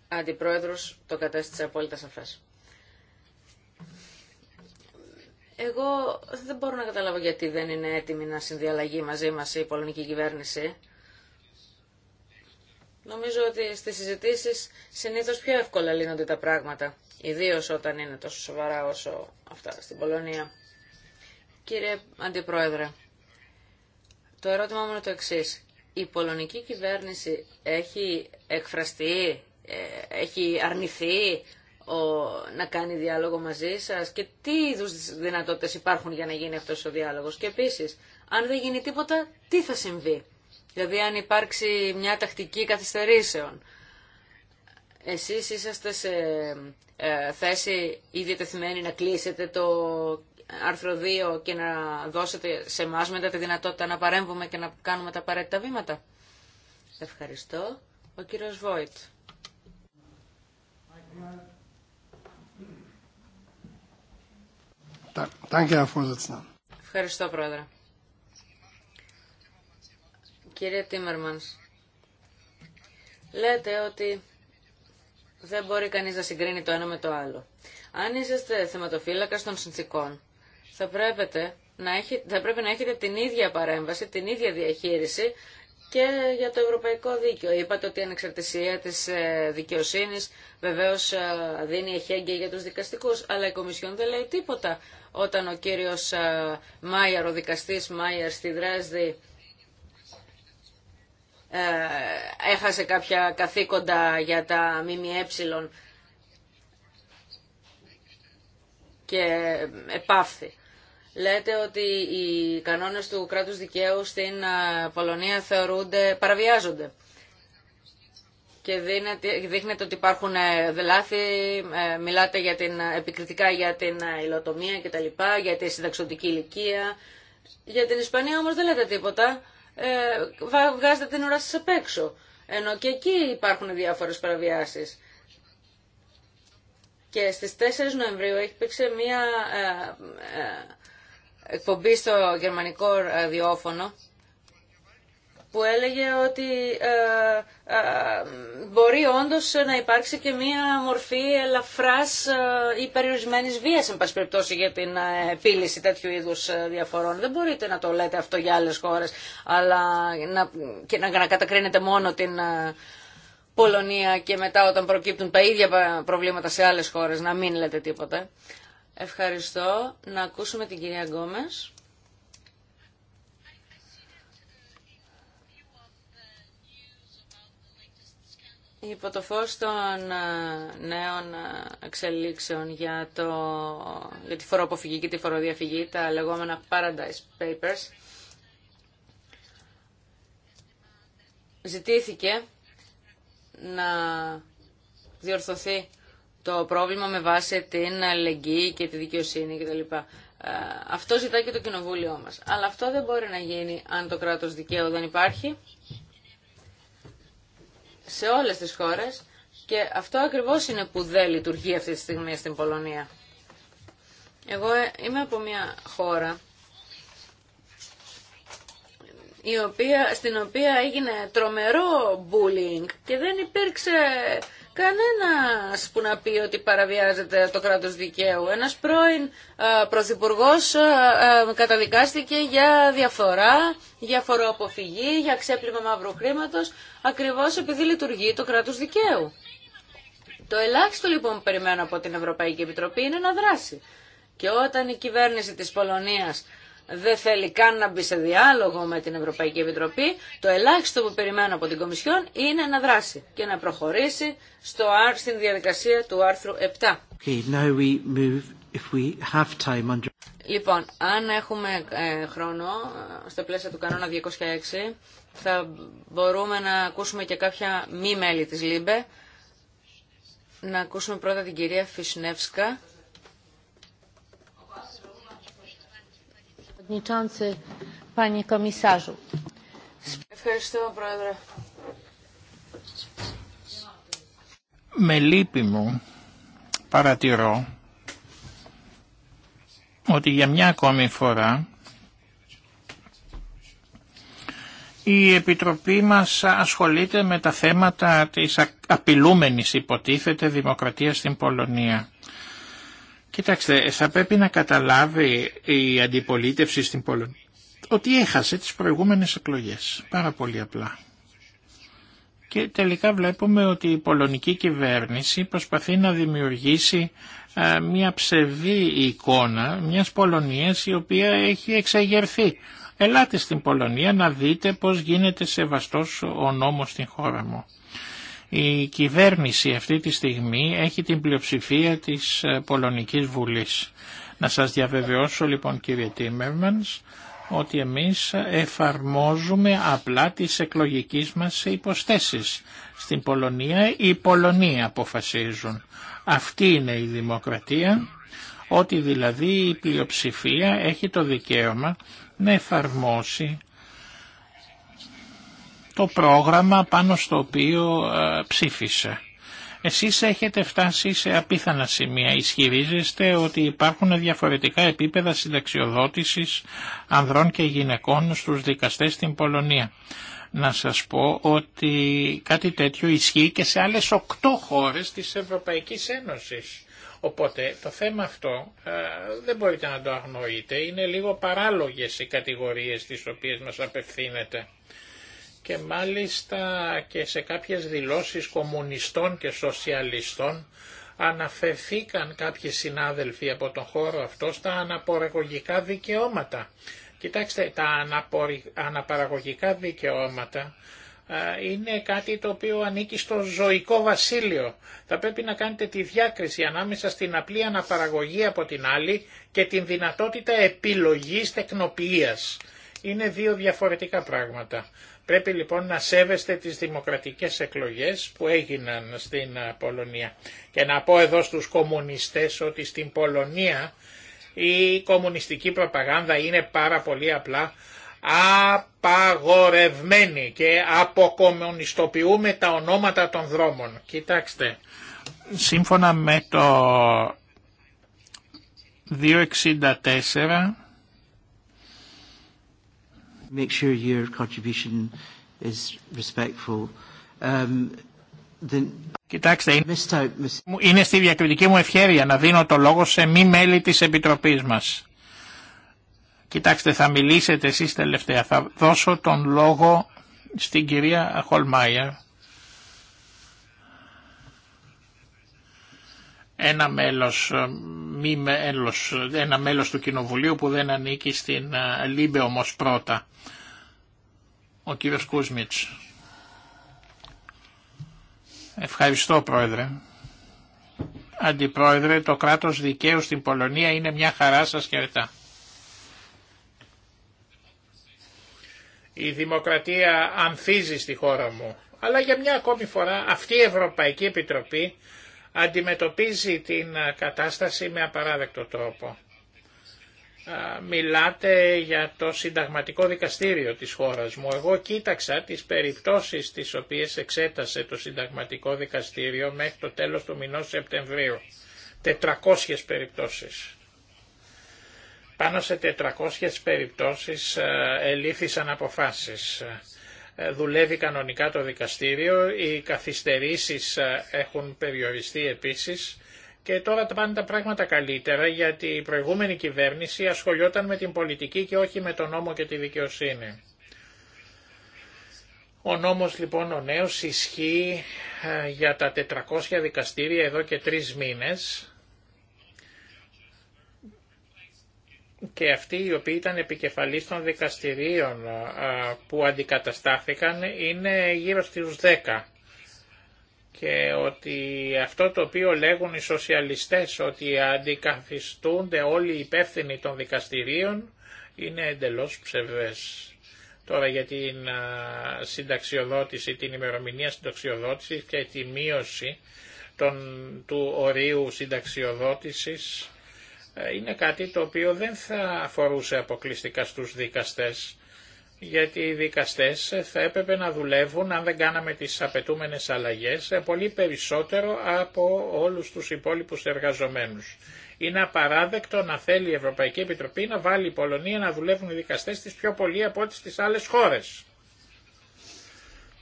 Αντιπρόεδρος το κατέστησε απόλυτα σαφές. Εγώ δεν μπορώ να καταλάβω γιατί δεν είναι έτοιμη να συνδιαλλαγεί μαζί μας η πολωνική κυβέρνηση. Νομίζω ότι στις συζητήσεις συνήθως πιο εύκολα λύνονται τα πράγματα, ιδίως όταν είναι τόσο σοβαρά όσο αυτά στην Πολωνία. Κύριε Αντιπρόεδρε, το ερώτημά μου είναι το εξής. Η πολωνική κυβέρνηση έχει εκφραστεί, ε, έχει αρνηθεί ο, να κάνει διάλογο μαζί σας και τι είδους δυνατότητες υπάρχουν για να γίνει αυτός ο διάλογος. Και επίσης, αν δεν γίνει τίποτα, τι θα συμβεί. Δηλαδή αν υπάρξει μια τακτική καθυστερήσεων. Εσείς είσαστε σε ε, θέση ή διατεθειμένοι να κλείσετε το άρθρο 2 και να δώσετε σε εμά μετά τη δυνατότητα να παρέμβουμε και να κάνουμε τα απαραίτητα βήματα. Ευχαριστώ. Ο κύριος Βόιτ. Ευχαριστώ, Πρόεδρε. Κύριε Τίμερμανς, λέτε ότι δεν μπορεί κανείς να συγκρίνει το ένα με το άλλο. Αν είσαστε θεματοφύλακας των συνθήκων, θα, να έχει, θα πρέπει να έχετε την ίδια παρέμβαση, την ίδια διαχείριση και για το ευρωπαϊκό δίκαιο. Είπατε ότι η ανεξαρτησία της ε, δικαιοσύνης βεβαίως ε, δίνει εχέγγυα για τους δικαστικούς, αλλά η Κομισιόν δεν λέει τίποτα όταν ο κύριος ε, Μάιαρ, ο δικαστής Μάιαρ στη Δρέσδη, ε, έχασε κάποια καθήκοντα για τα ΜΜΕ και επάφθη. Λέτε ότι οι κανόνες του κράτους δικαίου στην ε, Πολωνία θεωρούνται, παραβιάζονται. Και δείχνετε ότι υπάρχουν ε, λάθη, μιλάτε για την, επικριτικά για την υλοτομία λοιπά για τη συνταξιωτική ηλικία. Για την Ισπανία όμως δεν λέτε τίποτα. Ε, βγάζετε την ώρα σας απ' έξω. Ενώ και εκεί υπάρχουν διάφορες παραβιάσεις. Και στις 4 Νοεμβρίου έχει πέξει μία ε, ε, εκπομπή στο γερμανικό ραδιόφωνο που έλεγε ότι ε, ε, μπορεί όντως να υπάρξει και μία μορφή ελαφράς ε, ή περιορισμένης βίας, εν πάση περιπτώσει, για την επίλυση τέτοιου είδους διαφορών. Δεν μπορείτε να το λέτε αυτό για άλλες χώρες, αλλά και να, να κατακρίνετε μόνο την... Πολωνία και μετά όταν προκύπτουν τα ίδια προβλήματα σε άλλες χώρες να μην λέτε τίποτα. Ευχαριστώ. Να ακούσουμε την κυρία Γκόμες. Υπό το φως των ε, νέων ε, εξελίξεων για, το, για τη φοροαποφυγή και τη φοροδιαφυγή, τα λεγόμενα Paradise Papers, ζητήθηκε να διορθωθεί το πρόβλημα με βάση την αλληλεγγύη και τη δικαιοσύνη κτλ. Ε, αυτό ζητάει και το κοινοβούλιο μας. Αλλά αυτό δεν μπορεί να γίνει αν το κράτος δικαίου δεν υπάρχει σε όλες τις χώρες και αυτό ακριβώς είναι που δεν λειτουργεί αυτή τη στιγμή στην Πολωνία. Εγώ είμαι από μια χώρα η οποία, στην οποία έγινε τρομερό bullying και δεν υπήρξε Κανένα που να πει ότι παραβιάζεται το κράτο δικαίου. Ένας πρώην πρωθυπουργό καταδικάστηκε για διαφθορά, για φοροαποφυγή, για ξέπλυμα μαύρου χρήματο, ακριβώ επειδή λειτουργεί το κράτο δικαίου. Το ελάχιστο λοιπόν που περιμένω από την Ευρωπαϊκή Επιτροπή είναι να δράσει. Και όταν η κυβέρνηση της Πολωνίας δεν θέλει καν να μπει σε διάλογο με την Ευρωπαϊκή Επιτροπή, το ελάχιστο που περιμένω από την Κομισιόν είναι να δράσει και να προχωρήσει στο, στην διαδικασία του άρθρου 7. Okay, under... Λοιπόν, αν έχουμε ε, χρόνο, ε, στο πλαίσιο του κανόνα 206, θα μπορούμε να ακούσουμε και κάποια μη μέλη της ΛΥΜΠΕ. Να ακούσουμε πρώτα την κυρία Φισνεύσκα Ευχαριστώ, Πρόεδρε. Με λύπη μου παρατηρώ ότι για μια ακόμη φορά η Επιτροπή μας ασχολείται με τα θέματα της απειλούμενης υποτίθεται δημοκρατίας στην Πολωνία. Κοιτάξτε, θα πρέπει να καταλάβει η αντιπολίτευση στην Πολωνία ότι έχασε τις προηγούμενες εκλογές. Πάρα πολύ απλά. Και τελικά βλέπουμε ότι η πολωνική κυβέρνηση προσπαθεί να δημιουργήσει μια ψευδή εικόνα μιας Πολωνίας η οποία έχει εξαγερθεί. Ελάτε στην Πολωνία να δείτε πώς γίνεται σεβαστός ο νόμος στην χώρα μου. Η κυβέρνηση αυτή τη στιγμή έχει την πλειοψηφία της ε, Πολωνικής Βουλής. Να σας διαβεβαιώσω λοιπόν κύριε Τίμερμανς ότι εμείς εφαρμόζουμε απλά τις εκλογικές μας υποστέσεις. Στην Πολωνία οι Πολωνοί αποφασίζουν. Αυτή είναι η δημοκρατία, ότι δηλαδή η πλειοψηφία έχει το δικαίωμα να εφαρμόσει το πρόγραμμα πάνω στο οποίο ε, ψήφισε. Εσείς έχετε φτάσει σε απίθανα σημεία. Ισχυρίζεστε ότι υπάρχουν διαφορετικά επίπεδα συνταξιοδότησης ανδρών και γυναικών στους δικαστές στην Πολωνία. Να σας πω ότι κάτι τέτοιο ισχύει και σε άλλες οκτώ χώρες της Ευρωπαϊκής Ένωσης. Οπότε το θέμα αυτό ε, δεν μπορείτε να το αγνοείτε, είναι λίγο παράλογες οι κατηγορίες τις οποίες μας απευθύνεται και μάλιστα και σε κάποιες δηλώσεις κομμουνιστών και σοσιαλιστών αναφερθήκαν κάποιοι συνάδελφοι από τον χώρο αυτό στα αναπορεγωγικά δικαιώματα. Κοιτάξτε, τα αναπαραγωγικά δικαιώματα ε, είναι κάτι το οποίο ανήκει στο ζωικό βασίλειο. Θα πρέπει να κάνετε τη διάκριση ανάμεσα στην απλή αναπαραγωγή από την άλλη και την δυνατότητα επιλογής τεκνοποιίας. Είναι δύο διαφορετικά πράγματα. Πρέπει λοιπόν να σέβεστε τις δημοκρατικές εκλογές που έγιναν στην ε, Πολωνία. Και να πω εδώ στους κομμουνιστές ότι στην Πολωνία η κομμουνιστική προπαγάνδα είναι πάρα πολύ απλά απαγορευμένη και αποκομμουνιστοποιούμε τα ονόματα των δρόμων. Κοιτάξτε, σύμφωνα με το 264 Make sure um, Κοιτάξτε, είναι στη διακριτική μου ευχαίρεια να δίνω το λόγο σε μη μέλη της Επιτροπής μας. Κοιτάξτε, θα μιλήσετε εσείς τελευταία. Θα δώσω τον λόγο στην κυρία Χολμάιερ ένα μέλος, ε, μη μέλος, ένα μέλος του Κοινοβουλίου που δεν ανήκει στην ε, Λίμπε όμως πρώτα. Ο κύριος Κούσμιτς. Ευχαριστώ πρόεδρε. Αντιπρόεδρε, το κράτος δικαίου στην Πολωνία είναι μια χαρά σας χαιρετά. Η δημοκρατία ανθίζει στη χώρα μου. Αλλά για μια ακόμη φορά αυτή η Ευρωπαϊκή Επιτροπή αντιμετωπίζει την ε, κατάσταση με απαράδεκτο τρόπο. Μιλάτε για το συνταγματικό δικαστήριο της χώρας μου. Εγώ κοίταξα τις περιπτώσεις τις οποίες εξέτασε το συνταγματικό δικαστήριο μέχρι το τέλος του μηνός Σεπτεμβρίου. 400 περιπτώσεις. Πάνω σε 400 περιπτώσεις ε, ελήφθησαν αποφάσεις. Ε, δουλεύει κανονικά το δικαστήριο, οι καθυστερήσεις ε, έχουν περιοριστεί επίσης και τώρα τα πάνε τα πράγματα καλύτερα γιατί η προηγούμενη κυβέρνηση ασχολιόταν με την πολιτική και όχι με τον νόμο και τη δικαιοσύνη. Ο νόμος λοιπόν ο νέος ισχύει ε, για τα 400 δικαστήρια εδώ και τρεις μήνες και αυτοί οι οποίοι ήταν επικεφαλής των δικαστηρίων που αντικαταστάθηκαν είναι γύρω στους 10 και ότι αυτό το οποίο λέγουν οι σοσιαλιστές ότι αντικαθιστούνται όλοι οι υπεύθυνοι των δικαστηρίων είναι εντελώς ψευδές. Τώρα για την συνταξιοδότηση, την ημερομηνία συνταξιοδότησης και τη μείωση των, του ορίου συνταξιοδότησης ε, είναι κάτι το οποίο δεν θα αφορούσε αποκλειστικά στους δικαστές, γιατί οι δικαστές θα έπρεπε να δουλεύουν, αν δεν κάναμε τις απαιτούμενες αλλαγές, ε, πολύ περισσότερο από όλους τους υπόλοιπους εργαζομένους. Είναι απαράδεκτο να θέλει η Ευρωπαϊκή Επιτροπή να βάλει η Πολωνία να δουλεύουν οι δικαστές της πιο πολύ από ό,τι στις άλλες χώρες.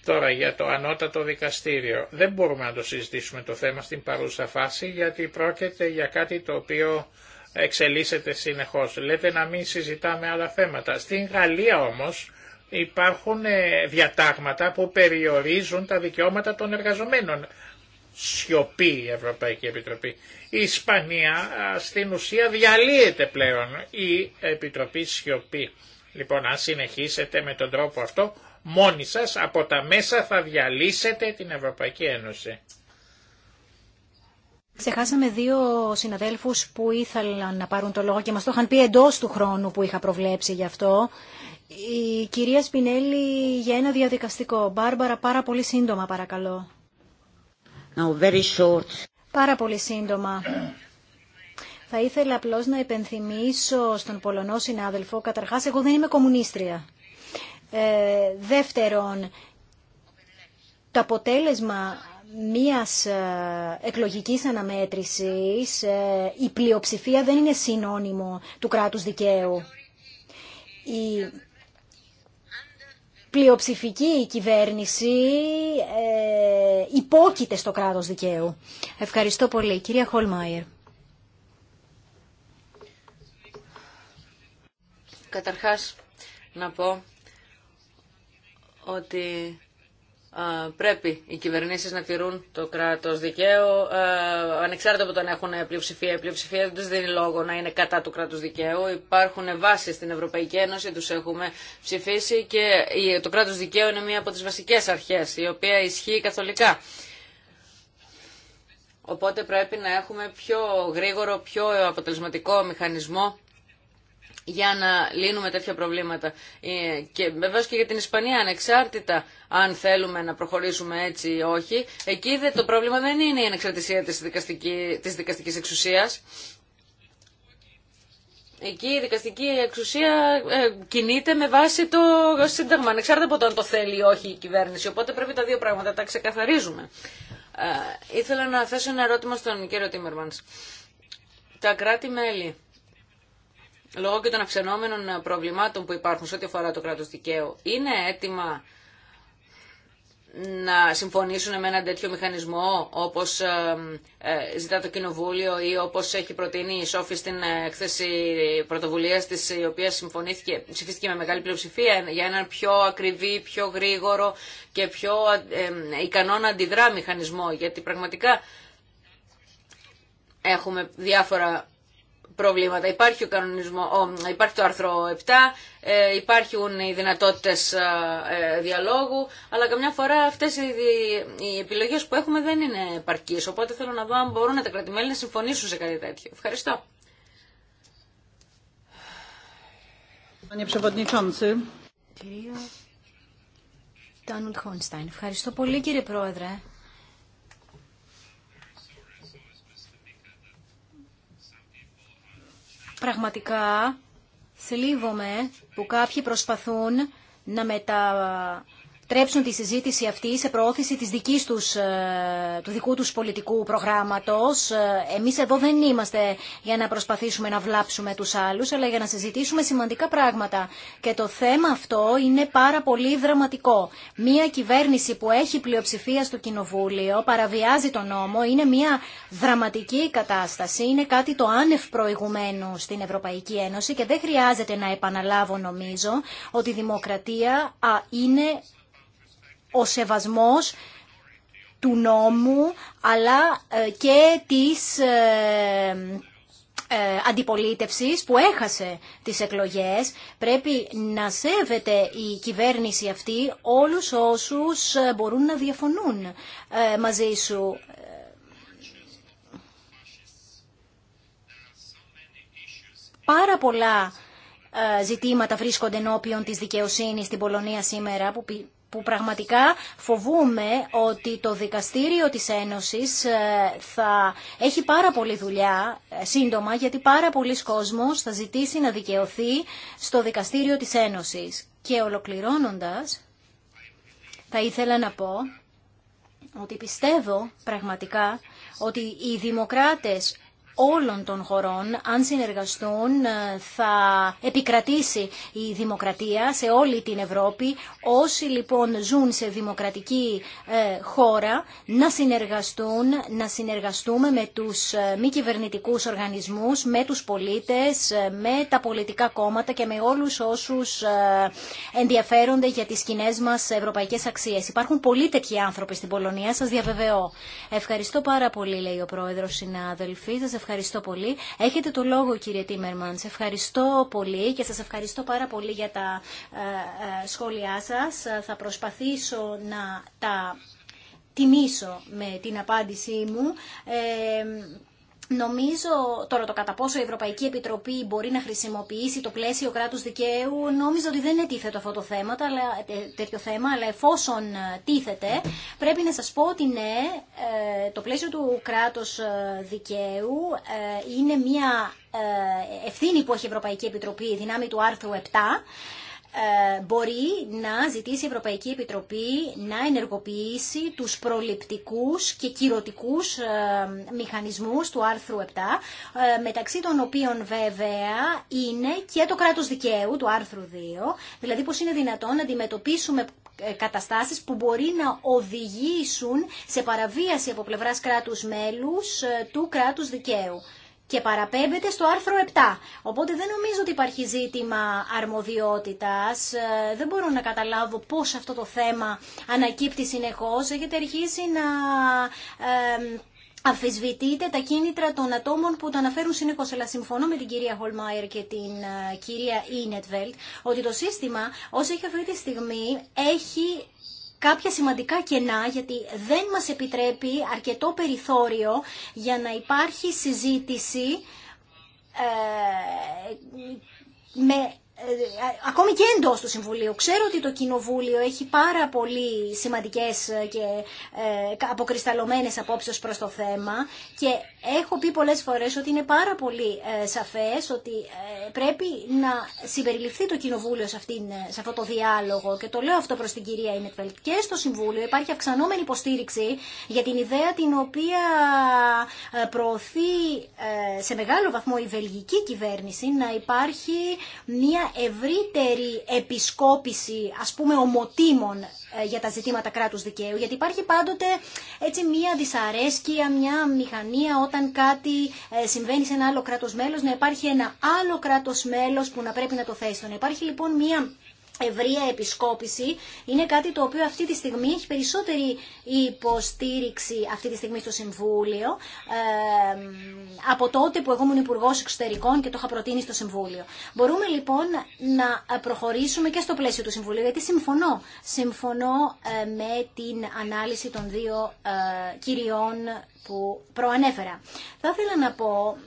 Τώρα για το ανώτατο δικαστήριο. Δεν μπορούμε να το συζητήσουμε το θέμα στην παρούσα φάση γιατί πρόκειται για κάτι το οποίο εξελίσσεται συνεχώς. Λέτε να μην συζητάμε άλλα θέματα. Στην Γαλλία όμως υπάρχουν ε, διατάγματα που περιορίζουν τα δικαιώματα των εργαζομένων. Σιωπή η Ευρωπαϊκή Επιτροπή. Η Ισπανία στην ουσία διαλύεται πλέον η Επιτροπή Σιωπή. Λοιπόν, αν συνεχίσετε με τον τρόπο αυτό, μόνοι σας από τα μέσα θα διαλύσετε την Ευρωπαϊκή Ένωση. Ξεχάσαμε δύο συναδέλφους που ήθελαν να πάρουν το λόγο και μας το είχαν πει εντός του χρόνου που είχα προβλέψει γι' αυτό. Η κυρία Σπινέλη για ένα διαδικαστικό. Μπάρμπαρα, πάρα πολύ σύντομα παρακαλώ. Πάρα πολύ σύντομα. Θα ήθελα απλώς να επενθυμίσω στον Πολωνό συνάδελφο, καταρχάς εγώ δεν είμαι κομμουνίστρια. Ε, δεύτερον, το αποτέλεσμα μίας ε, εκλογικής αναμέτρησης ε, η πλειοψηφία δεν είναι συνώνυμο του κράτους δικαίου. Η πλειοψηφική κυβέρνηση ε, υπόκειται στο κράτος δικαίου. Ευχαριστώ πολύ. Κυρία Χολμάιερ. Καταρχάς να πω ότι πρέπει οι κυβερνήσεις να τηρούν το κράτος δικαίου ανεξάρτητα από το αν έχουν πλειοψηφία. Η πλειοψηφία δεν τους δίνει λόγο να είναι κατά του κράτους δικαίου. Υπάρχουν βάσεις στην Ευρωπαϊκή Ένωση, τους έχουμε ψηφίσει και το κράτος δικαίου είναι μία από τις βασικές αρχές η οποία ισχύει καθολικά. Οπότε πρέπει να έχουμε πιο γρήγορο, πιο αποτελεσματικό μηχανισμό για να λύνουμε τέτοια προβλήματα. Ε, και βεβαίω και για την Ισπανία, ανεξάρτητα αν θέλουμε να προχωρήσουμε έτσι ή όχι, εκεί το πρόβλημα δεν είναι η ανεξαρτησία της, δικαστική, της δικαστικής εξουσίας. Εκεί η δικαστική εξουσία ε, κινείται με βάση το Σύνταγμα, ανεξάρτητα από το αν το θέλει ή όχι η κυβέρνηση. Οπότε πρέπει τα δύο πράγματα να τα ξεκαθαρίζουμε. Ε, ήθελα να θέσω ένα ερώτημα στον κύριο Τίμερμανς. Τα κράτη-μέλη λόγω και των αυξανόμενων ε, προβλημάτων που υπάρχουν σε ό,τι αφορά το κράτος δικαίου, είναι έτοιμα να συμφωνήσουν με έναν τέτοιο μηχανισμό όπως ε, ε, ζητά το Κοινοβούλιο ή όπως έχει προτείνει η Σόφη στην έκθεση πρωτοβουλίας της η οποία συμφωνήθηκε, ψηφίστηκε με μεγάλη πλειοψηφία για έναν πιο ακριβή, πιο γρήγορο και πιο ικανό να αντιδρά μηχανισμό γιατί πραγματικά έχουμε διάφορα προβλήματα. Υπάρχει, ο κανονισμό, υπάρχει το άρθρο 7, ε, υπάρχουν οι δυνατότητες ε, ε, διαλόγου, αλλά καμιά φορά αυτές οι, επιλογές που έχουμε δεν είναι παρκείς, οπότε θέλω να δω αν μπορούν τα κρατημέλη να συμφωνήσουν σε κάτι τέτοιο. Ευχαριστώ. Χόνσταϊν, ευχαριστώ πολύ κύριε Πρόεδρε. πραγματικά θλίβομαι που κάποιοι προσπαθούν να μετα τρέψουν τη συζήτηση αυτή σε προώθηση της δικής τους, ε, του δικού τους πολιτικού προγράμματος. Ε, εμείς εδώ δεν είμαστε για να προσπαθήσουμε να βλάψουμε τους άλλους, αλλά για να συζητήσουμε σημαντικά πράγματα. Και το θέμα αυτό είναι πάρα πολύ δραματικό. Μία κυβέρνηση που έχει πλειοψηφία στο Κοινοβούλιο, παραβιάζει τον νόμο, είναι μία δραματική κατάσταση, είναι κάτι το άνευ προηγουμένου στην Ευρωπαϊκή Ένωση και δεν χρειάζεται να επαναλάβω νομίζω ότι η δημοκρατία α, είναι ο σεβασμός του νόμου αλλά ε, και της ε, ε, αντιπολίτευσης που έχασε τις εκλογές. Πρέπει να σέβεται η κυβέρνηση αυτή όλους όσους μπορούν να διαφωνούν μαζί σου. Πάρα πολλά ζητήματα βρίσκονται ενώπιον της δικαιοσύνης στην Πολωνία σήμερα που που πραγματικά φοβούμε ότι το δικαστήριο της Ένωσης ε, θα έχει πάρα πολλή δουλειά ε, σύντομα γιατί πάρα πολλοί κόσμος θα ζητήσει να δικαιωθεί στο δικαστήριο της Ένωσης. Και ολοκληρώνοντας θα ήθελα να πω ότι πιστεύω πραγματικά ότι οι δημοκράτες όλων των χωρών, αν συνεργαστούν, ε, θα επικρατήσει η δημοκρατία σε όλη την Ευρώπη. Όσοι λοιπόν ζουν σε δημοκρατική ε, χώρα, να συνεργαστούν, να συνεργαστούμε με τους ε, μη κυβερνητικού οργανισμούς, με τους πολίτες, με τα πολιτικά κόμματα και με όλους όσους ενδιαφέρονται για τις κοινέ μας ευρωπαϊκές αξίες. Υπάρχουν πολλοί τέτοιοι άνθρωποι στην Πολωνία, σας διαβεβαιώ. Ευχαριστώ πάρα πολύ, λέει ο Πρόεδρος, συνάδελφοι ευχαριστώ πολύ. Έχετε το λόγο κύριε Τίμερμαν. ευχαριστώ πολύ και σας ευχαριστώ πάρα πολύ για τα ε, ε, σχόλιά σας. Θα προσπαθήσω να τα τιμήσω με την απάντησή μου. Ε, Νομίζω τώρα το κατά πόσο η Ευρωπαϊκή Επιτροπή μπορεί να χρησιμοποιήσει το πλαίσιο κράτους δικαίου, νομίζω ότι δεν είναι αυτό το θέμα, αλλά, τέτοιο θέμα, αλλά εφόσον ε, τίθεται, πρέπει να σας πω ότι ναι, ε, το πλαίσιο του κράτους ε, δικαίου είναι μια ευθύνη που έχει η Ευρωπαϊκή Επιτροπή, η δυνάμη του άρθρου 7, ε, μπορεί να ζητήσει η Ευρωπαϊκή Επιτροπή να ενεργοποιήσει τους προληπτικούς και κυρωτικούς ε, μηχανισμούς του άρθρου 7, ε, μεταξύ των οποίων βέβαια είναι και το κράτος δικαίου του άρθρου 2, δηλαδή πως είναι δυνατόν να αντιμετωπίσουμε καταστάσεις που μπορεί να οδηγήσουν σε παραβίαση από πλευράς κράτους μέλους του κράτους δικαίου και παραπέμπεται στο άρθρο 7. Οπότε δεν νομίζω ότι υπάρχει ζήτημα αρμοδιότητας. Ε, δεν μπορώ να καταλάβω πώς αυτό το θέμα ανακύπτει συνεχώς. Έχετε αρχίσει να αμφισβητείτε τα κίνητρα των ατόμων που το αναφέρουν συνεχώ. Αλλά συμφωνώ με την κυρία Χολμάιερ και την ε, κυρία Ίνετβελτ ότι το σύστημα όσο έχει αυτή τη στιγμή έχει κάποια σημαντικά κενά γιατί δεν μας επιτρέπει αρκετό περιθώριο για να υπάρχει συζήτηση ε, με ε, ακόμη και εντό του Συμβουλίου. Ξέρω ότι το Κοινοβούλιο έχει πάρα πολύ σημαντικέ και ε, αποκρισταλωμένε απόψεις προ το θέμα και έχω πει πολλέ φορέ ότι είναι πάρα πολύ ε, σαφέ ότι πρέπει να συμπεριληφθεί το Κοινοβούλιο σε, σε αυτό το διάλογο και το λέω αυτό προ την κυρία Ινέτβελτ και στο Συμβούλιο υπάρχει αυξανόμενη υποστήριξη για την ιδέα την οποία προωθεί σε μεγάλο βαθμό η βελγική κυβέρνηση να υπάρχει μια ευρύτερη επισκόπηση, ας πούμε, ομοτήμων ε, για τα ζητήματα κράτους δικαίου, γιατί υπάρχει πάντοτε έτσι μια δυσαρέσκεια, μια μηχανία όταν κάτι ε, συμβαίνει σε ένα άλλο κράτος μέλος, να υπάρχει ένα άλλο κράτος μέλος που να πρέπει να το θέσει. Να υπάρχει λοιπόν μια ευρεία επισκόπηση είναι κάτι το οποίο αυτή τη στιγμή έχει περισσότερη υποστήριξη αυτή τη στιγμή στο Συμβούλιο από τότε που εγώ ήμουν υπουργό Εξωτερικών και το είχα προτείνει στο Συμβούλιο. Μπορούμε λοιπόν να προχωρήσουμε και στο πλαίσιο του Συμβουλίου γιατί συμφωνώ. Συμφωνώ ε, με την ανάλυση των δύο ε, κυριών που προανέφερα. Θα ήθελα να πω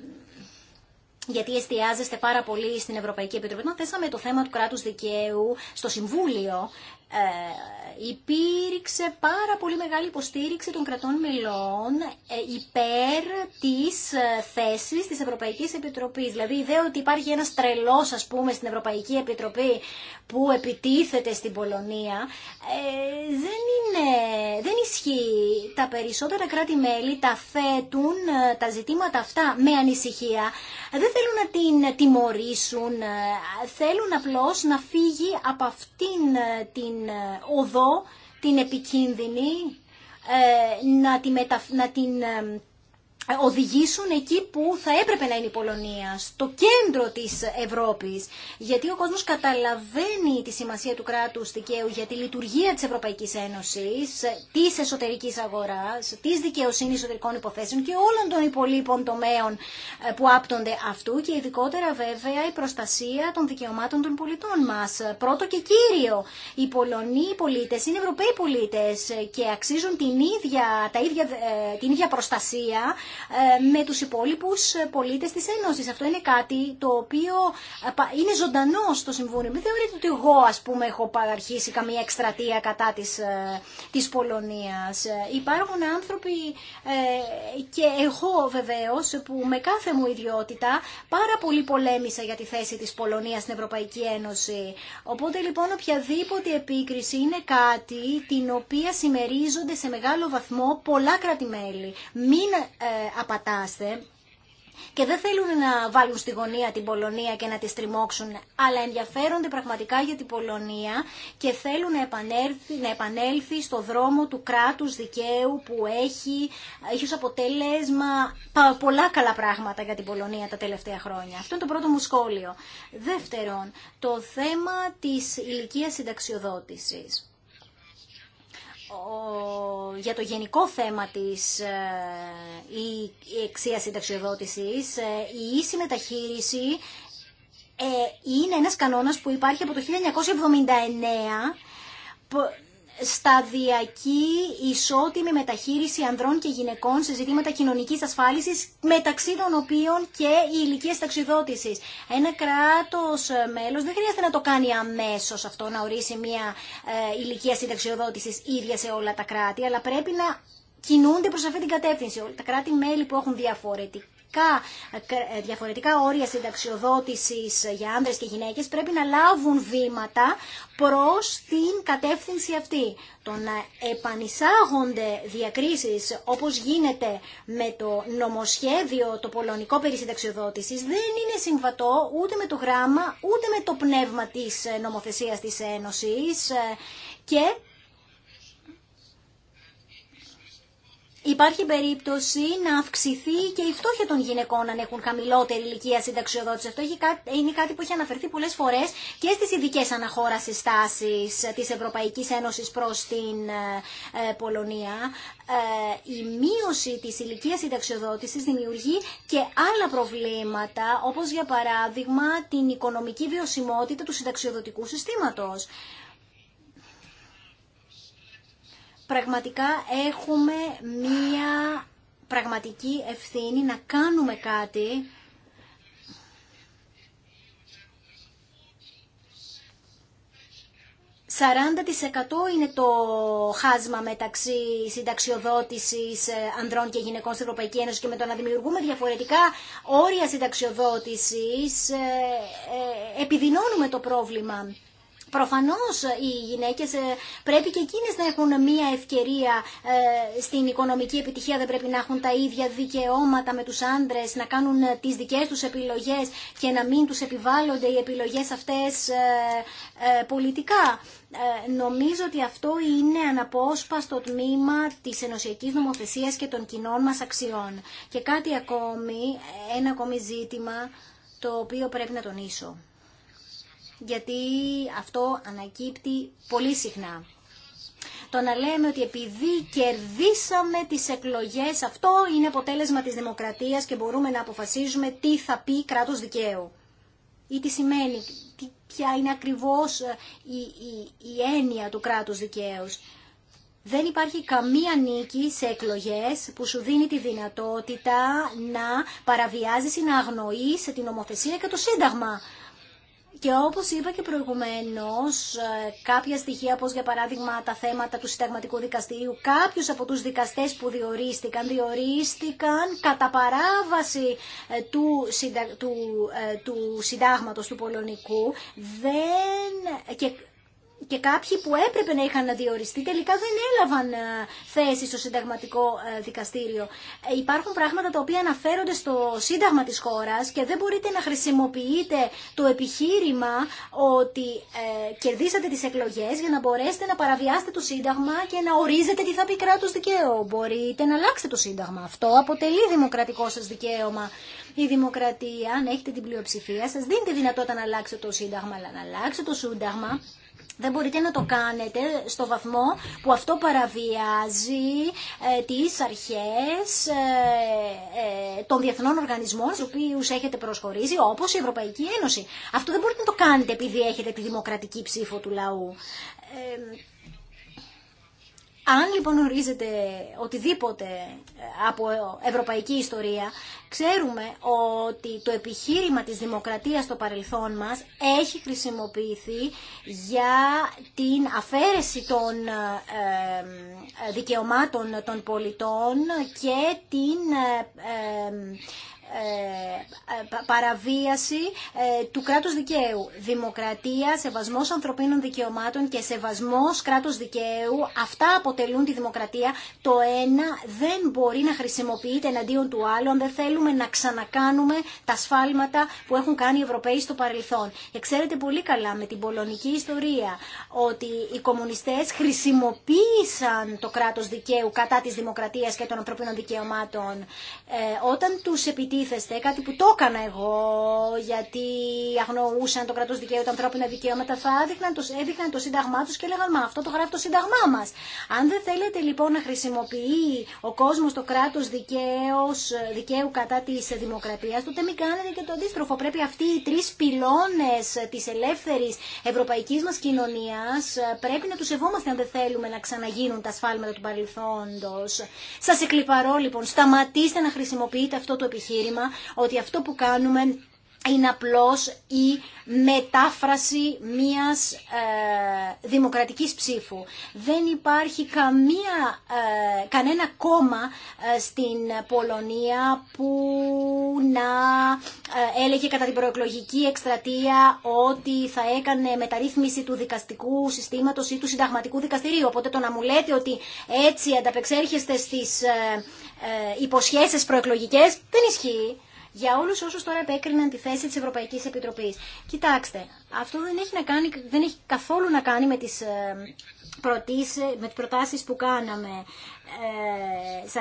γιατί εστιάζεστε πάρα πολύ στην Ευρωπαϊκή Επιτροπή. Να θέσαμε το θέμα του κράτους δικαίου στο Συμβούλιο, ε, υπήρξε πάρα πολύ μεγάλη υποστήριξη των κρατών μελών ε, υπέρ της ε, θέσης της Ευρωπαϊκής Επιτροπής. Δηλαδή η ιδέα ότι υπάρχει ένας τρελός ας πούμε στην Ευρωπαϊκή Επιτροπή που επιτίθεται στην Πολωνία δεν, είναι, δεν ισχύει. Τα περισσότερα κράτη-μέλη τα θέτουν τα ζητήματα αυτά με ανησυχία. Δεν θέλουν να την τιμωρήσουν. Θέλουν απλώς να φύγει από αυτήν την ε, οδό, την επικίνδυνη, ε, να, τη να την ε, ε, οδηγήσουν εκεί που θα έπρεπε να είναι η Πολωνία, στο κέντρο της Ευρώπης. Γιατί ο κόσμος καταλαβαίνει τη σημασία του κράτους δικαίου για τη λειτουργία της Ευρωπαϊκής Ένωσης, της εσωτερικής αγοράς, της δικαιοσύνης εσωτερικών υποθέσεων και όλων των υπολείπων τομέων ε, που άπτονται αυτού και ειδικότερα βέβαια η προστασία των δικαιωμάτων των πολιτών μας. Πρώτο και κύριο, οι Πολωνοί πολίτες είναι Ευρωπαίοι πολίτες και αξίζουν την ίδια, τα ίδια, ε, την ίδια προστασία ε, με τους υπόλοιπους πολίτες της Ένωσης. Αυτό είναι κάτι το οποίο ε, είναι ζωντανό στο Συμβούλιο. Μην θεωρείτε ότι εγώ ας πούμε έχω παραρχίσει καμία εκστρατεία κατά της, ε, της Πολωνίας. Υπάρχουν άνθρωποι και εγώ βεβαίως που με κάθε μου ιδιότητα πάρα πολύ πολέμησα για τη θέση της Πολωνίας στην Ευρωπαϊκή Ένωση. Οπότε λοιπόν οποιαδήποτε επίκριση είναι κάτι την οποία συμμερίζονται σε μεγάλο βαθμό πολλά κρατημέλη. Μην απατάστε και δεν θέλουν να βάλουν στη γωνία την Πολωνία και να τη στριμώξουν, αλλά ενδιαφέρονται πραγματικά για την Πολωνία και θέλουν να επανέλθει, να επανέλθει στο δρόμο του κράτους δικαίου που έχει, έχει ως αποτέλεσμα πολλά καλά πράγματα για την Πολωνία τα τελευταία χρόνια. Αυτό είναι το πρώτο μου σχόλιο. Δεύτερον, το θέμα της ηλικίας συνταξιοδότησης για το γενικό θέμα της ε, η εξία συνταξιοδότησης, ε, η ίση μεταχείριση ε, είναι ένας κανόνας που υπάρχει από το 1979 σταδιακή ισότιμη μεταχείριση ανδρών και γυναικών σε ζητήματα κοινωνικής ασφάλισης μεταξύ των οποίων και οι ηλικίε ταξιδότησης. Ένα κράτος ε, μέλος δεν χρειάζεται να το κάνει αμέσως αυτό, να ορίσει μια ε, ηλικία συνταξιοδότησης ίδια σε όλα τα κράτη, αλλά πρέπει να κινούνται προς αυτή την κατεύθυνση. Τα κράτη-μέλη που έχουν διαφορετικά διαφορετικά, ε, διαφορετικά όρια συνταξιοδότησης για άνδρες και γυναίκες πρέπει να λάβουν βήματα προς την κατεύθυνση αυτή. Το να επανεισάγονται διακρίσεις όπως γίνεται με το νομοσχέδιο το πολωνικό περί συνταξιοδότησης δεν είναι συμβατό ούτε με το γράμμα ούτε με το πνεύμα της νομοθεσίας της Ένωσης ε, και Υπάρχει περίπτωση να αυξηθεί και η φτώχεια των γυναικών αν έχουν χαμηλότερη ηλικία συνταξιοδότηση. Αυτό είναι κάτι που έχει αναφερθεί πολλέ φορέ και στι ειδικέ αναχώρασει τάσει τη Ευρωπαϊκή Ένωση προ την ε, ε, Πολωνία. Ε, η μείωση τη ηλικία συνταξιοδότηση δημιουργεί και άλλα προβλήματα, όπω για παράδειγμα την οικονομική βιωσιμότητα του συνταξιοδοτικού συστήματο πραγματικά έχουμε μία πραγματική ευθύνη να κάνουμε κάτι «40% είναι το χάσμα μεταξύ συνταξιοδότησης ε, ανδρών και γυναικών στην Ευρωπαϊκή Ένωση και με το να δημιουργούμε διαφορετικά όρια συνταξιοδότησης ε, ε, επιδεινώνουμε το πρόβλημα». Προφανώς οι γυναίκες ε, πρέπει και εκείνες να έχουν μία ευκαιρία ε, στην οικονομική επιτυχία, δεν πρέπει να έχουν τα ίδια δικαιώματα με τους άντρες, να κάνουν ε, τις δικές τους επιλογές και να μην τους επιβάλλονται οι επιλογές αυτές πολιτικά. Νομίζω ότι αυτό είναι αναπόσπαστο τμήμα της ενωσιακής νομοθεσίας και των κοινών μας αξιών. Και κάτι ακόμη, ένα ακόμη ζήτημα το οποίο πρέπει να τονίσω γιατί αυτό ανακύπτει πολύ συχνά. Το να λέμε ότι επειδή κερδίσαμε τις εκλογές, αυτό είναι αποτέλεσμα της δημοκρατίας και μπορούμε να αποφασίζουμε τι θα πει κράτος δικαίου. Ή τι σημαίνει, τι, ποια είναι ακριβώς ε, η, έννοια του κράτους δικαίου. Δεν υπάρχει καμία νίκη σε εκλογές που σου δίνει τη δυνατότητα να παραβιάζεις ή να αγνοείς την νομοθεσία και το Σύνταγμα. Και όπως είπα και προηγουμένω, ε, κάποια στοιχεία, όπω για παράδειγμα τα θέματα του συνταγματικού δικαστηρίου, κάποιου από τους δικαστές που διορίστηκαν, διορίστηκαν κατά παράβαση ε, του, συντα... του, ε, του συντάγματος του πολωνικού δεν... και και κάποιοι που έπρεπε να είχαν διοριστεί τελικά δεν έλαβαν ε, θέση στο συνταγματικό ε, δικαστήριο. Ε, υπάρχουν πράγματα τα οποία αναφέρονται στο σύνταγμα της χώρας και δεν μπορείτε να χρησιμοποιείτε το επιχείρημα ότι κερδίσατε τις εκλογές για να μπορέσετε να παραβιάσετε το σύνταγμα και να ορίζετε τι θα πει κράτος δικαίου. Μπορείτε να αλλάξετε το σύνταγμα. Αυτό αποτελεί δημοκρατικό σας δικαίωμα. Η δημοκρατία, αν έχετε την πλειοψηφία σας, δίνετε δυνατότητα να αλλάξετε το σύνταγμα, αλλά να αλλάξετε το σύνταγμα δεν μπορείτε να το κάνετε στο βαθμό που αυτό παραβιάζει ε, τις αρχές ε, ε, των διεθνών οργανισμών στους οποίους έχετε προσχωρήσει, όπως η Ευρωπαϊκή Ένωση. Αυτό δεν μπορείτε να το κάνετε επειδή έχετε τη δημοκρατική ψήφο του λαού. Αν λοιπόν ορίζεται οτιδήποτε ε, από ευρωπαϊκή ιστορία, ξέρουμε ότι το επιχείρημα της δημοκρατίας στο παρελθόν μας έχει χρησιμοποιηθεί για την αφαίρεση των ε, ε, δικαιωμάτων των πολιτών και την ε, ε, παραβίαση ε, του κράτους δικαίου. Δημοκρατία, σεβασμός ανθρωπίνων δικαιωμάτων και σεβασμός κράτους δικαίου, αυτά αποτελούν τη δημοκρατία. Το ένα δεν μπορεί να χρησιμοποιείται εναντίον του άλλου αν δεν θέλουμε να ξανακάνουμε τα σφάλματα που έχουν κάνει οι Ευρωπαίοι στο παρελθόν. Και ξέρετε πολύ καλά με την πολωνική ιστορία ότι οι κομμουνιστές χρησιμοποίησαν το κράτος δικαίου κατά της δημοκρατίας και των ανθρωπίνων δικαιωμάτων. Ε, όταν τους Ήθεστε κάτι που το έκανα εγώ, γιατί αγνοούσαν το κράτο δικαίου, τα ανθρώπινα δικαιώματα, θα έδειχναν το, έδειχναν το σύνταγμά του και έλεγαν Μα αυτό το γράφει το σύνταγμά μα. Αν δεν θέλετε λοιπόν να χρησιμοποιεί ο κόσμο το κράτο δικαίου κατά τη δημοκρατία, τότε μην κάνετε και το αντίστροφο. Πρέπει αυτοί οι τρει πυλώνε τη ελεύθερη ευρωπαϊκή μα κοινωνία ε, πρέπει να του σεβόμαστε αν δεν θέλουμε να ξαναγίνουν τα σφάλματα του παρελθόντο. Σα εκλυπαρώ λοιπόν, σταματήστε να χρησιμοποιείτε αυτό το επιχείρημα σήμα ότι αυτό που κάνουμε είναι απλώς η μετάφραση μιας ε, δημοκρατικής ψήφου. Δεν υπάρχει καμία, ε, κανένα κόμμα ε, στην Πολωνία που να έλεγε κατά την προεκλογική εκστρατεία ότι θα έκανε μεταρρύθμιση του δικαστικού συστήματος ή του συνταγματικού δικαστηρίου. Οπότε το να μου λέτε ότι έτσι ανταπεξέρχεστε στις υποσχέσεις προεκλογικές δεν ισχύει για όλους όσους τώρα επέκριναν τη θέση τη Ευρωπαϊκή Επιτροπή. Κοιτάξτε, αυτό δεν έχει, να κάνει, δεν έχει καθόλου να κάνει με τις, ε, με τις προτάσεις που κάναμε. Ε,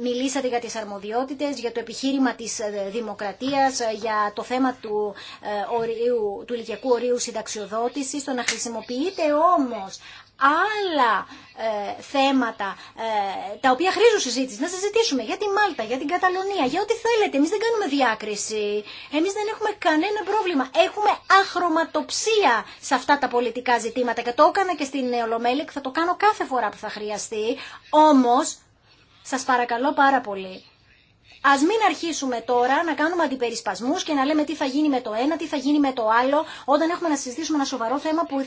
μιλήσατε για τις αρμοδιότητες, για το επιχείρημα της ε, δημοκρατίας, για το θέμα του, του ηλικιακού ορίου συνταξιοδότησης. Το να χρησιμοποιείτε όμως άλλα ε, θέματα ε, τα οποία χρήζουν συζήτηση. Να συζητήσουμε για τη Μάλτα, για την Καταλωνία, για ό,τι θέλετε. Εμείς δεν κάνουμε διάκριση. Εμείς δεν έχουμε κανένα πρόβλημα. Έχουμε αχρωματοψία σε αυτά τα πολιτικά ζητήματα και το έκανα και στην Ολομέλη και θα το κάνω κάθε φορά που θα χρειαστεί. Όμως, σας παρακαλώ πάρα πολύ. Α μην αρχίσουμε τώρα να κάνουμε αντιπερισπασμού και να λέμε τι θα γίνει με το ένα, τι θα γίνει με το άλλο, όταν έχουμε να συζητήσουμε ένα σοβαρό θέμα που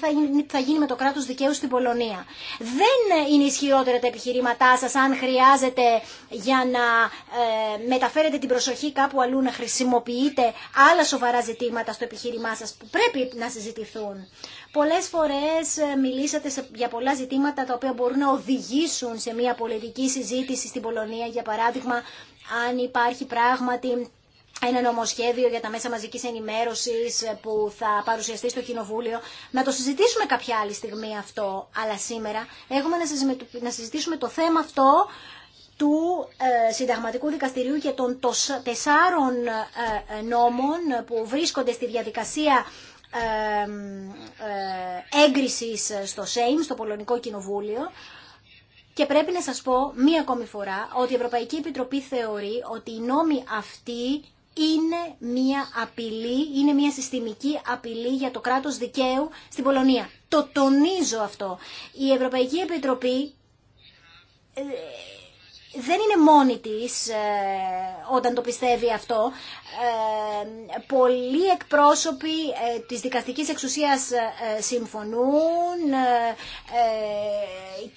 θα γίνει με το κράτο δικαίου στην Πολωνία. Δεν είναι ισχυρότερα τα επιχειρήματά σα αν χρειάζεται για να ε, μεταφέρετε την προσοχή κάπου αλλού, να χρησιμοποιείτε άλλα σοβαρά ζητήματα στο επιχείρημά σα που πρέπει να συζητηθούν. Πολλέ φορές ε, μιλήσατε για πολλά ζητήματα τα οποία μπορούν να οδηγήσουν σε μια πολιτική συζήτηση στην Πολωνία, για παράδειγμα αν υπάρχει πράγματι ένα νομοσχέδιο για τα μέσα μαζικής ενημέρωσης που θα παρουσιαστεί στο Κοινοβούλιο. Να το συζητήσουμε κάποια άλλη στιγμή αυτό, αλλά σήμερα έχουμε να συζητήσουμε το θέμα αυτό του ε, Συνταγματικού Δικαστηρίου και των τεσσάρων ε, ε, νόμων που βρίσκονται στη διαδικασία έγκρισης στο ΣΕΙΜ, στο Πολωνικό Κοινοβούλιο. Και πρέπει να σας πω μία ακόμη φορά ότι η Ευρωπαϊκή Επιτροπή θεωρεί ότι η νόμοι αυτοί είναι μία απειλή, είναι μία συστημική απειλή για το κράτος δικαίου στην Πολωνία. Το τονίζω αυτό. Η Ευρωπαϊκή Επιτροπή ε, δεν είναι μόνη της ε, όταν το πιστεύει αυτό. Ε, πολλοί εκπρόσωποι ε, της δικαστικής εξουσίας συμφωνούν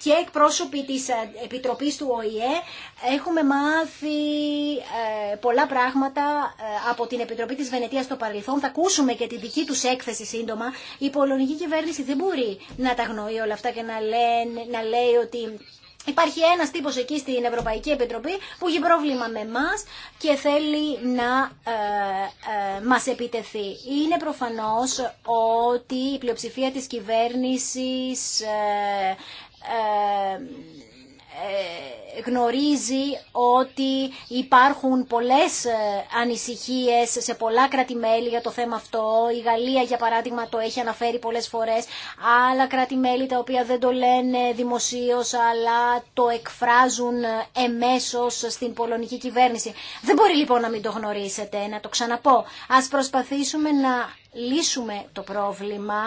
και εκπρόσωποι της Επιτροπής του ΟΗΕ. Έχουμε μάθει πολλά πράγματα από την Επιτροπή της Βενετίας στο παρελθόν. Θα ακούσουμε και τη δική τους έκθεση σύντομα. Η πολωνική κυβέρνηση δεν μπορεί να τα γνωρίζει όλα αυτά και λένε, να λέει ότι Υπάρχει ένας τύπος εκεί στην Ευρωπαϊκή Επιτροπή που έχει πρόβλημα με μας και θέλει να ε, ε, μας επιτεθεί. Είναι προφανώς ότι η πλειοψηφία της κυβέρνησης ε, ε ε, γνωρίζει ότι υπάρχουν πολλές ε, ανησυχίες σε πολλά κράτη-μέλη για το θέμα αυτό. Η Γαλλία, για παράδειγμα, το έχει αναφέρει πολλές φορές. Άλλα κράτη-μέλη τα οποία δεν το λένε δημοσίως, αλλά το εκφράζουν ε, εμέσως στην πολωνική κυβέρνηση. Δεν μπορεί λοιπόν να μην το γνωρίσετε, να το ξαναπώ. Ας προσπαθήσουμε να λύσουμε το πρόβλημα,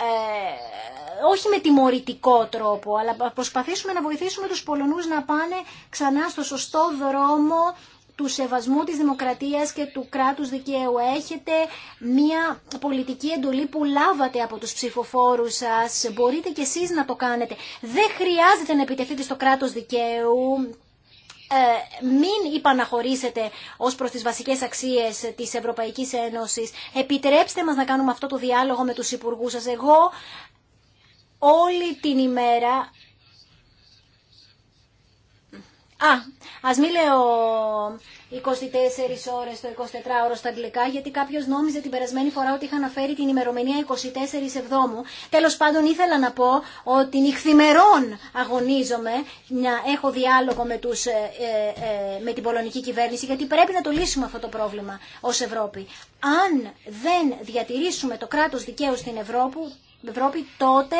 ε, όχι με τιμωρητικό τρόπο, αλλά προσπαθήσουμε να βοηθήσουμε τους Πολωνούς να πάνε ξανά στο σωστό δρόμο του σεβασμού της δημοκρατίας και του κράτους δικαίου. Έχετε μια πολιτική εντολή που λάβατε από τους ψηφοφόρους σας. Μπορείτε κι εσείς να το κάνετε. Δεν χρειάζεται να επιτεθείτε στο κράτος δικαίου ε, μην υπαναχωρήσετε ως προς τις βασικές αξίες της Ευρωπαϊκή Ένωση. Επιτρέψτε μας να κάνουμε αυτό το διάλογο με τους υπουργού σα Εγώ όλη την ημέρα Α, ας μην λέω 24 ώρες το 24ωρο στα αγγλικά, γιατί κάποιος νόμιζε την περασμένη φορά ότι είχα αναφέρει την ημερομηνία 24 ωρο στα αγγλικα γιατι κάποιο Τέλος πάντων εβδομου Τέλο παντων ηθελα να πω ότι νυχθημερών αγωνίζομαι να έχω διάλογο με, τους, ε, ε, ε, με την πολωνική κυβέρνηση, γιατί πρέπει να το λύσουμε αυτό το πρόβλημα ως Ευρώπη. Αν δεν διατηρήσουμε το κράτο δικαίου στην Ευρώπη, Ευρώπη τότε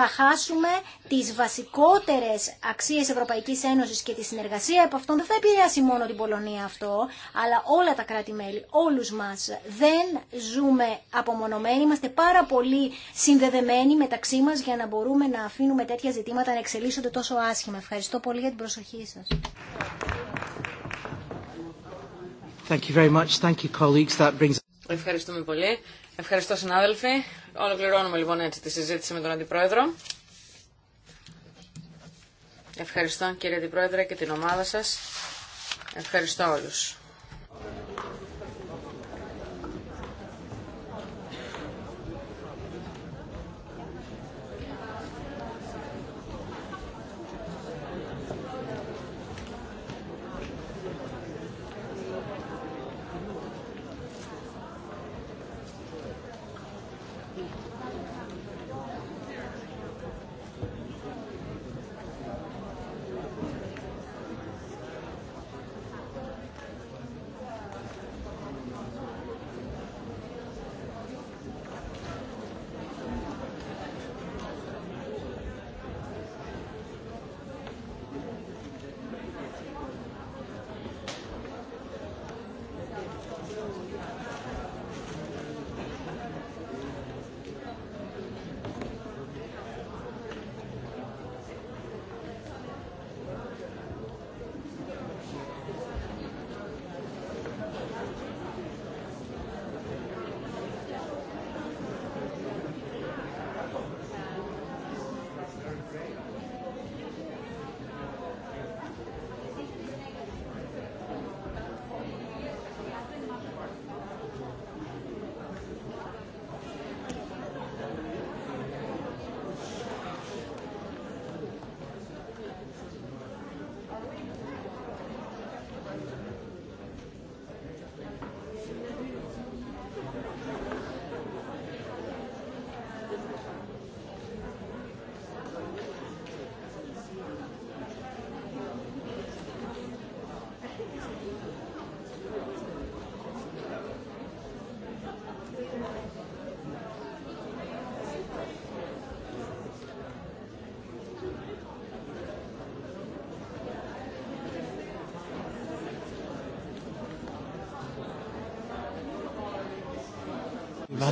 θα χάσουμε τις βασικότερες αξίες Ευρωπαϊκής Ένωσης και τη συνεργασία από αυτόν δεν θα επηρεάσει μόνο την Πολωνία αυτό, αλλά όλα τα κράτη-μέλη, όλους μας. Δεν ζούμε απομονωμένοι, είμαστε πάρα πολύ συνδεδεμένοι μεταξύ μας για να μπορούμε να αφήνουμε τέτοια ζητήματα να εξελίσσονται τόσο άσχημα. Ευχαριστώ πολύ για την προσοχή σας. Ευχαριστούμε πολύ. Ευχαριστώ συνάδελφοι. Ολοκληρώνουμε λοιπόν έτσι τη συζήτηση με τον Αντιπρόεδρο. Ευχαριστώ κύριε Αντιπρόεδρε και την ομάδα σας. Ευχαριστώ όλους.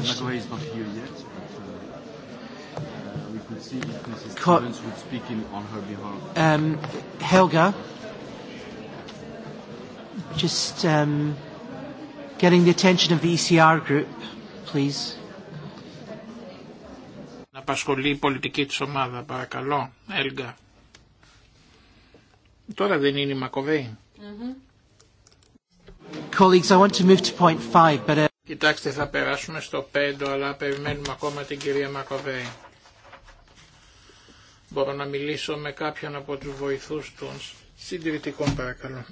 much. is not yet, but we could see if Mrs. Stevens would speak on her behalf. Um, Helga, just um, getting the attention of the ECR group, please. απασχολεί η πολιτική της ομάδα, παρακαλώ. Έλγα. Τώρα δεν είναι η Μακοβέη. Colleagues, I want to move to point five, but... Κοιτάξτε θα περάσουμε στο 5 αλλά περιμένουμε ακόμα την κυρία Μακοβέη. Μπορώ να μιλήσω με κάποιον από τους βοηθούς των συντηρητικών παρακαλώ.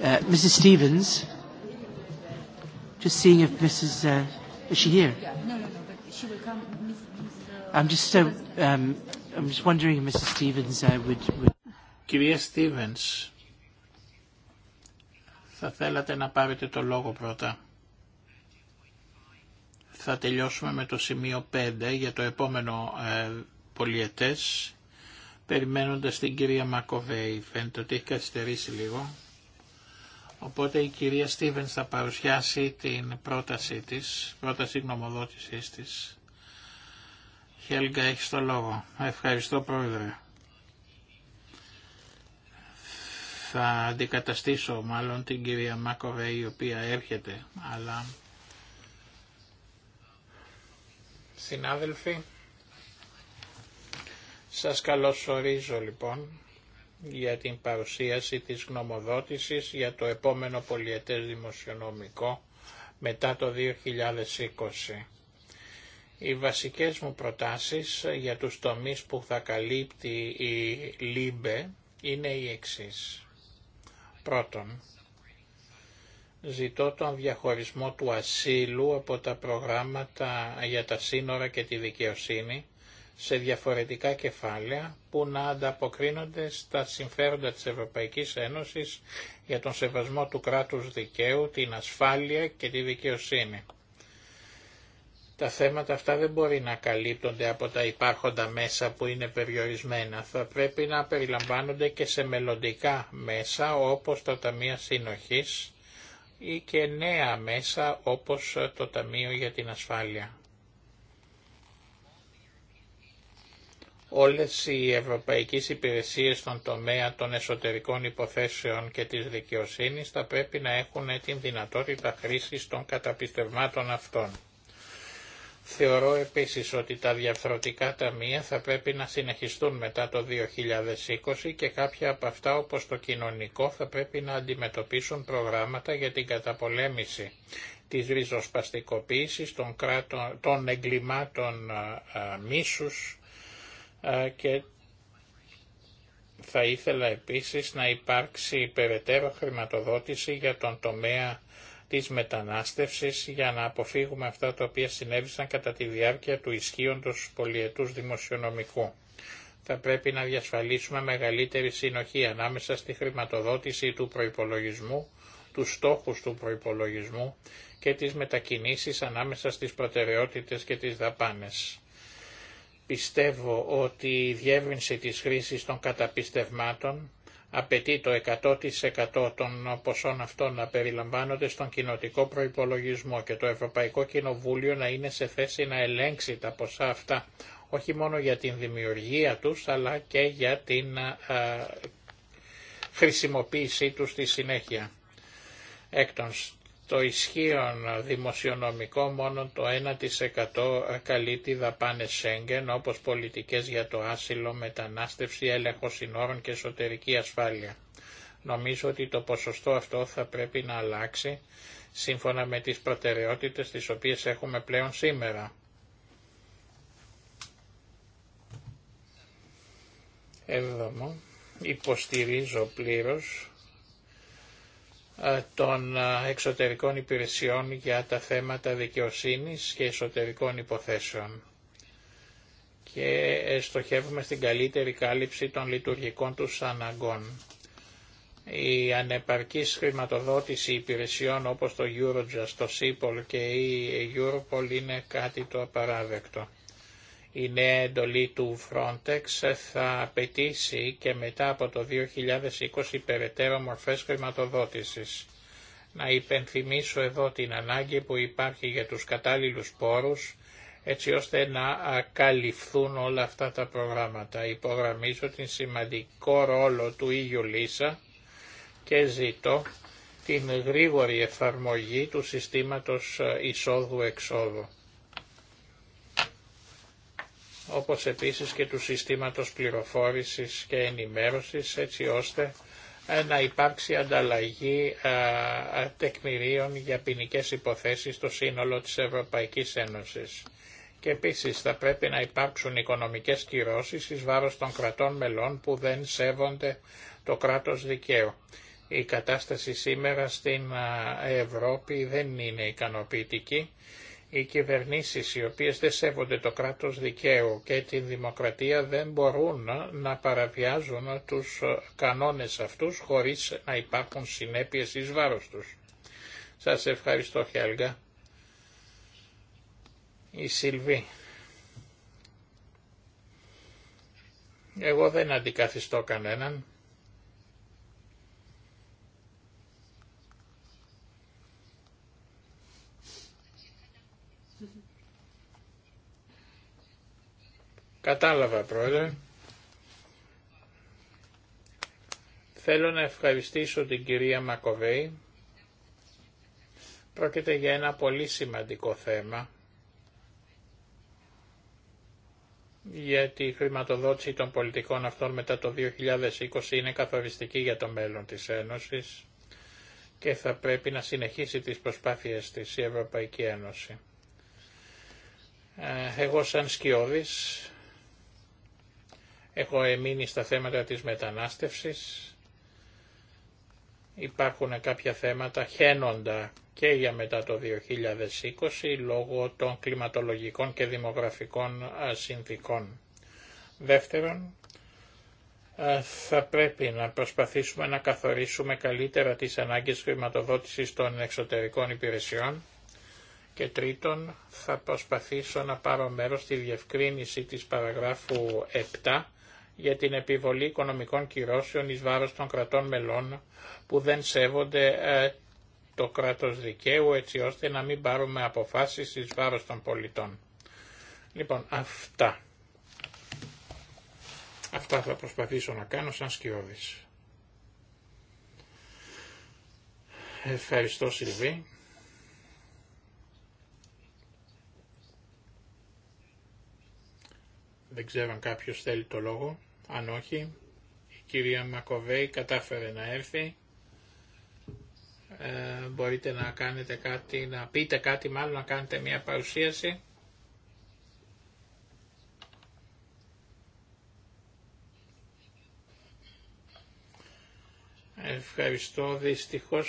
Uh, Mrs. Stevens, just seeing if Mrs. Uh, is she here? No, no, no, but she will come. Uh, I'm just so, uh, um, I'm just wondering if Mrs. Stevens uh, would, would. Κυρία Stevens, θα θέλατε να πάρετε το λόγο πρώτα. Θα τελειώσουμε με το σημείο 5 για το επόμενο ε, πολιετές, περιμένοντας την κυρία Μακοβέη. Φαίνεται ότι έχει καθυστερήσει λίγο. Οπότε η κυρία Στίβενς θα παρουσιάσει την πρότασή της, πρόταση γνωμοδότησής της. Χέλγκα, έχει το λόγο. Ευχαριστώ, Πρόεδρε. Θα αντικαταστήσω μάλλον την κυρία Μάκοβε η οποία έρχεται, αλλά... Συνάδελφοι, σας καλωσορίζω λοιπόν για την παρουσίαση της γνωμοδότησης για το επόμενο πολιετές δημοσιονομικό μετά το 2020. Οι βασικές μου προτάσεις για τους τομείς που θα καλύπτει η ΛΥΜΠΕ είναι οι εξής. Πρώτον, ζητώ τον διαχωρισμό του ασύλου από τα προγράμματα για τα σύνορα και τη δικαιοσύνη σε διαφορετικά κεφάλαια που να ανταποκρίνονται στα συμφέροντα της Ευρωπαϊκής Ένωσης για τον σεβασμό του κράτους δικαίου, την ασφάλεια και τη δικαιοσύνη. Τα θέματα αυτά δεν μπορεί να καλύπτονται από τα υπάρχοντα μέσα που είναι περιορισμένα. Θα πρέπει να περιλαμβάνονται και σε μελλοντικά μέσα όπως τα Ταμεία Συνοχής ή και νέα μέσα όπως το Ταμείο για την Ασφάλεια. όλες οι ευρωπαϊκές υπηρεσίες στον τομέα των εσωτερικών υποθέσεων και της δικαιοσύνης θα πρέπει να έχουν την δυνατότητα χρήσης των καταπιστευμάτων αυτών. Θεωρώ επίσης ότι τα διαφθρωτικά ταμεία θα πρέπει να συνεχιστούν μετά το 2020 και κάποια από αυτά όπως το κοινωνικό θα πρέπει να αντιμετωπίσουν προγράμματα για την καταπολέμηση της ριζοσπαστικοποίησης των, κράτων, των εγκλημάτων μίσους και θα ήθελα επίσης να υπάρξει περαιτέρω χρηματοδότηση για τον τομέα της μετανάστευσης για να αποφύγουμε αυτά τα οποία συνέβησαν κατά τη διάρκεια του ισχύοντος πολιετούς δημοσιονομικού. Θα πρέπει να διασφαλίσουμε μεγαλύτερη συνοχή ανάμεσα στη χρηματοδότηση του προϋπολογισμού, του στόχους του προϋπολογισμού και τις μετακινήσεις ανάμεσα στις προτεραιότητες και τις δαπάνες. Πιστεύω ότι η διεύρυνση της χρήσης των καταπιστευμάτων απαιτεί το 100% των ποσών αυτών να περιλαμβάνονται στον κοινοτικό προϋπολογισμό και το Ευρωπαϊκό Κοινοβούλιο να είναι σε θέση να ελέγξει τα ποσά αυτά όχι μόνο για την δημιουργία τους αλλά και για την χρησιμοποίησή τους στη συνέχεια. Έκτον, το ισχύον δημοσιονομικό μόνο το 1% καλύπτει δαπάνε Σέγγεν όπως πολιτικές για το άσυλο, μετανάστευση, έλεγχο συνόρων και εσωτερική ασφάλεια. Νομίζω ότι το ποσοστό αυτό θα πρέπει να αλλάξει σύμφωνα με τις προτεραιότητες τις οποίες έχουμε πλέον σήμερα. μου υποστηρίζω πλήρως ε, των ε, εξωτερικών υπηρεσιών για τα θέματα δικαιοσύνης και εσωτερικών υποθέσεων και ε, στοχεύουμε στην καλύτερη κάλυψη των λειτουργικών τους αναγκών. Η ανεπαρκής χρηματοδότηση υπηρεσιών όπως το Eurojust, το CIPOL και η Europol είναι κάτι το απαράδεκτο. Η νέα εντολή του Frontex θα απαιτήσει και μετά από το 2020 περαιτέρω μορφές χρηματοδότησης. Να υπενθυμίσω εδώ την ανάγκη που υπάρχει για τους κατάλληλους πόρους έτσι ώστε να καλυφθούν όλα αυτά τα προγράμματα. Υπογραμμίζω την σημαντικό ρόλο του ίδιου Λίσα και ζητώ την γρήγορη εφαρμογή του συστήματος εισόδου-εξόδου όπως επίσης και του συστήματος πληροφόρησης και ενημέρωσης έτσι ώστε ε, να υπάρξει ανταλλαγή ε, ε, τεκμηρίων για ποινικέ υποθέσεις στο σύνολο της Ευρωπαϊκής Ένωσης. Και επίσης θα πρέπει να υπάρξουν οικονομικές κυρώσεις εις βάρος των κρατών μελών που δεν σέβονται το κράτος δικαίου. Η κατάσταση σήμερα στην Ευρώπη δεν είναι ικανοποιητική οι κυβερνήσεις οι οποίες δεν σέβονται το κράτος δικαίου και την δημοκρατία δεν μπορούν να παραβιάζουν τους κανόνες αυτούς χωρίς να υπάρχουν συνέπειες εις βάρος τους. Σας ευχαριστώ Χέλγα. Η Σιλβή. Εγώ δεν αντικαθιστώ κανέναν. Κατάλαβα, Πρόεδρε. Θέλω να ευχαριστήσω την κυρία Μακοβέη. Πρόκειται για ένα πολύ σημαντικό θέμα για η χρηματοδότηση των πολιτικών αυτών μετά το 2020 είναι καθοριστική για το μέλλον της Ένωσης και θα πρέπει να συνεχίσει τις προσπάθειες της η Ευρωπαϊκή Ένωση. Ε, εγώ σαν σκιώδης Έχω εμείνει στα θέματα της μετανάστευσης. Υπάρχουν κάποια θέματα χαίνοντα και για μετά το 2020 λόγω των κλιματολογικών και δημογραφικών συνθήκων. Δεύτερον, θα πρέπει να προσπαθήσουμε να καθορίσουμε καλύτερα τις ανάγκες χρηματοδότησης των εξωτερικών υπηρεσιών και τρίτον θα προσπαθήσω να πάρω μέρος στη διευκρίνηση της παραγράφου 7 για την επιβολή οικονομικών κυρώσεων εις βάρος των κρατών μελών που δεν σέβονται ε, το κράτος δικαίου έτσι ώστε να μην πάρουμε αποφάσεις εις βάρος των πολιτών. Λοιπόν, αυτά. Αυτά θα προσπαθήσω να κάνω σαν σκιώδης. Ευχαριστώ Σιλβί. Δεν ξέρω αν κάποιος θέλει το λόγο. Αν όχι, η κυρία Μακοβέη κατάφερε να έρθει. Ε, μπορείτε να κάνετε κάτι, να πείτε κάτι μάλλον, να κάνετε μια παρουσίαση. Ευχαριστώ. Δυστυχώς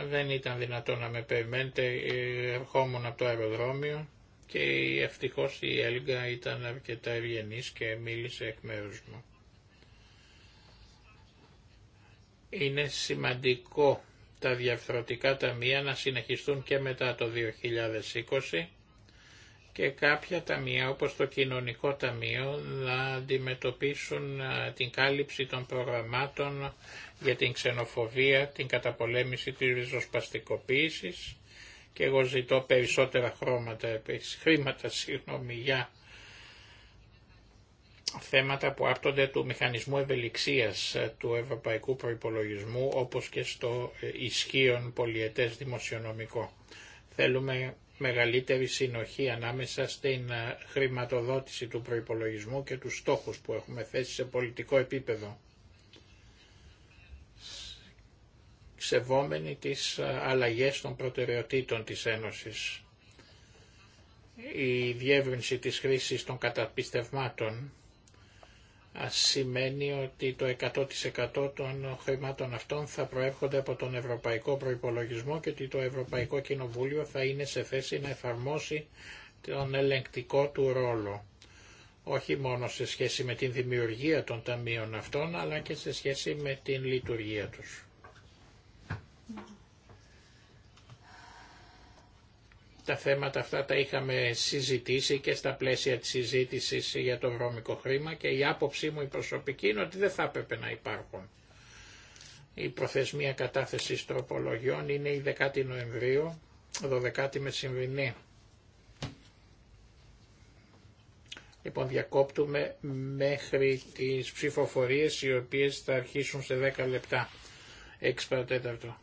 ε, δεν ήταν δυνατό να με περιμένετε. Ε, ερχόμουν από το αεροδρόμιο και ευτυχώς η Έλγα ήταν αρκετά ευγενής και μίλησε εκ μου. Είναι σημαντικό τα διαφθορτικά ταμεία να συνεχιστούν και μετά το 2020 και κάποια ταμεία όπως το Κοινωνικό Ταμείο να αντιμετωπίσουν την κάλυψη των προγραμμάτων για την ξενοφοβία, την καταπολέμηση της ριζοσπαστικοποίησης και εγώ ζητώ περισσότερα χρώματα, χρήματα συγγνώμη, για θέματα που άπτονται του μηχανισμού ευελιξίας του ευρωπαϊκού προϋπολογισμού όπως και στο ισχύον πολιετές δημοσιονομικό. Θέλουμε μεγαλύτερη συνοχή ανάμεσα στην χρηματοδότηση του προϋπολογισμού και τους στόχους που έχουμε θέσει σε πολιτικό επίπεδο. σεβόμενοι τις ε, αλλαγές των προτεραιοτήτων της Ένωσης. Η διεύρυνση της χρήσης των καταπιστευμάτων σημαίνει ότι το 100% των χρημάτων αυτών θα προέρχονται από τον Ευρωπαϊκό Προϋπολογισμό και ότι το Ευρωπαϊκό Κοινοβούλιο θα είναι σε θέση να εφαρμόσει τον ελεγκτικό του ρόλο. Όχι μόνο σε σχέση με την δημιουργία των ταμείων αυτών, αλλά και σε σχέση με την λειτουργία τους. Τα θέματα αυτά τα είχαμε συζητήσει και στα πλαίσια της συζήτησης για το βρώμικο χρήμα και η άποψή μου η προσωπική είναι ότι δεν θα έπρεπε να υπάρχουν. Η προθεσμία κατάθεσης τροπολογιών είναι η 10η Νοεμβρίου, 12η Μεσημβρινή. Λοιπόν, διακόπτουμε μέχρι τις ψηφοφορίες οι οποίες θα αρχίσουν σε 10 λεπτά. 6 παρατέταρτο.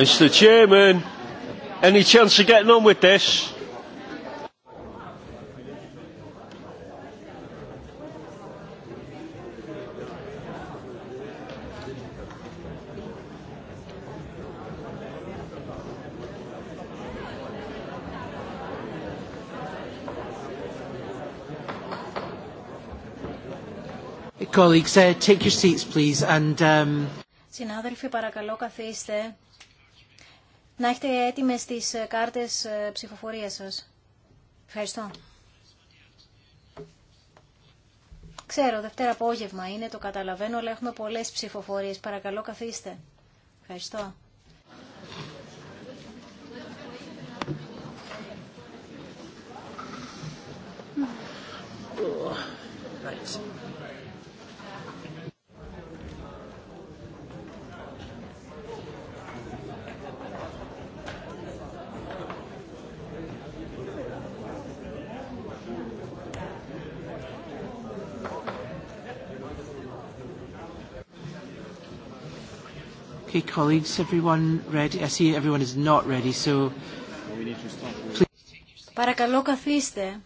Mr. Chairman, any chance of getting on with this? Colleagues, take your seats, please, and. Συνάδελφοι, παρακαλώ καθίστε να έχετε έτοιμες τις ε, κάρτες ε, ψηφοφορίας σας. Ευχαριστώ. Ξέρω, Δευτέρα απόγευμα είναι, το καταλαβαίνω, αλλά έχουμε πολλές ψηφοφορίες. Παρακαλώ, καθίστε. Ευχαριστώ. Colleagues, everyone ready? I see everyone is not ready, so Παρακαλώ καθίστε.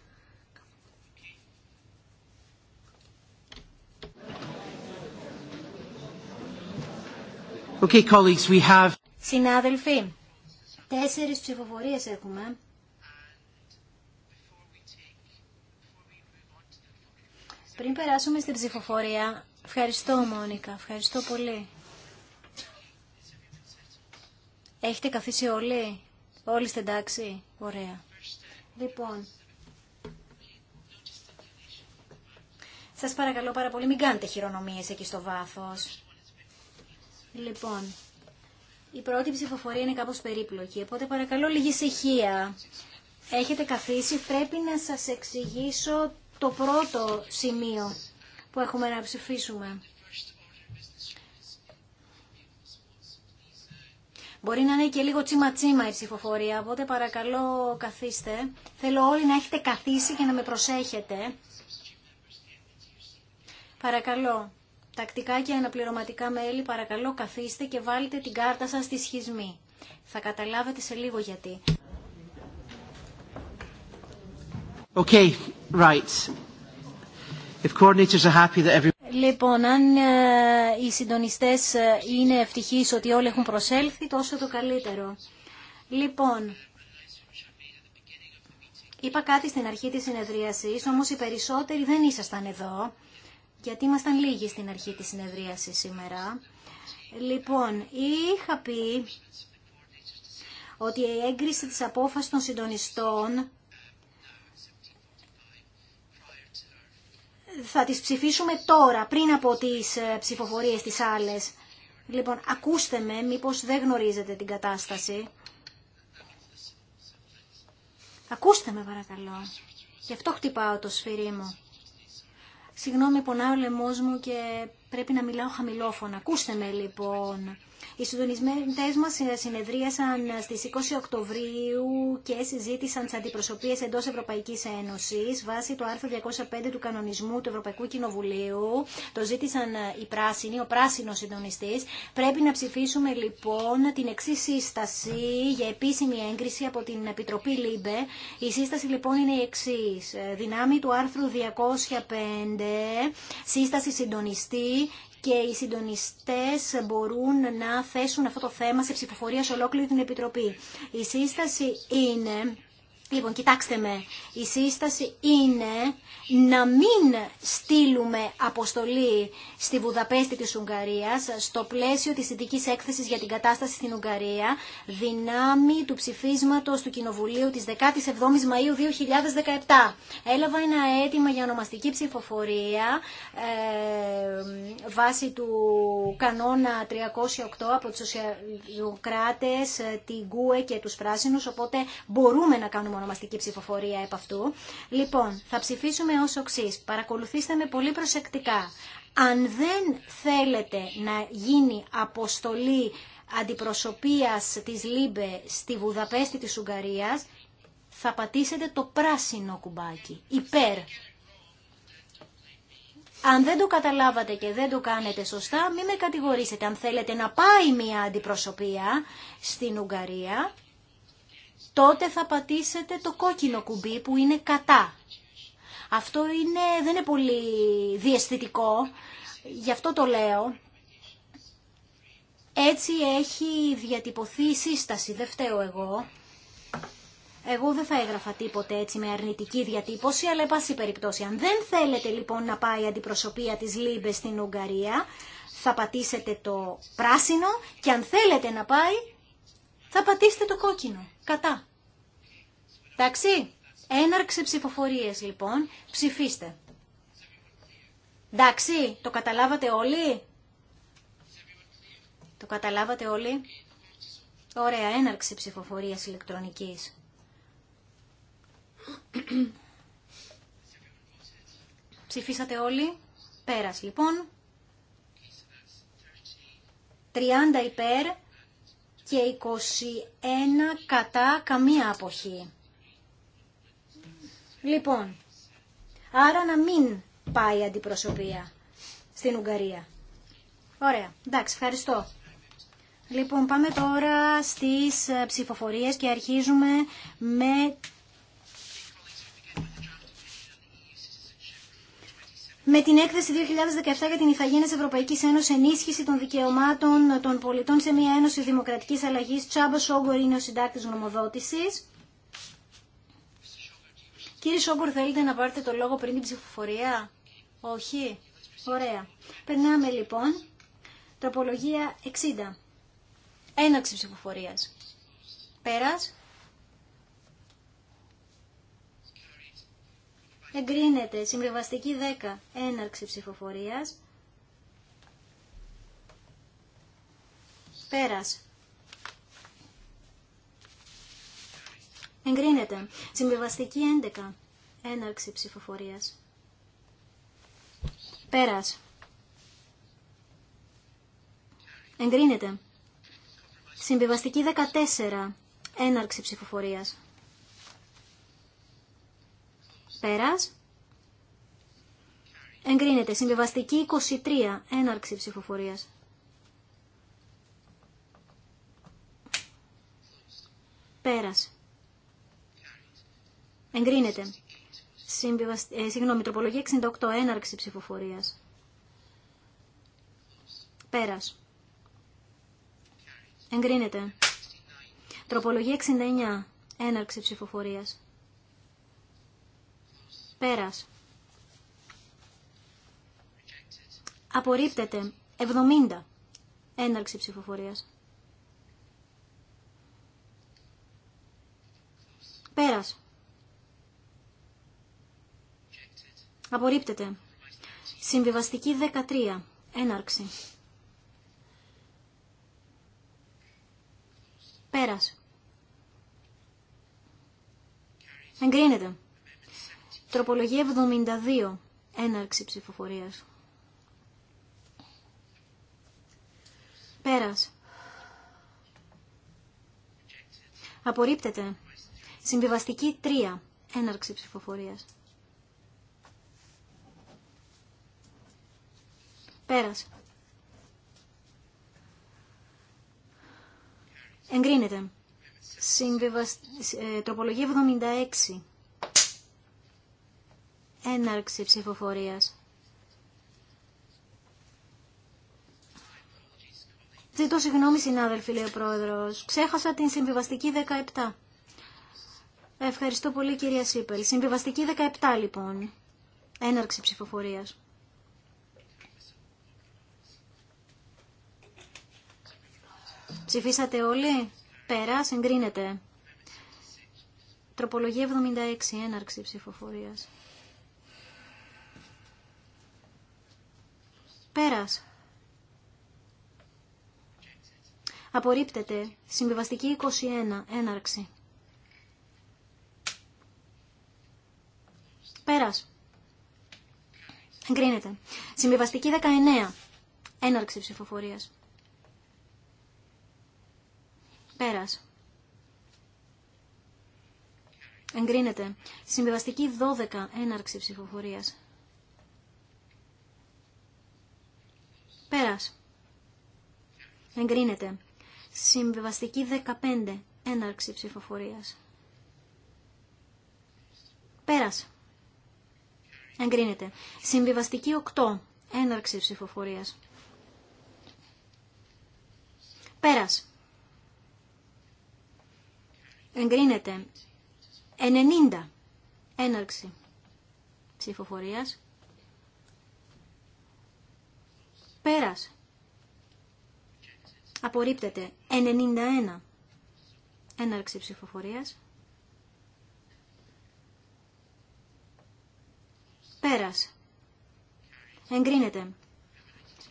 Okay, colleagues, we have... Συνάδελφοι, τέσσερις ψηφοφορίες έχουμε. Πριν περάσουμε στην ψηφοφορία, ευχαριστώ Μόνικα, ευχαριστώ πολύ. Έχετε καθίσει όλοι, όλοι στην τάξη. Ωραία. Λοιπόν, σας παρακαλώ πάρα πολύ μην κάνετε χειρονομίες εκεί στο βάθος. Λοιπόν, η πρώτη ψηφοφορία είναι κάπως περίπλοκη, οπότε παρακαλώ λίγη ησυχία. Έχετε καθίσει, πρέπει να σας εξηγήσω το πρώτο σημείο που έχουμε να ψηφίσουμε. Μπορεί να είναι και λίγο τσίμα-τσίμα η ψηφοφορία, οπότε παρακαλώ καθίστε. Θέλω όλοι να έχετε καθίσει και να με προσέχετε. Παρακαλώ, τακτικά και αναπληρωματικά μέλη, παρακαλώ καθίστε και βάλτε την κάρτα σας στη σχισμή. Θα καταλάβετε σε λίγο γιατί. Okay, right. If coordinators are happy that every... Λοιπόν, αν ε, οι συντονιστές ε, είναι ευτυχείς ότι όλοι έχουν προσέλθει, τόσο το καλύτερο. Λοιπόν, είπα κάτι στην αρχή της συνεδρίασης, όμως οι περισσότεροι δεν ήσασταν εδώ, γιατί ήμασταν λίγοι στην αρχή της συνεδρίασης σήμερα. Λοιπόν, είχα πει ότι η έγκριση της απόφασης των συντονιστών θα τις ψηφίσουμε τώρα, πριν από τις ε, ψηφοφορίες τις άλλες. Λοιπόν, ακούστε με, μήπως δεν γνωρίζετε την κατάσταση. Ακούστε με παρακαλώ. Γι' αυτό χτυπάω το σφυρί μου. Συγγνώμη, πονάω ο λαιμός μου και πρέπει να μιλάω χαμηλόφωνα. Ακούστε με λοιπόν. Οι συντονισμένε μα ε, συνεδρίασαν στι 20 Οκτωβρίου και συζήτησαν τι αντιπροσωπείε εντό Ευρωπαϊκής Ένωσης βάσει το άρθρο 205 του κανονισμού του Ευρωπαϊκού Κοινοβουλίου. Το ζήτησαν ε, οι πράσινοι, ο πράσινο συντονιστή. Πρέπει να ψηφίσουμε λοιπόν την εξή σύσταση για επίσημη έγκριση από την Επιτροπή ΛΥΜΠΕ. Η σύσταση λοιπόν είναι η εξή. Ε, δυνάμει του άρθρου 205 σύσταση συντονιστή και οι συντονιστές μπορούν να θέσουν αυτό το θέμα σε ψηφοφορία σε ολόκληρη την Επιτροπή. Η σύσταση είναι Λοιπόν, κοιτάξτε με, η σύσταση είναι να μην στείλουμε αποστολή στη Βουδαπέστη της Ουγγαρίας στο πλαίσιο της ειδικής έκθεσης για την κατάσταση στην Ουγγαρία δυνάμει του ψηφίσματος του Κοινοβουλίου της 17ης Μαΐου 2017. Έλαβα ένα αίτημα για ονομαστική ψηφοφορία ε, βάσει του κανόνα 308 από τους σοσιαλδημοκράτες, ε, ε, την ΚΟΕ και τους πράσινους, οπότε μπορούμε να κάνουμε ονομαστική ψηφοφορία επ' αυτού. Λοιπόν, θα ψηφίσουμε ως οξύ. Παρακολουθήστε με πολύ προσεκτικά. Αν δεν θέλετε να γίνει αποστολή αντιπροσωπείας της ΛΥΜΠΕ στη Βουδαπέστη της Ουγγαρίας, θα πατήσετε το πράσινο κουμπάκι, υπέρ. Αν δεν το καταλάβατε και δεν το κάνετε σωστά, μην με κατηγορήσετε. Αν θέλετε να πάει μια αντιπροσωπεία στην Ουγγαρία, τότε θα πατήσετε το κόκκινο κουμπί που είναι κατά. Αυτό είναι, δεν είναι πολύ διαστητικό γι' αυτό το λέω. Έτσι έχει διατυπωθεί η σύσταση, δεν φταίω εγώ. Εγώ δεν θα έγραφα τίποτε έτσι με αρνητική διατύπωση, αλλά πάση περιπτώσει. Αν δεν θέλετε λοιπόν να πάει η αντιπροσωπεία της Λίμπε στην Ουγγαρία, θα πατήσετε το πράσινο και αν θέλετε να πάει, θα πατήσετε το κόκκινο κατά. Εντάξει, έναρξη ψηφοφορίες λοιπόν, ψηφίστε. Εντάξει, το καταλάβατε όλοι. Το καταλάβατε όλοι. Ωραία, έναρξη ψηφοφορία ηλεκτρονικής. Ψηφίσατε όλοι. Πέρας λοιπόν. 30 υπέρ, και 21 κατά καμία αποχή. Λοιπόν, άρα να μην πάει αντιπροσωπεία στην Ουγγαρία. Ωραία, εντάξει, ευχαριστώ. Λοιπόν, πάμε τώρα στις ε, ψηφοφορίες και αρχίζουμε με με την έκθεση 2017 για την Ιθαγένεια Ευρωπαϊκή Ένωση ενίσχυση των δικαιωμάτων των πολιτών σε μια ένωση δημοκρατικής αλλαγής. Τσάμπα Σόγκορ είναι ο συντάκτης γνωμοδότησης. Κύριε Σόγκορ, θέλετε να πάρετε το λόγο πριν την ψηφοφορία. Όχι. Ωραία. Περνάμε λοιπόν. Τροπολογία 60. Έναξη ψηφοφορία. Πέρας. εγκρίνεται. Συμβιβαστική 10, έναρξη ψηφοφορίας. Πέρας. Εγκρίνεται. Συμβιβαστική 11, έναρξη ψηφοφορίας. Πέρας. Εγκρίνεται. Συμβιβαστική 14, έναρξη ψηφοφορίας. Πέρας. Εγκρίνεται. Συμβιβαστική 23. Έναρξη ψηφοφορίας. Πέρας. Εγκρίνεται. Ε, συγγνώμη, τροπολογία 68. Έναρξη ψηφοφορίας. Πέρας. Εγκρίνεται. Τροπολογία 69. Έναρξη ψηφοφορίας. Πέρας. Απορρίπτεται. 70. Έναρξη ψηφοφορίας. Πέρας. Απορρίπτεται. Συμβιβαστική 13. Έναρξη. Πέρας. Εγκρίνεται. Τροπολογία 72. Έναρξη ψηφοφορίας. Πέρας. Απορρίπτεται. Συμβιβαστική 3. Έναρξη ψηφοφορίας. Πέρας. Εγκρίνεται. Συμβιβασ... Ε, τροπολογία 76 έναρξη ψηφοφορίας. Ζητώ συγγνώμη συνάδελφοι, λέει ο Πρόεδρος. Ξέχασα την συμβιβαστική 17. Ευχαριστώ πολύ κυρία Σίπελ. Συμβιβαστική 17 λοιπόν. Έναρξη ψηφοφορίας. Ψηφίσατε όλοι. Πέρα, συγκρίνεται. Τροπολογία 76, έναρξη ψηφοφορίας. Πέρας. Απορρίπτεται. Συμβιβαστική 21. Έναρξη. Πέρας. Εγκρίνεται. Συμβιβαστική 19. Έναρξη ψηφοφορίας. Πέρας. Εγκρίνεται. Συμβιβαστική 12. Έναρξη ψηφοφορίας. Πέρας. Εγκρίνεται. Συμβιβαστική 15. Έναρξη ψηφοφορίας. Πέρας. Εγκρίνεται. Συμβιβαστική 8. Έναρξη ψηφοφορίας. Πέρας. Εγκρίνεται. 90. Έναρξη ψηφοφορίας. Πέρας. Απορρίπτεται. 91. Έναρξη ψηφοφορίας. Πέρας. Εγκρίνεται.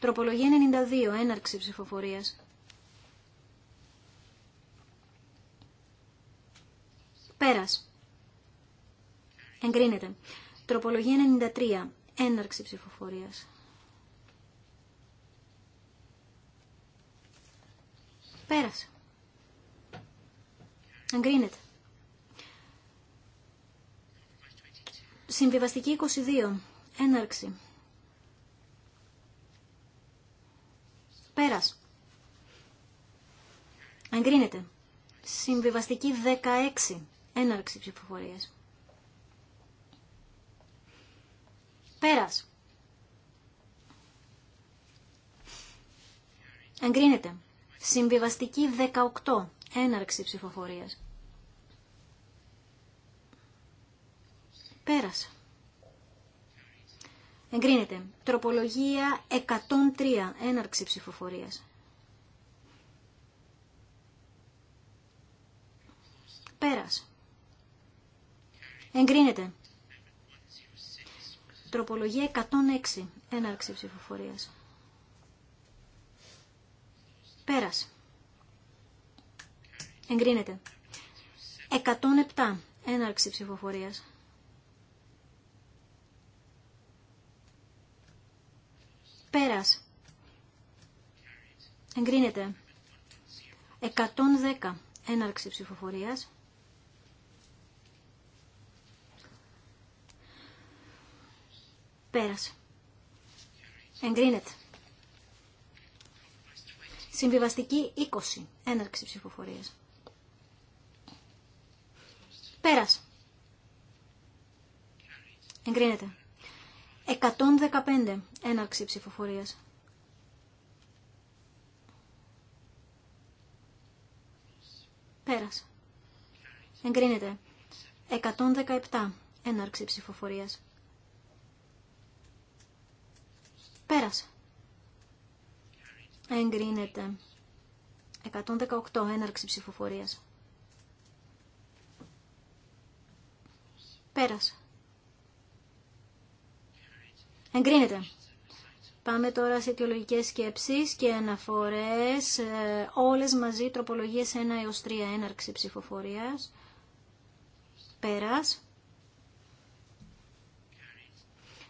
Τροπολογία 92. Έναρξη ψηφοφορίας. Πέρας. Εγκρίνεται. Τροπολογία 93. Έναρξη ψηφοφορίας. Πέρασε. Αγκρίνεται. Συμβιβαστική 22. Έναρξη. Πέρας. Αγκρίνεται. Συμβιβαστική 16. Έναρξη ψηφοφορίας. Πέρας. Αγκρίνεται. Συμβιβαστική 18. Έναρξη ψηφοφορίας. Πέρασε. Εγκρίνεται. Τροπολογία 103. Έναρξη ψηφοφορίας. Πέρασε. Εγκρίνεται. Τροπολογία 106. Έναρξη ψηφοφορίας. Πέρας. Εγκρίνεται. 107. Έναρξη ψηφοφορίας. Πέρας. Εγκρίνεται. 110. Έναρξη ψηφοφορίας. Πέρας. Εγκρίνεται. Συμβιβαστική 20. Έναρξη έναρξη Πέρας. Εγκρίνεται. 115. Έναρξη ψηφοφορία. Πέρας. Εγκρίνεται. 117. Έναρξη ψηφοφορία. Πέρασε εγκρίνεται. 118 έναρξη ψηφοφορίας. Πέρασε. Εγκρίνεται. Πάμε τώρα σε αιτιολογικές σκέψεις και αναφορές, ε, όλες μαζί τροπολογίες 1 έως 3 έναρξη ψηφοφορίας. Πέρας.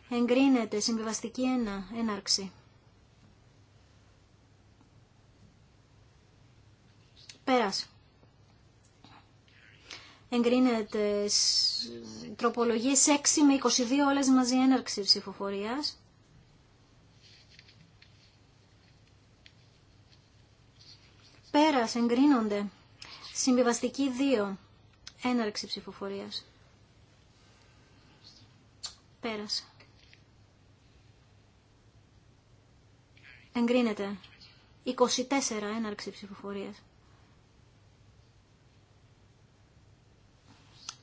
Εγκρίνεται συμβιβαστική 1 έναρξη. Πέρας. Εγκρίνεται τροπολογίες 6 με 22 όλες μαζί έναρξη ψηφοφορίας. Πέρασε. εγκρίνονται. Συμβιβαστική 2. Έναρξη ψηφοφορίας. Πέρασε. Εγκρίνεται. 24. Έναρξη ψηφοφορίας.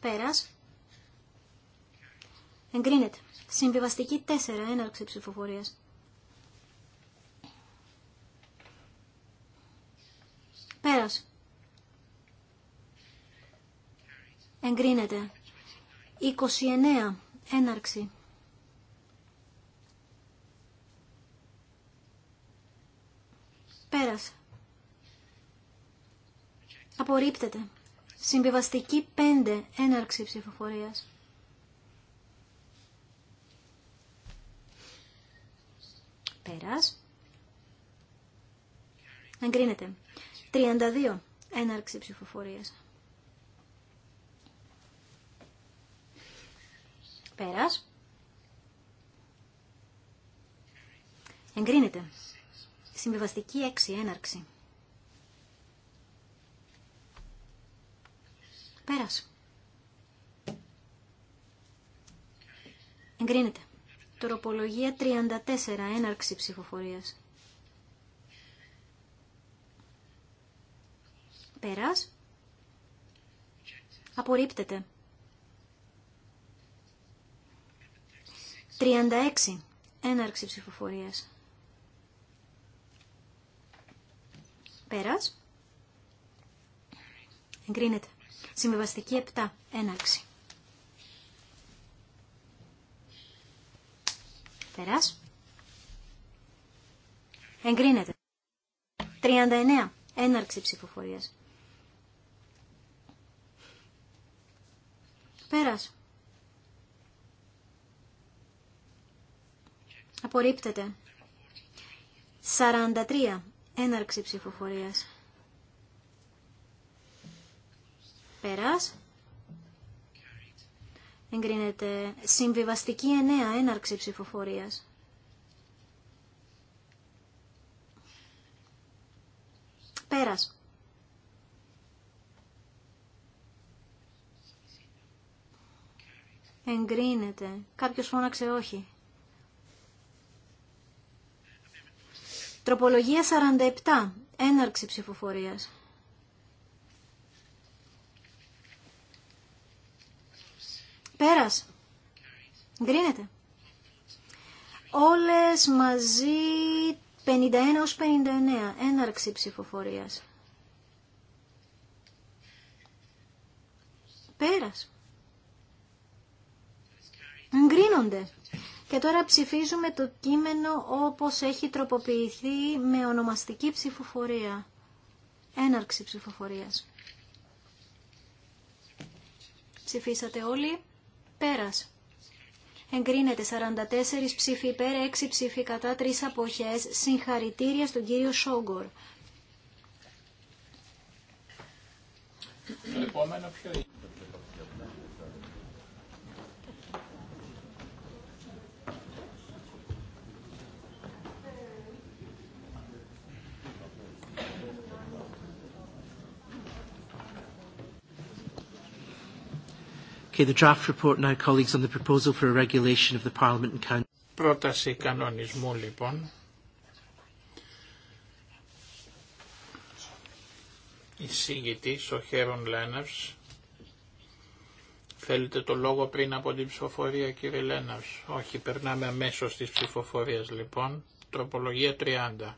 Πέρας. Εγκρίνεται. Συμβιβαστική 4. Έναρξη ψηφοφορίας. Πέρας. Εγκρίνεται. 29. Έναρξη. Πέρας. Απορρίπτεται. Συμβιβαστική 5. Έναρξη ψηφοφορίας. Πέρας. Εγκρίνεται. 32. Έναρξη ψηφοφορίας. Πέρας. Εγκρίνεται. Συμβιβαστική 6. Έναρξη. Πέρας. Εγκρίνεται. Τροπολογία 34. Έναρξη ψηφοφορίας. Πέρας. Απορρίπτεται. 36. Έναρξη ψηφοφορίας. Πέρας. Εγκρίνεται. Συμβιβαστική 7. Έναρξη. Πέρας. Εγκρίνεται. 39. Έναρξη ψηφοφορίας. Πέρας. Απορρίπτεται. 43. Έναρξη ψηφοφορίας. Πέρας. Εγκρίνεται. Συμβιβαστική 9. Έναρξη ψηφοφορίας. Πέρας. Εγκρίνεται. Κάποιος φώναξε όχι. Τροπολογία 47. Έναρξη ψηφοφορίας. Πέρας. Γκρίνεται. Όλες μαζί 51 ως 59. Έναρξη ψηφοφορίας. Πέρας. Γκρίνονται. Και τώρα ψηφίζουμε το κείμενο όπως έχει τροποποιηθεί με ονομαστική ψηφοφορία. Έναρξη ψηφοφορίας. Ψηφίσατε όλοι. Πέρας. Εγκρίνεται 44 ψήφοι υπέρ, 6 ψήφοι κατά, 3 αποχές. Συγχαρητήρια στον κύριο Σόγκορ. Okay, the draft report now, colleagues, on the proposal for a regulation of the Parliament and Council. Πρόταση κανονισμού, λοιπόν. Εισηγητής, ο Χέρον Λένερ. Θέλετε το λόγο πριν από την ψηφοφορία, κύριε Λένερ. Όχι, περνάμε αμέσως στις ψηφοφορίες, λοιπόν. Τροπολογία 30.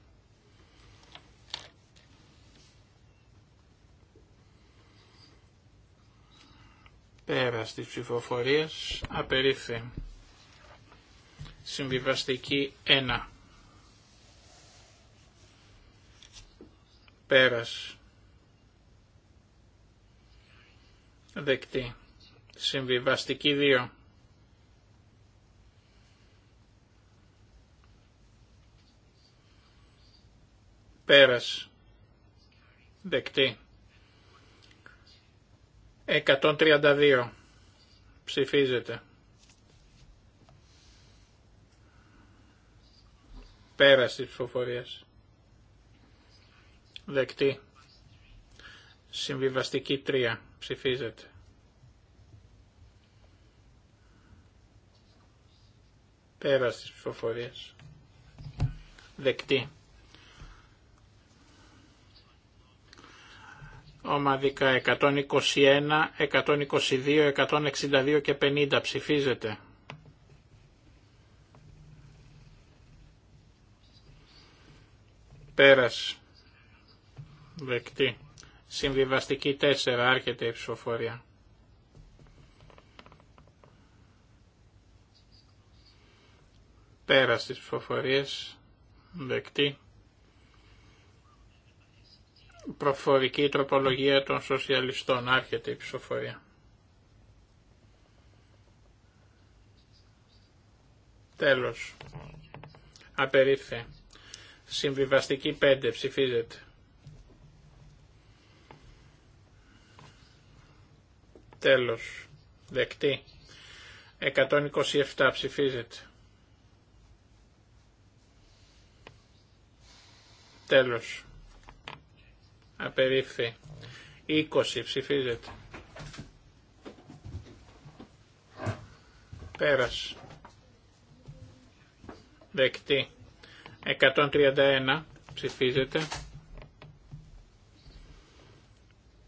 Πέρας της ψηφοφορίας απερίφθη. Συμβιβαστική 1. Πέρας. Δεκτή. Συμβιβαστική 2. Πέρας. Δεκτή. 132. Ψηφίζεται. Πέραση της ψηφοφορίας. Δεκτή. Συμβιβαστική 3. Ψηφίζεται. Πέραση της ψηφοφορίας. Δεκτή. Ομαδικά 121, 122, 162 και 50 ψηφίζεται. Πέρας. Δεκτή. Συμβιβαστική 4. Άρχεται η ψηφοφορία. Πέρας τις ψηφοφορίες. Δεκτή προφορική τροπολογία των σοσιαλιστών. Άρχεται η ψηφοφορία. Τέλος. Απερίφθε. Συμβιβαστική 5 ψηφίζεται. Τέλος. Δεκτή. 127 ψηφίζεται. Τέλος. Απερίφθη. 20 ψηφίζεται. Πέρας. Δεκτή. 131 ψηφίζεται.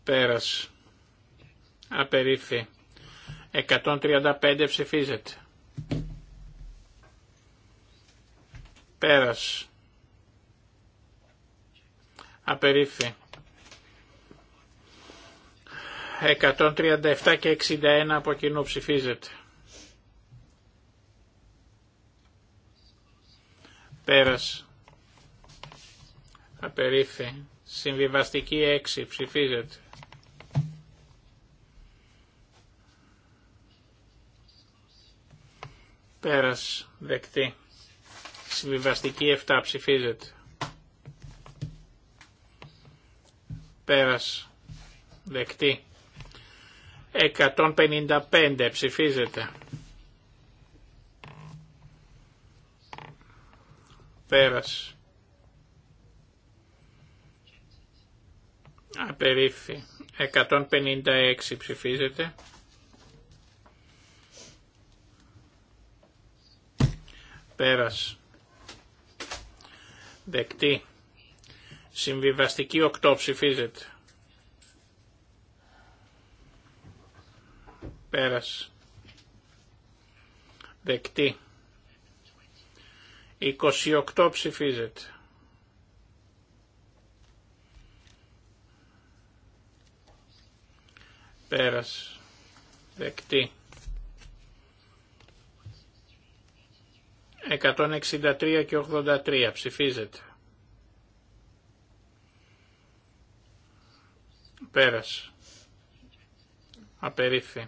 Πέρας. Απερίφθη. 135 ψηφίζεται. Πέρας. Απερίφη. 137 και 61 από κοινού ψηφίζεται. Πέρας. Απερίφθη. Συμβιβαστική 6 ψηφίζεται. Πέρας. Δεκτή. Συμβιβαστική 7 ψηφίζεται. Πέρας. Δεκτή. 155 ψηφίζεται. Πέρας. Απερίφη. 156 ψηφίζεται. Πέρας. Δεκτή. Συμβιβαστική 8 ψηφίζεται. πέρας. Δεκτή. 28 ψηφίζεται. Πέρας. Δεκτή. 163 και 83 ψηφίζεται. Πέρας. απερίφθη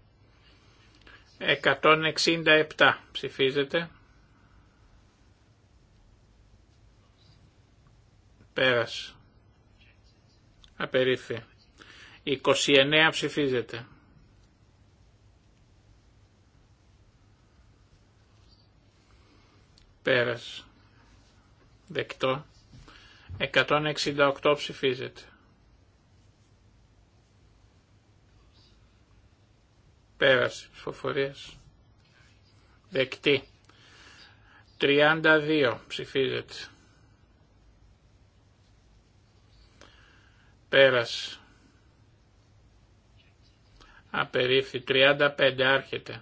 167 ψηφίζεται. Πέρας. απερίφη. 29 ψηφίζεται. Πέρας. Δεκτό. 168 ψηφίζεται. Πέραση φοφορία Δεκτή. 32 ψηφίζεται. Πέραση. Απερίφθη. 35 άρχεται.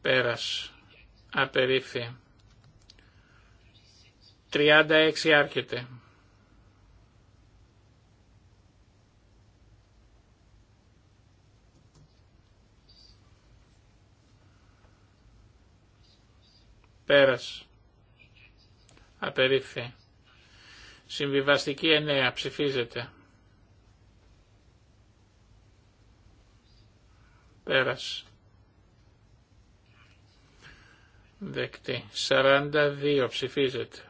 Πέρας. Απερίφθη. 36 άρχεται. Πέρας. Απερίφθη. Συμβιβαστική εννέα, Ψηφίζεται. Πέρας. Δεκτή. 42. Ψηφίζεται.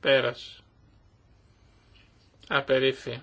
Πέρας. Απερίφθη.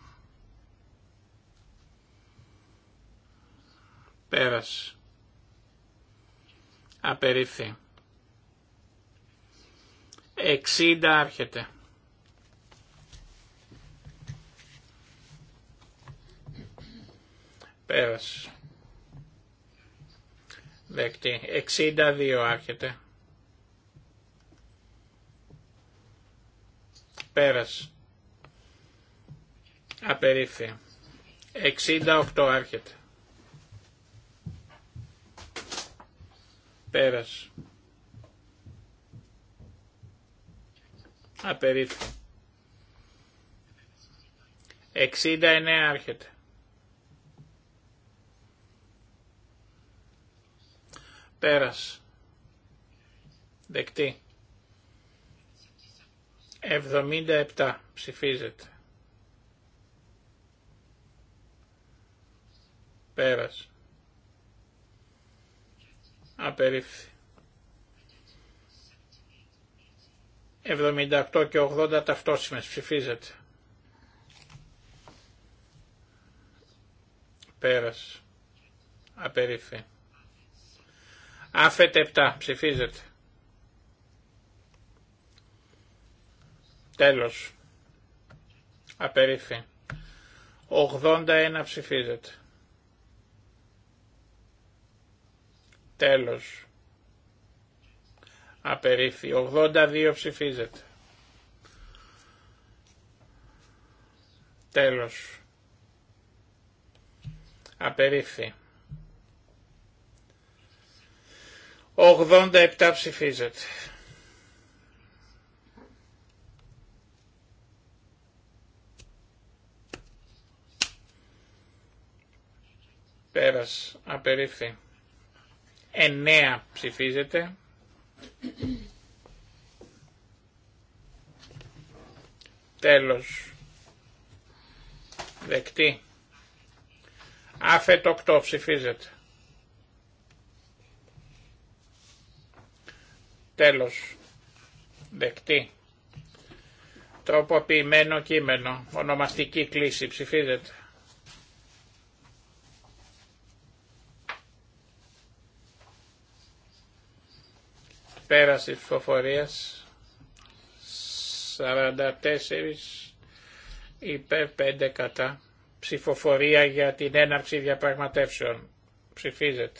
Πέρας. Απερίφθη. 60 άρχεται. Πέρας. Δεκτή. 62 άρχεται. Πέρας. Απερίφθη. 68 άρχεται. Πέρας. Απερίφθη. 69 άρχεται. Πέρας. Δεκτή. 77 ψηφίζεται. Πέρας. Απερίφθη. 78 και 80 ταυτόσημες ψηφίζεται. Πέρας. Απερίφθη. Άφετε 7 ψηφίζεται. Τέλος. Απερίφθη. 81 ψηφίζεται. Τέλος. Απερίφθη. 82 ψηφίζεται. Τέλος. Απερίφθη. 87 ψηφίζεται. Πέρας, απερίφθη. Εννέα ψηφίζεται. Τέλος. Δεκτή. Άφετ οκτώ ψηφίζεται. Τέλος. Δεκτή. Τροποποιημένο κείμενο. Ονομαστική κλίση ψηφίζεται. Πέρας της ψηφοφορίας 44 υπέρ 5 κατά. Ψηφοφορία για την έναρξη διαπραγματεύσεων. Ψηφίζεται.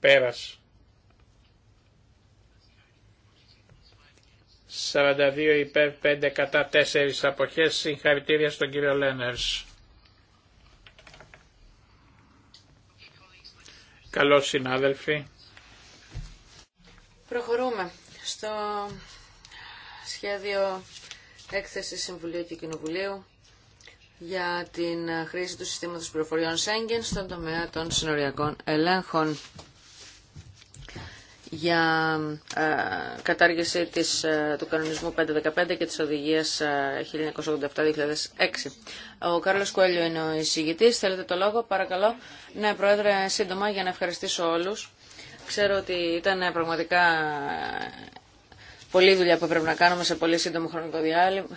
Πέρας. 42 υπέρ 5 κατά 4 αποχές. Συγχαρητήρια στον κύριο Λένερς. Καλώς συνάδελφοι. Προχωρούμε στο σχέδιο έκθεση Συμβουλίου και Κοινοβουλίου για την χρήση του συστήματος πληροφοριών Σέγγεν στον τομέα των συνοριακών ελέγχων για ε, κατάργηση της, ε, του κανονισμού 515 και της οδηγίας 1987-2006. Ε, ο Κάρλος Κουέλιο είναι ο εισηγητής. Θέλετε το λόγο, παρακαλώ. Ναι, Πρόεδρε, σύντομα για να ευχαριστήσω όλους. Ξέρω ότι ήταν πραγματικά πολλή δουλειά που πρέπει να κάνουμε σε πολύ σύντομο χρονικό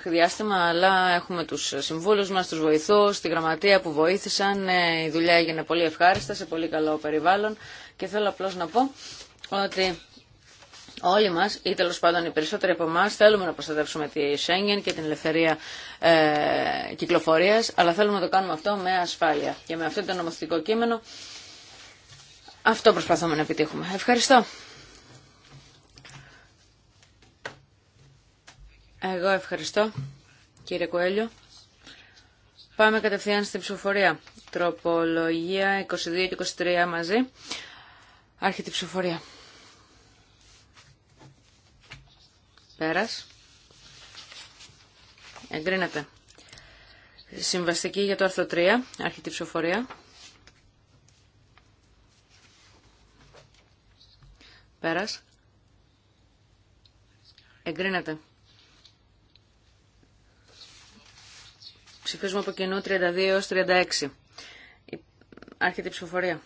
διάστημα, αλλά έχουμε τους συμβούλους μας, τους βοηθούς, τη γραμματεία που βοήθησαν. Η δουλειά έγινε πολύ ευχάριστα, σε πολύ καλό περιβάλλον. Και θέλω απλώς να πω ότι όλοι μας ή τέλο πάντων οι περισσότεροι από εμά θέλουμε να προστατεύσουμε τη Σέγγεν και την ελευθερία ε, κυκλοφορίας, αλλά θέλουμε να το κάνουμε αυτό με ασφάλεια. Και με αυτό το νομοθετικό κείμενο αυτό προσπαθούμε να επιτύχουμε. Ευχαριστώ. Εγώ ευχαριστώ, κύριε Κουέλιο. Πάμε κατευθείαν στην ψηφοφορία. Τροπολογία 22 και 23 μαζί. Άρχεται η ψηφοφορία. Πέρας. Εγκρίνεται. Συμβαστική για το άρθρο 3, Αρχητη ψηφοφορία. Πέρας. Εγκρίνεται. Ψηφίζουμε από κοινού 32 έως 36. Άρχεται η ψηφοφορία.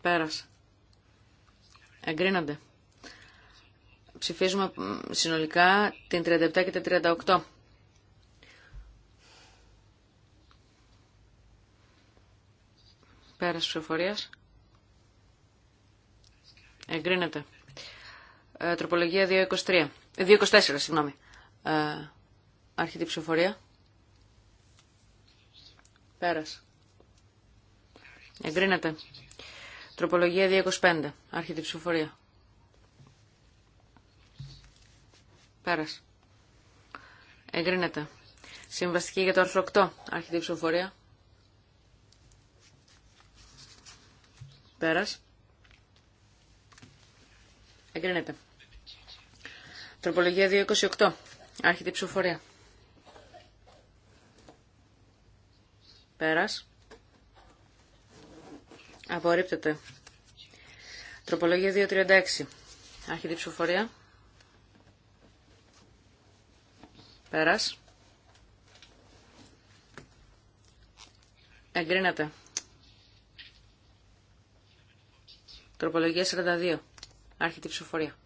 Πέρας. Εγκρίνονται. Ψηφίζουμε συνολικά την 37 και την 38. Πέρας ψηφοφορίας. Εγκρίνεται. Ε, τροπολογία 223. 224, ε, συγγνώμη. Ε, άρχεται ψηφοφορία. Πέρας. Εγκρίνεται. Τροπολογία 225. Άρχεται η ψηφοφορία. Πέρας. Εγκρίνεται. Συμβαστική για το άρθρο 8. Άρχεται η ψηφοφορία. Πέρας. Εγκρίνεται. Τροπολογία 228. Άρχεται η ψηφοφορία. Πέρας. Απορρίπτεται. Τροπολογία 236. Άρχιτη ψηφοφορία. Πέρας. Εγκρίνεται. Τροπολογία 42. Άρχιτη ψηφοφορία.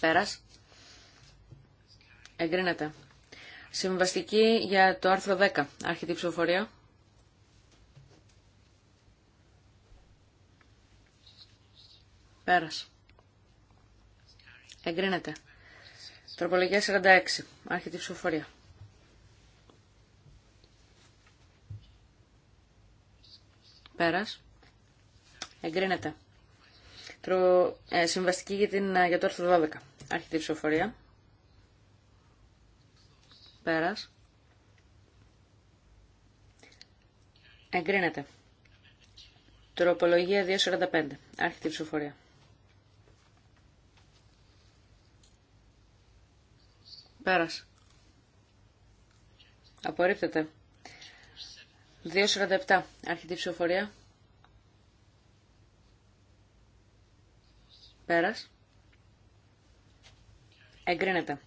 Πέρας. Εγκρίνεται. Συμβαστική για το άρθρο 10. αρχήτη ψηφοφορία. Πέρας. Εγκρίνεται. Τροπολογία 46. αρχή ψηφοφορία. Πέρας. Εγκρίνεται. Ε, συμβαστική για, την, για το άρθρο 12. αρχή ψηφοφορία. Πέρας. Εγκρίνεται. Τροπολογία 245. Άρχιτη ψηφοφορία. Πέρας. Απορρίπτεται. 2.47. Άρχιτη ψηφοφορία. Πέρας. Εγκρίνεται.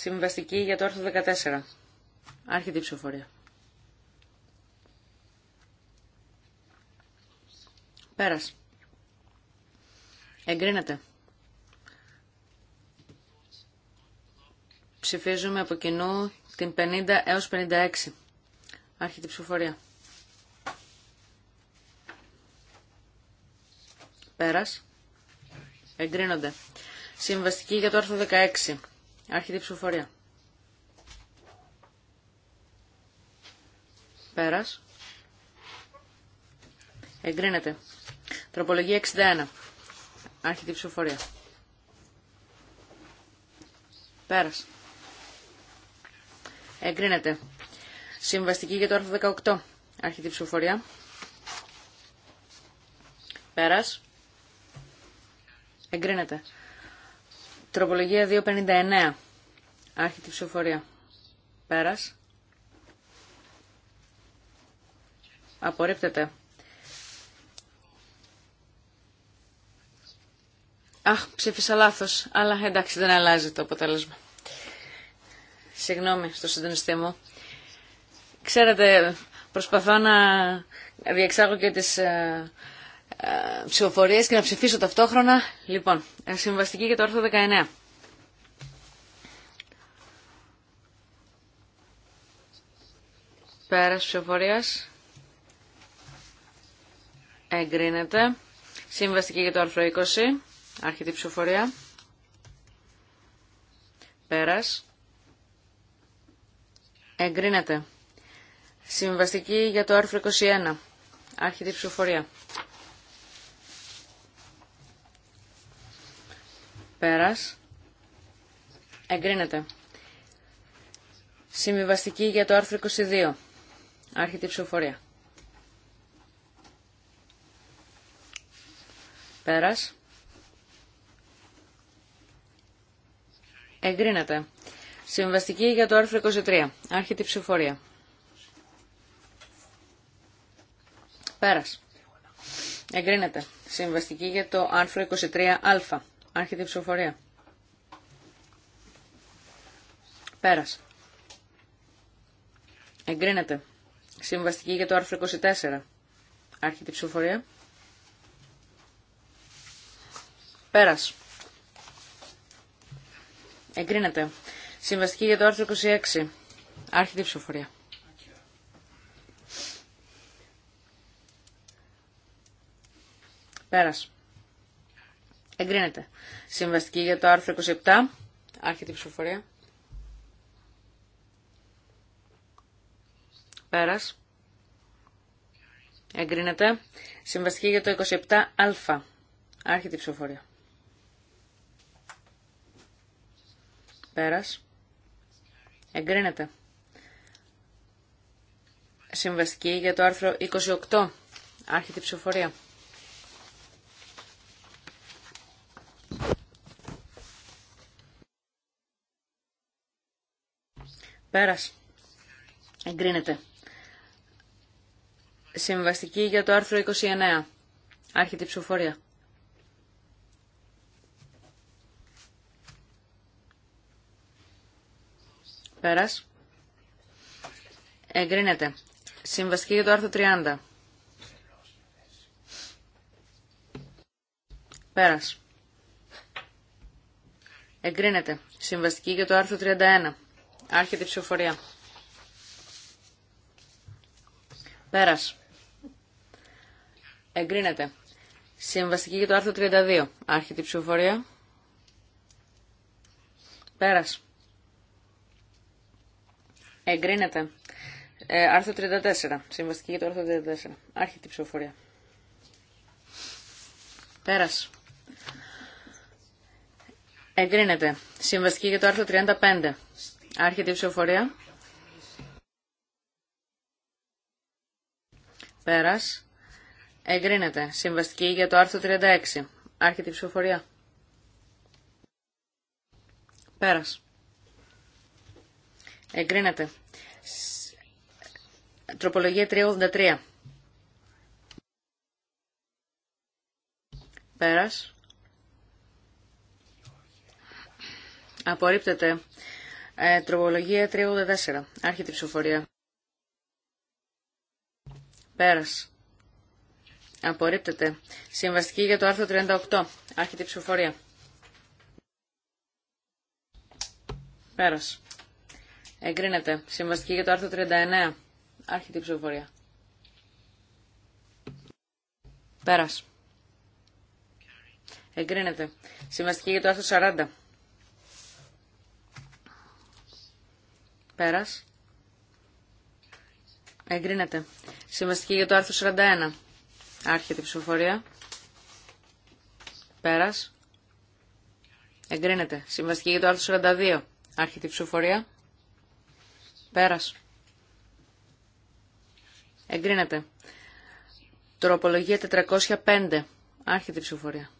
Συμβαστική για το άρθρο 14. Άρχεται η ψηφοφορία. Πέρας. Εγκρίνεται. Ψηφίζουμε από κοινού την 50 έως 56. Άρχεται η ψηφοφορία. Πέρας. Εγκρίνονται. Συμβαστική για το άρθρο 16. Άρχεται ψηφοφορία. Πέρας. Εγκρίνεται. Τροπολογία 61. Άρχεται ψηφοφορία. Πέρας. Εγκρίνεται. Συμβαστική για το άρθρο 18. Άρχεται ψηφοφορία. Πέρας. Εγκρίνεται. Τροπολογία 259. Άρχιτη ψηφοφορία. Πέρας. Απορρίπτεται. Αχ, ψήφισα λάθος, αλλά εντάξει δεν αλλάζει το αποτέλεσμα. Συγγνώμη στο συντονιστή μου. Ξέρετε, προσπαθώ να διεξάγω και τις ε, ε, ψηφοφορίες και να ψηφίσω ταυτόχρονα. Λοιπόν, ε, συμβαστική για το άρθρο 19. Πέρας ψηφοφορίας. Εγκρίνεται. Συμβαστική για το άρθρο 20. Άρχεται η ψηφοφορία. Πέρας. Εγκρίνεται. Συμβαστική για το άρθρο 21. Άρχεται η ψηφοφορία. Πέρας. Εγκρίνεται. Συμβιβαστική για το άρθρο 22. Άρχεται η ψηφοφορία. Πέρας. Εγκρίνεται. Συμβαστική για το άρθρο 23. Άρχεται η ψηφοφορία. Πέρας. Εγκρίνεται. Συμβαστική για το άρθρο 23α. Άρχεται η ψηφοφορία. Πέρας. Εγκρίνεται. Συμβαστική για το άρθρο 24. Άρχεται ψηφοφορία. Πέρας. Εγκρίνεται. Συμβαστική για το άρθρο 26. Άρχεται ψηφοφορία. Πέρας. Εγκρίνεται. Συμβαστική για το άρθρο 27. Άρχεται η ψηφοφορία. Πέρας. Εγκρίνεται. Συμβαστική για το 27α. Άρχεται η ψηφοφορία. Πέρας. Εγκρίνεται. Συμβαστική για το άρθρο 28. Άρχεται η ψηφοφορία. Πέρας. Εγκρίνεται. Συμβαστική για το άρθρο 29. Άρχεται η ψηφοφορία. Πέρας. Εγκρίνεται. Συμβαστική για το άρθρο 30. Πέρας. Εγκρίνεται. Συμβαστική για το άρθρο 31. Άρχεται η ψηφοφορία. Πέρας. Εγκρίνεται. Συμβαστική για το άρθρο 32. Άρχεται η ψηφοφορία. Πέρας. Εγκρίνεται. Ε, άρθρο 34. Συμβαστική για το άρθρο 34. Άρχεται η ψηφοφορία. Πέρας. Εγκρίνεται. Συμβαστική για το άρθρο 35. Άρχεται η ψηφοφορία. Πέρας. Εγκρίνεται. Συμβαστική για το άρθρο 36. Άρχεται η ψηφοφορία. Πέρας. Εγκρίνεται. Τροπολογία 383. Πέρας. Απορρίπτεται. Ε, τροπολογία 34. Άρχεται ψηφοφορία. Πέρας. Απορρίπτεται. Συμβαστική για το άρθρο 38. Άρχεται ψηφοφορία. Πέρας. Εγκρίνεται. Συμβαστική για το άρθρο 39. Άρχεται η ψηφοφορία. Πέρας. Εγκρίνεται. Συμβαστική για το άρθρο 40. Πέρας. Εγκρίνεται. Συμβαστική για το άρθρο 41. Άρχεται η ψηφοφορία. Πέρας. Εγκρίνεται. Συμβαστική για το άρθρο 42. Άρχεται η ψηφοφορία. Πέρας. Εγκρίνεται. Τροπολογία 405. Άρχεται η ψηφοφορία.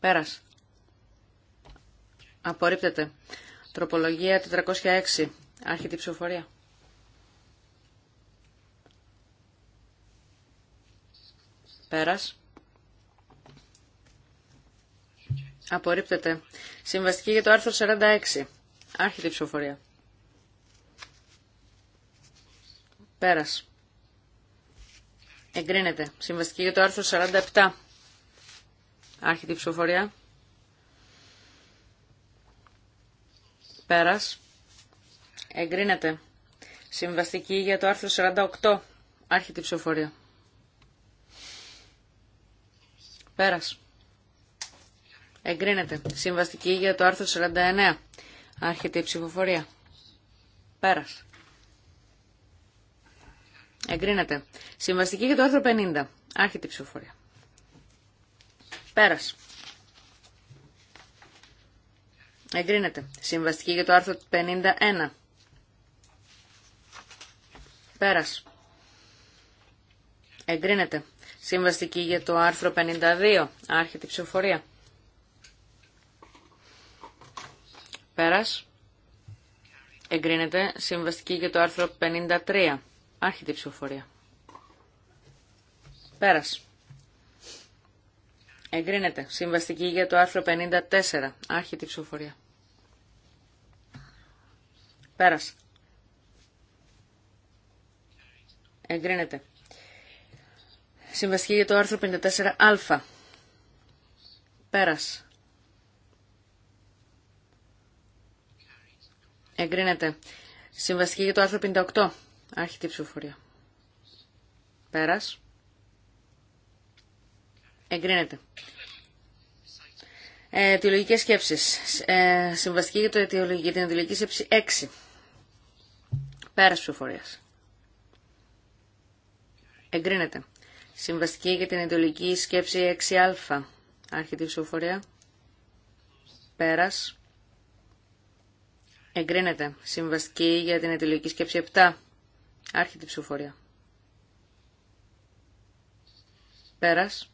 Πέρας. Απορρίπτεται. Τροπολογία 406. Άρχεται η ψηφοφορία. Πέρας. Απορρίπτεται. Συμβαστική για το άρθρο 46. Άρχεται ψηφοφορία. Πέρας. Εγκρίνεται. Συμβαστική για το άρθρο 47. Άρχεται ψηφοφορία. Πέρας. Εγκρίνεται. Συμβαστική για το άρθρο 48. Άρχεται η ψηφοφορία. Πέρας. Εγκρίνεται. Συμβαστική για το άρθρο 49. Άρχεται η ψηφοφορία. Πέρας. Εγκρίνεται. Συμβαστική για το άρθρο 50. Άρχεται η ψηφοφορία. Πέρας. Εγκρίνεται. Συμβαστική για το άρθρο 51. Πέρας. Εγκρίνεται. Συμβαστική για το άρθρο 52. Άρχεται η ψηφοφορία. Πέρας. Εγκρίνεται. Συμβαστική για το άρθρο 53. Άρχεται η ψηφοφορία. Πέρας. Εγκρίνεται. Συμβαστική για το άρθρο 54. Άρχιτη ψηφοφορία. Πέρασε. Εγκρίνεται. Συμβαστική για το άρθρο 54α. Πέρασε. Εγκρίνεται. Συμβαστική για το άρθρο 58. Άρχιτη ψηφοφορία. Πέρασε. Εγκρίνεται. Ε, αιτιολογικές σκέψεις. Ε, συμβαστική για, το αιτιολογική, για την αιτιολογική σκέψη 6. Πέρας ψηφοφορίας. Εγκρίνεται. Συμβαστική για την αιτιολογική σκέψη 6α. Άρχεται ψηφοφορία. Πέρας. Εγκρίνεται. Συμβαστική για την αιτιολογική σκέψη 7. Άρχεται ψηφοφορία. Πέρας.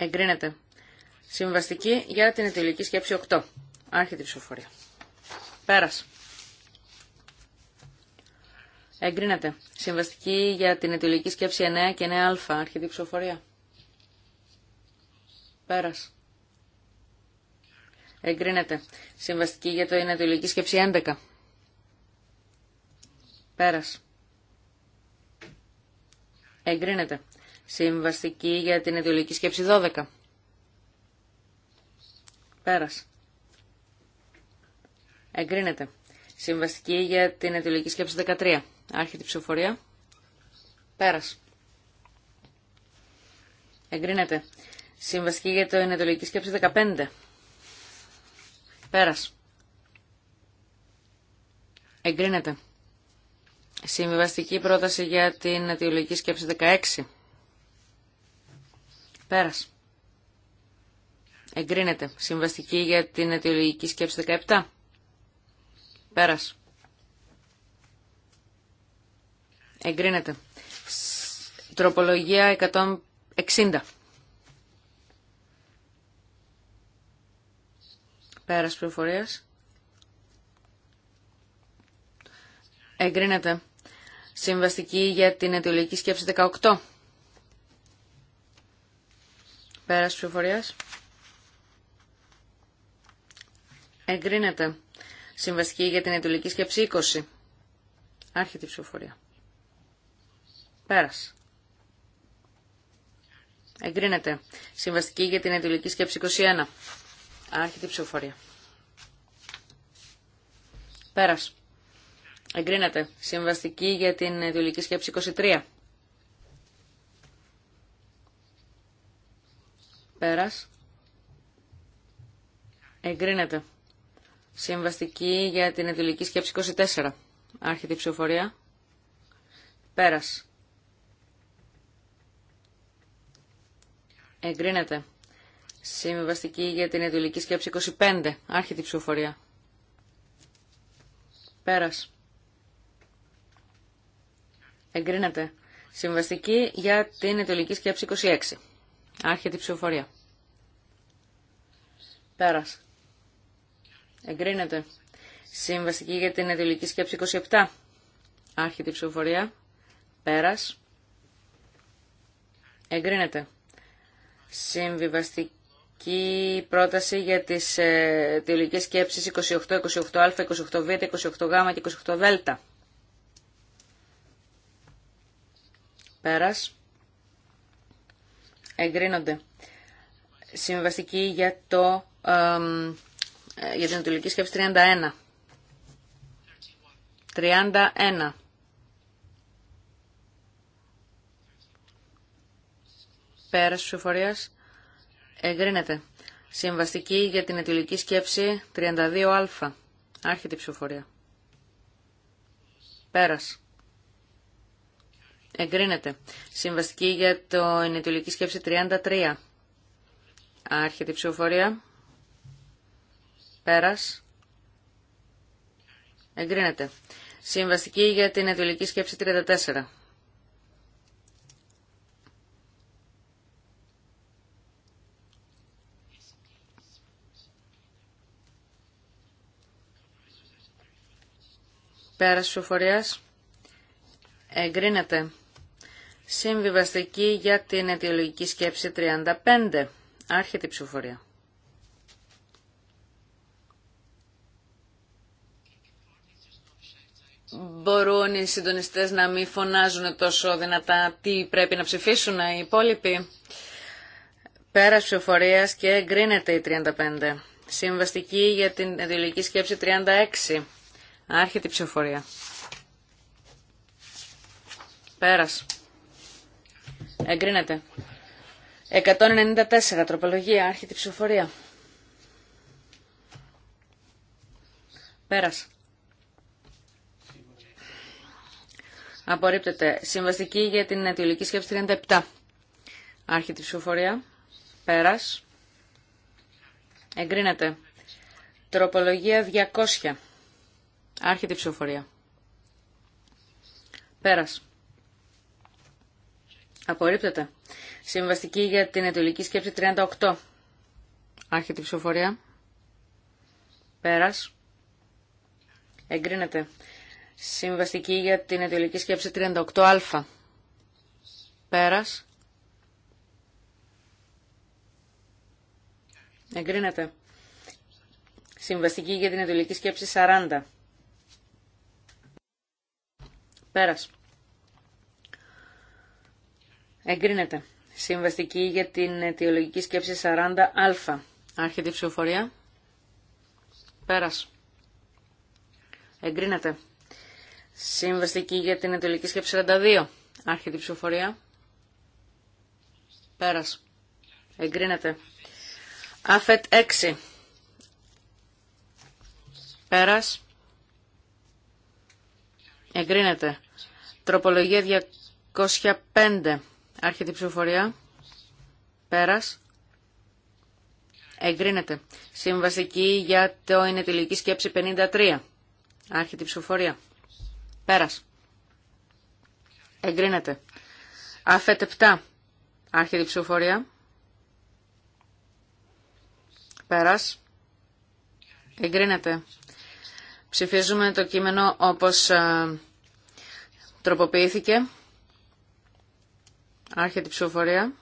Εγκρίνεται. Συμβαστική για την αιτιολογική σκέψη 8. Άρχεται η ψηφοφορία. Πέρας. Εγκρίνεται. Συμβαστική για την αιτιολογική σκέψη 9 και 9α. Άρχεται η ψηφοφορία. Πέρας. Εγκρίνεται. Συμβαστική για την αιτιολογική σκέψη 11. Πέρασε. Εγκρίνεται. Συμβαστική για την ιδεολογική σκέψη 12. Πέρας. Εγκρίνεται. Συμβαστική για την ιδεολογική σκέψη 13. Άρχεται η ψηφοφορία. Πέρας. Εγκρίνεται. Συμβαστική για την ιδεολογική σκέψη 15. Πέρας. Εγκρίνεται. Συμβαστική πρόταση για την αιτιολογική σκέψη 16. Πέρας. Εγκρίνεται. Συμβαστική για την αιτιολογική σκέψη 17. Πέρας. Εγκρίνεται. Τροπολογία 160. Πέρας πληροφορία. Εγκρίνεται. Συμβαστική για την αιτιολογική σκέψη 18. Πέρας ψηφοφορίας. Εγκρίνεται. Συμβαστική για την ετουλική σκέψη 20. Άρχεται η ψηφοφορία. Πέρας. Εγκρίνεται. Συμβαστική για την ετουλική σκέψη 21. Άρχεται η ψηφοφορία. Πέρας. Εγκρίνεται. Συμβαστική για την ετουλική σκέψη 23. Πέρας. Εγκρίνεται. Συμβαστική για την ειδηλική σκέψη 24. Άρχεται η ψηφοφορία. Πέρας. Εγκρίνεται. Συμβαστική για την ειδηλική σκέψη 25. Άρχεται η ψηφοφορία. Πέρας. Εγκρίνεται. Συμβαστική για την ειδηλική σκέψη 26. Άρχεται η ψηφοφορία. Πέρας. Εγκρίνεται. Συμβαστική για την αιτιολογική σκέψη 27. Άρχεται η ψηφοφορία. Πέρας. Εγκρίνεται. Συμβιβαστική πρόταση για τις ε, σκέψει σκέψεις 28, 28α, 28β, 28γ και 28δ. Πέρας εγκρίνονται. Συμβαστική για, το, για την Ανατολική Σκέψη 31. 31. Πέρας της Εγρίνεται. εγκρίνεται. Συμβαστική για την αιτιολικη σκεψη σκέψη 32α. Άρχεται η ψηφοφορία. Πέρας. Εγκρίνεται. Συμβαστική για το ενετολική σκέψη 33. Άρχεται η ψηφοφορία. Πέρας. Εγκρίνεται. Συμβαστική για την ενετολική σκέψη 34. Πέρας ψηφοφορίας. Εγκρίνεται. Συμβιβαστική για την αιτιολογική σκέψη 35. Άρχεται η ψηφοφορία. Μπορούν οι συντονιστές να μην φωνάζουν τόσο δυνατά τι πρέπει να ψηφίσουν οι υπόλοιποι. Πέρας ψηφοφορίας και εγκρίνεται η 35. Συμβαστική για την αιτιολογική σκέψη 36. Άρχεται η ψηφοφορία. Πέρας. Εγκρίνεται. 194 τροπολογία. Άρχεται ψηφοφορία. Πέρας. Απορρίπτεται. Συμβαστική για την αιτιολογική σκέψη 37. Άρχεται ψηφοφορία. Πέρας. Εγκρίνεται. Τροπολογία 200. Άρχεται ψηφοφορία. Πέρας. Απορρίπτεται. Συμβαστική για την ετολική σκέψη 38. Άρχεται η ψηφοφορία. Πέρας. Εγκρίνεται. Συμβαστική για την ετολική σκεψη σκέψη 38α. Πέρας. Εγκρίνεται. Συμβαστική για την ετολική σκέψη 40. Πέρας. Εγκρίνεται. Συμβαστική για την αιτιολογική σκέψη 40α. Άρχεται η ψηφοφορία. Πέρας. Εγκρίνεται. Συμβαστική για την αιτιολογική σκέψη 42. Άρχεται η ψηφοφορία. Πέρας. Εγκρίνεται. Άφετ 6. Πέρας. Εγκρίνεται. Τροπολογία 205. Άρχεται η ψηφοφορία. Πέρας. Εγκρίνεται. Συμβαστική για το είναι τελική σκέψη 53. Άρχεται η ψηφοφορία. Πέρας. Εγκρίνεται. Αφετεπτά, 7. Άρχεται η ψηφοφορία. Πέρας. Εγκρίνεται. Ψηφίζουμε το κείμενο όπως ε, τροποποιήθηκε. Άρχεται η ψηφοφορία.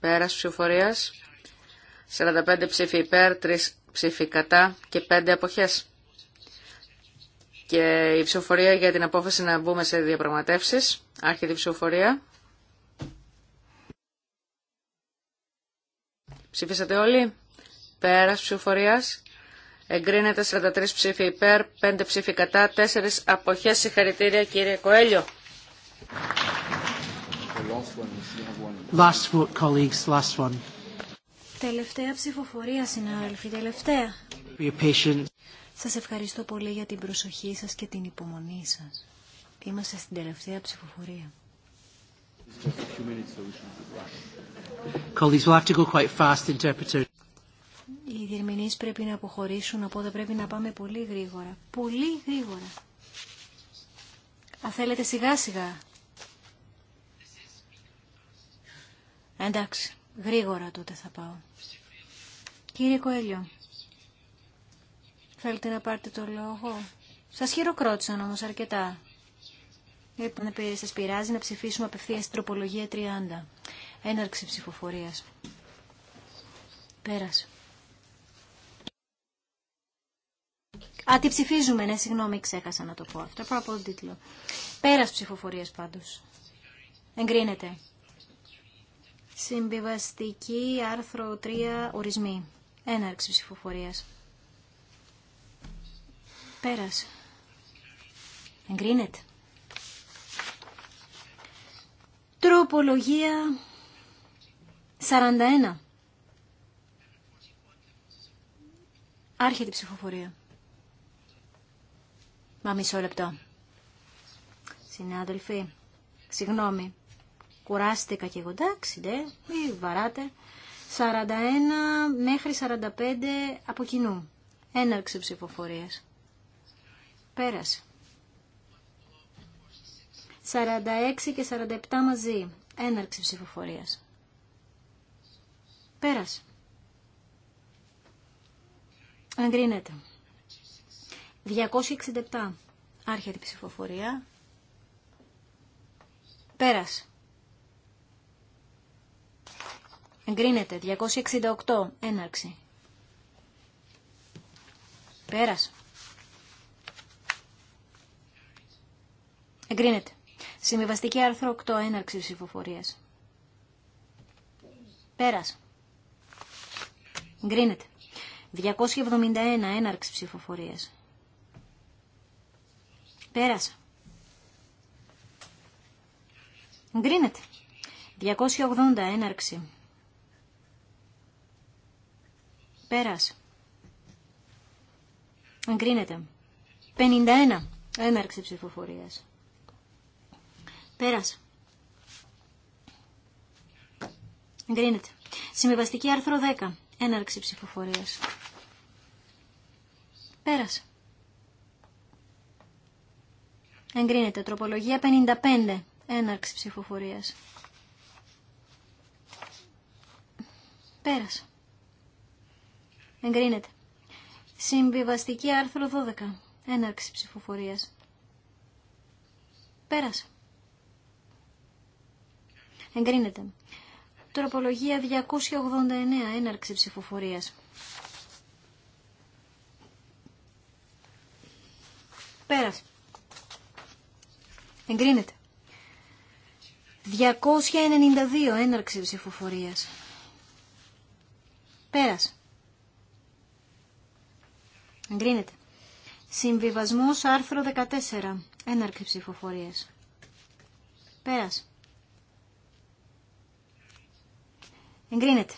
Πέρας ψηφοφορίας. 45 ψήφοι υπέρ, 3 ψήφοι κατά και 5 αποχές. Και η ψηφοφορία για την απόφαση να μπούμε σε διαπραγματεύσεις. Άρχεται η ψηφοφορία. Ψήφισατε όλοι. Πέρας ψηφοφορίας. Εγκρίνεται 43 ψήφοι υπέρ, 5 ψήφοι κατά, 4 αποχές. Συγχαρητήρια κύριε Κοέλιο. Last vote, colleagues, last one. Τελευταία ψηφοφορία, συνάδελφοι, τελευταία. Be patient. Σας ευχαριστώ πολύ για την προσοχή σας και την υπομονή σας. Είμαστε στην τελευταία ψηφοφορία. Colleagues, we'll have to go quite fast, interpreter. Οι διερμηνείς πρέπει να αποχωρήσουν, οπότε πρέπει να πάμε πολύ γρήγορα. Πολύ γρήγορα. Αν θέλετε σιγά σιγά. Εντάξει, γρήγορα τότε θα πάω. Κύριε Κοέλιο, θέλετε να πάρετε το λόγο. Σας χειροκρότησαν όμως αρκετά. Λοιπόν, σας πειράζει να ψηφίσουμε απευθείας τροπολογία 30. Έναρξη ψηφοφορίας. Πέρασε. Α, τι ψηφίζουμε, ναι, συγγνώμη, ξέχασα να το πω. Αυτό πάω από τον τίτλο. Πέρας ψηφοφορίας πάντως. Εγκρίνεται. Συμβιβαστική άρθρο 3 ορισμοί. Έναρξη ψηφοφορία. Πέρας. Εγκρίνεται. Τροπολογία 41. Άρχεται η ψηφοφορία. Μα μισό λεπτό. Συνάδελφοι, συγγνώμη. Κουράστηκα και εγώ, ναι, μη βαράτε. 41 μέχρι 45 από κοινού. Έναρξη ψηφοφορία. Πέρασε. 46 και 47 μαζί. Έναρξη ψηφοφορία. Πέρασε. Αγκρίνεται. 267. Άρχεται η ψηφοφορία. Πέρας. Εγκρίνεται. 268. Έναρξη. Πέρας. Εγκρίνεται. Συμβιβαστική άρθρο 8. Έναρξη ψηφοφορίας. Πέρας. Εγκρίνεται. 271. Έναρξη ψηφοφορίας. Πέρασα. Εγκρίνεται. 280 έναρξη. Πέρασα. Εγκρίνεται. 51 έναρξη ψηφοφορίας. Πέρασα. Εγκρίνεται. Συμβεβαστική άρθρο 10. Έναρξη ψηφοφορίας. Πέρασα. Εγκρίνεται. Τροπολογία 55. Έναρξη ψηφοφορίας. Πέρασε. Εγκρίνεται. Συμβιβαστική άρθρο 12. Έναρξη ψηφοφορίας. Πέρασε. Εγκρίνεται. Τροπολογία 289. Έναρξη ψηφοφορίας. Πέρασε. Εγκρίνεται. 292 έναρξη ψηφοφορίας. Πέρας. Εγκρίνεται. Συμβιβασμός άρθρο 14. Έναρξη ψηφοφορίας. Πέρας. Εγκρίνεται.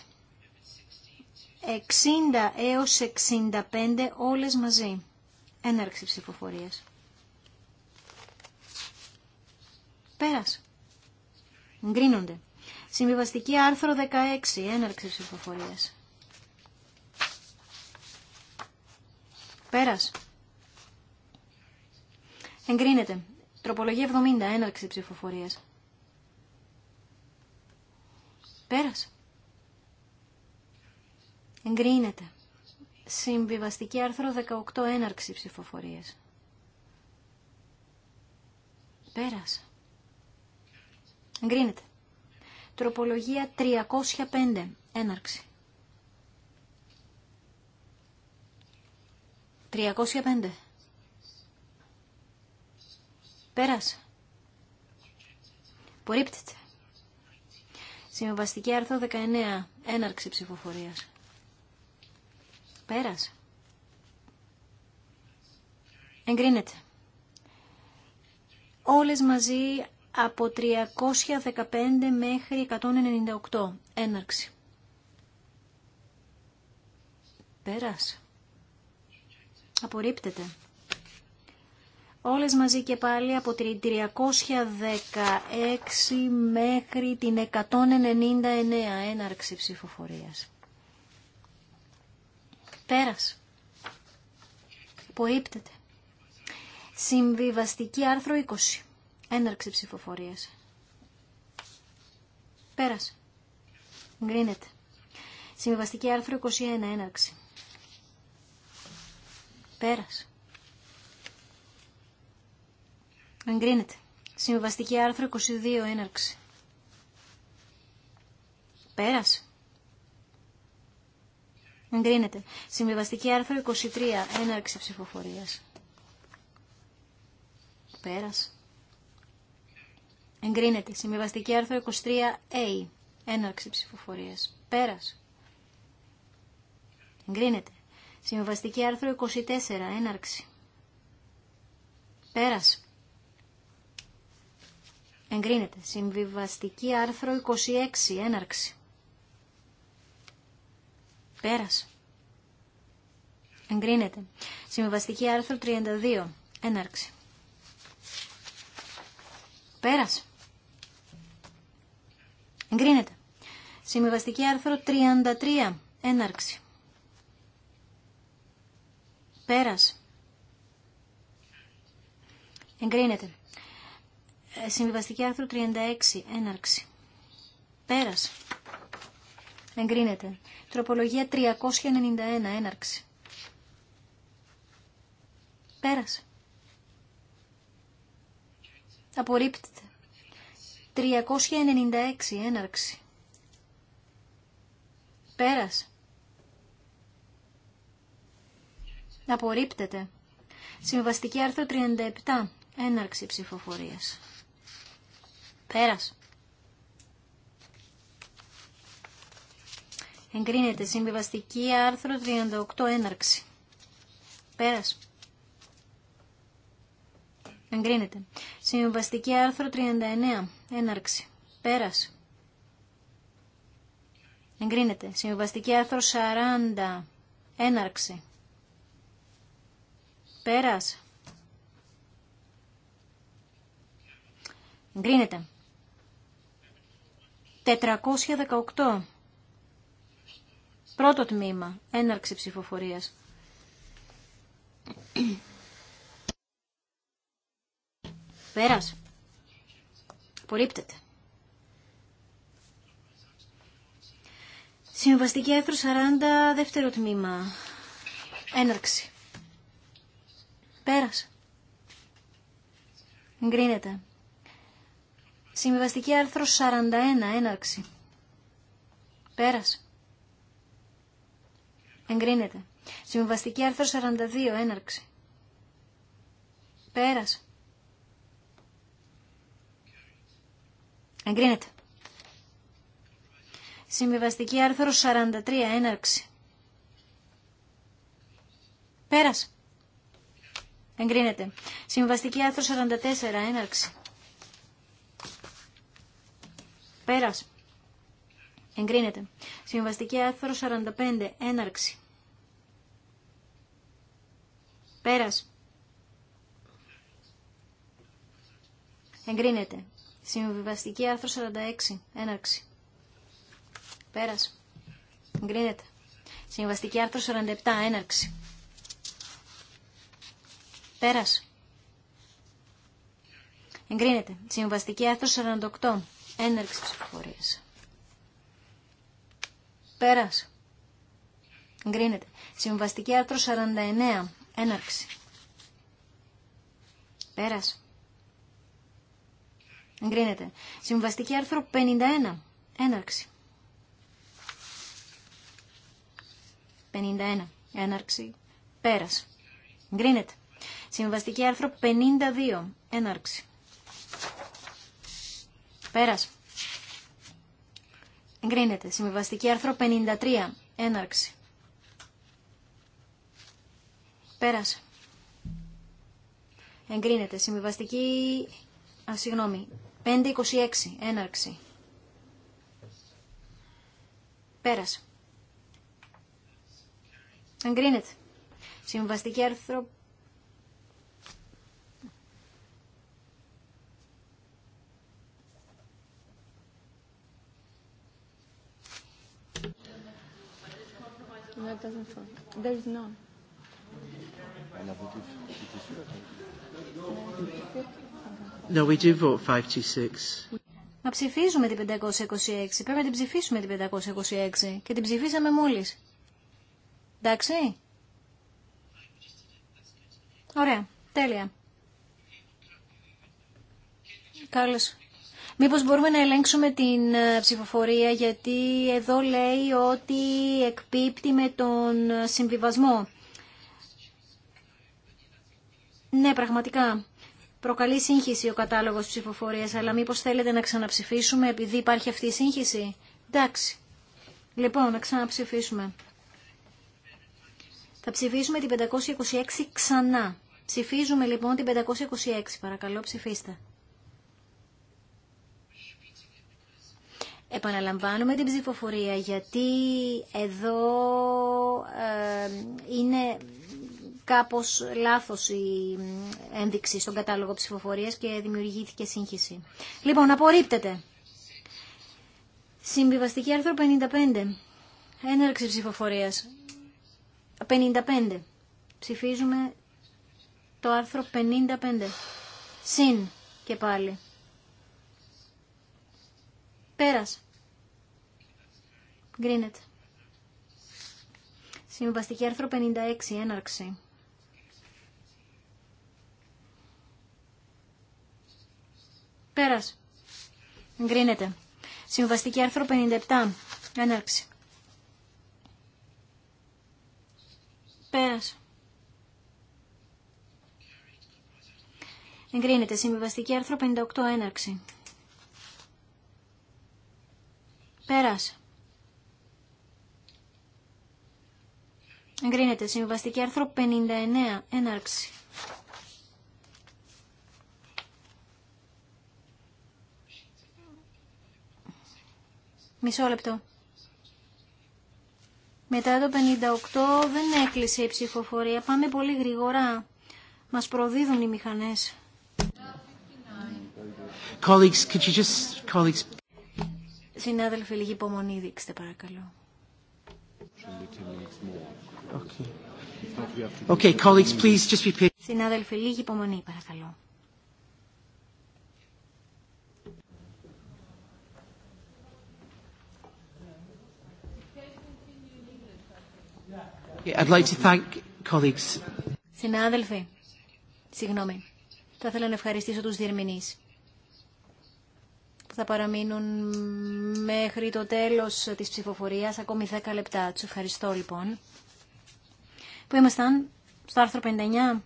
60 έως 65 όλες μαζί. Έναρξη ψηφοφορίας. Πέρας. Εγκρίνονται. Συμβιβαστική άρθρο 16. Έναρξη ψηφοφορίας. Πέρας. Εγκρίνεται. Τροπολογία 70. Έναρξη ψηφοφορία. Πέρας. Εγκρίνεται. Συμβιβαστική άρθρο 18. Έναρξη ψηφοφορίας. Πέρας. Εγκρίνεται. Τροπολογία 305. Έναρξη. 305. Πέρασε. Πορύπτεται. Συμβαστική άρθρο 19. Έναρξη ψηφοφορίας. Πέρασε. Εγκρίνεται. Όλες μαζί από 315 μέχρι 198. Έναρξη. Πέρας. Απορρίπτεται. Όλες μαζί και πάλι από 316 μέχρι την 199 έναρξη ψηφοφορίας. Πέρας. Απορρίπτεται. Συμβιβαστική άρθρο 20. Έναρξη ψηφοφορίας. Πέρασε. Γκρίνεται. Συμβαστική άρθρο 21. Έναρξη. Πέρασε. Εγκρίνεται. Συμβαστική άρθρο 22. Έναρξη. Πέρασε. Εγκρίνεται. Συμβιβαστική άρθρο 23. Έναρξη ψηφοφορίας. Πέρασε. Εγκρίνεται. Συμβιβαστική άρθρο 23A. Έναρξη ψηφοφορίας. Πέρας. Εγκρίνεται. Συμβιβαστική άρθρο 24. Έναρξη. Πέρας. Εγκρίνεται. Συμβιβαστική άρθρο 26. Έναρξη. Πέρας. Εγκρίνεται. Συμβιβαστική άρθρο 32. Έναρξη. Πέρασε. Εγκρίνεται. Συμβιβαστική άρθρο 33. Έναρξη. Πέρασε. Εγκρίνεται. Ε, συμβιβαστική άρθρο 36. Έναρξη. Πέρασε. Εγκρίνεται. Τροπολογία 391. Έναρξη. Πέρασε. Απορρίπτεται. 396 έναρξη. Πέρας. Απορρίπτεται. Συμβαστική άρθρο 37. Έναρξη ψηφοφορίας. Πέρας. Εγκρίνεται. Συμβιβαστική άρθρο 38. Έναρξη. Πέρας. Εγκρίνεται. Συμβαστική άρθρο 39. Έναρξη. Πέρας. Εγκρίνεται. Συμβαστική άρθρο 40. Έναρξη. Πέρας. Εγκρίνεται. 418. Πρώτο τμήμα. Έναρξη ψηφοφορίας. Πέρας. Απορρίπτεται. Συμβαστική άρθρο 40, δεύτερο τμήμα. Έναρξη. Πέρασε. Εγκρίνεται. Συμβαστική άρθρο 41, έναρξη. Πέρασε. Εγκρίνεται. Συμβαστική άρθρο 42, έναρξη. Πέρασε. Εγκρίνεται. Συμβιβαστική άρθρο 43. Έναρξη. Πέρας. Εγκρίνεται. Συμβιβαστική άρθρο 44. Έναρξη. Πέρας. Εγκρίνεται. Συμβαστική άρθρο 45. Έναρξη. Πέρας. Εγκρίνεται. Συμβιβαστική άρθρο 46. Έναρξη. Πέρας. Εγκρίνεται. Συμβαστική άρθρο 47. Έναρξη. Πέρας. Εγκρίνεται. Συμβαστική άρθρο 48. Έναρξη ψηφοφορίας. Πέρας. Εγκρίνεται. Συμβαστική άρθρο 49. Έναρξη. Πέρας. Εγκρίνεται. Συμβαστική άρθρο 51. Έναρξη. 51. Έναρξη. Πέρας. Εγκρίνεται. Συμβαστική άρθρο 52. Έναρξη. Πέρας. Εγκρίνεται. Συμβαστική άρθρο 53. Έναρξη. Πέρας. Εγκρίνεται. Συμβαστική Α, συγγνώμη. 5.26. Έναρξη. Πέρασε. Εγκρίνεται. Συμβαστική άρθρο... That doesn't fall. There is none. Να we do vote 526. ψηφίζουμε την 526. Πρέπει να την ψηφίσουμε την 526. Και την ψηφίσαμε μόλις. Εντάξει. Ωραία. Τέλεια. Καλώς. Μήπως μπορούμε να ελέγξουμε την ε, ψηφοφορία γιατί εδώ λέει ότι εκπίπτει με τον ε, συμβιβασμό. Ναι, πραγματικά προκαλεί σύγχυση ο κατάλογος ψηφοφορία, αλλά μήπω θέλετε να ξαναψηφίσουμε επειδή υπάρχει αυτή η σύγχυση. Εντάξει. Λοιπόν, να ξαναψηφίσουμε. Θα ψηφίσουμε την 526 ξανά. Ψηφίζουμε λοιπόν την 526. Παρακαλώ ψηφίστε. Επαναλαμβάνουμε την ψηφοφορία γιατί εδώ ε, είναι κάπως λάθος η ένδειξη στον κατάλογο ψηφοφορίας και δημιουργήθηκε σύγχυση. Λοιπόν, απορρίπτεται. Συμβιβαστική άρθρο 55. Έναρξη ψηφοφορίας. 55. Ψηφίζουμε το άρθρο 55. Συν και πάλι. Πέρας. Γκρινέτ. Συμβαστική άρθρο 56. Έναρξη. Πέρας. Εγκρίνεται. Συμβαστική άρθρο 57. Έναρξη. Πέρας. Εγκρίνεται. Συμβαστική άρθρο 58. Έναρξη. Πέρας. Εγκρίνεται. συμβαστική άρθρο 59. Έναρξη. Μισό λεπτό. Μετά το 58 δεν έκλεισε η ψηφοφορία. Πάμε πολύ γρήγορα. Μας προδίδουν οι μηχανές. Colleagues, could you just... Colleagues... Συνάδελφοι, λίγη υπομονή δείξτε παρακαλώ. Okay. Okay, colleagues, please just be... Συνάδελφοι, λίγη υπομονή παρακαλώ. I'd like to thank colleagues. Συνάδελφοι, συγγνώμη, θα ήθελα να ευχαριστήσω τους διερμηνείς που θα παραμείνουν μέχρι το τέλος της ψηφοφορίας, ακόμη 10 λεπτά. Τους ευχαριστώ λοιπόν. Πού ήμασταν, στο άρθρο 59.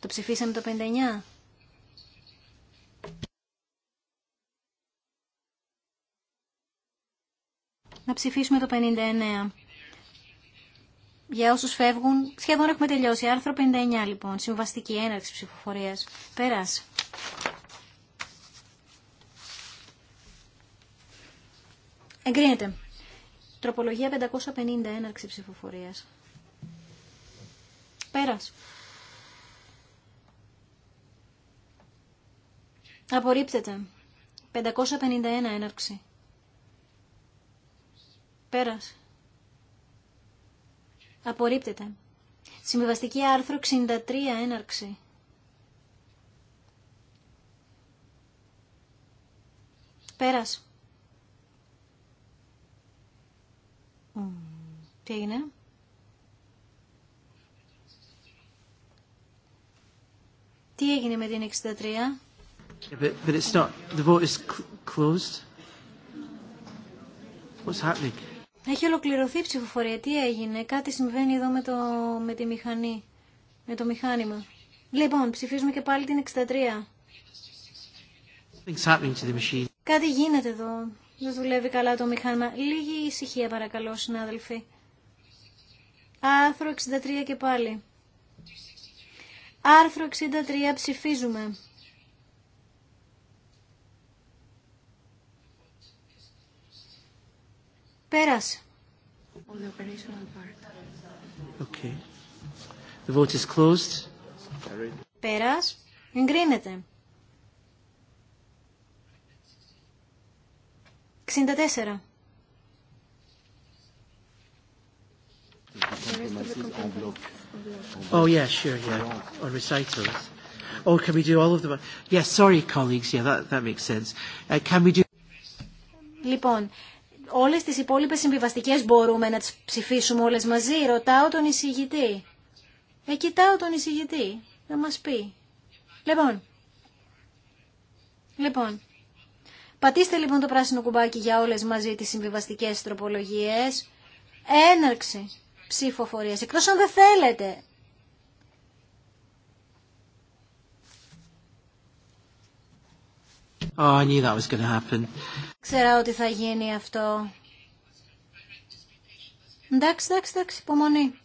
Το ψηφίσαμε το 59. να ψηφίσουμε το 59. Για όσους φεύγουν, σχεδόν έχουμε τελειώσει. Άρθρο 59 λοιπόν, συμβαστική έναρξη ψηφοφορίας. Πέρας. Εγκρίνεται. Τροπολογία 550 έναρξη ψηφοφορίας. Πέρας. Απορρίπτεται. 551 έναρξη. Πέρας. Απορρίπτεται. Συμβιβαστική άρθρο 63 έναρξη. Πέρας. Τι έγινε. Τι έγινε με την 63. Yeah, but, but it's not. The vote is closed. What's happening? Έχει ολοκληρωθεί η ψηφοφορία. Τι έγινε, κάτι συμβαίνει εδώ με το, με τη μηχανή, με το μηχάνημα. Λοιπόν, ψηφίζουμε και πάλι την 63. Κάτι γίνεται εδώ. Δεν δουλεύει καλά το μηχάνημα. Λίγη ησυχία παρακαλώ, συνάδελφοι. Άρθρο 63 και πάλι. Άρθρο 63 ψηφίζουμε. Πέρασε. Okay. The vote is closed. Πέρας. Εγκρίνεται. 64. Oh yeah, sure, yeah. Or recitals. Oh, can we do all of them? Yes, yeah, sorry, colleagues. Yeah, that that makes sense. Uh, can we do? Λοιπόν, όλες τις υπόλοιπε συμβιβαστικέ μπορούμε να τι ψηφίσουμε όλες μαζί. Ρωτάω τον εισηγητή. Ε, κοιτάω τον εισηγητή. Να μα πει. Λοιπόν. Λοιπόν. Πατήστε λοιπόν το πράσινο κουμπάκι για όλες μαζί τις συμβιβαστικέ τροπολογίες. Έναρξη ψηφοφορία Εκτός αν δεν θέλετε Oh, I knew that was going to happen. Ξέρα ότι θα γίνει αυτό. Εντάξει, εντάξει, εντάξει, υπομονή.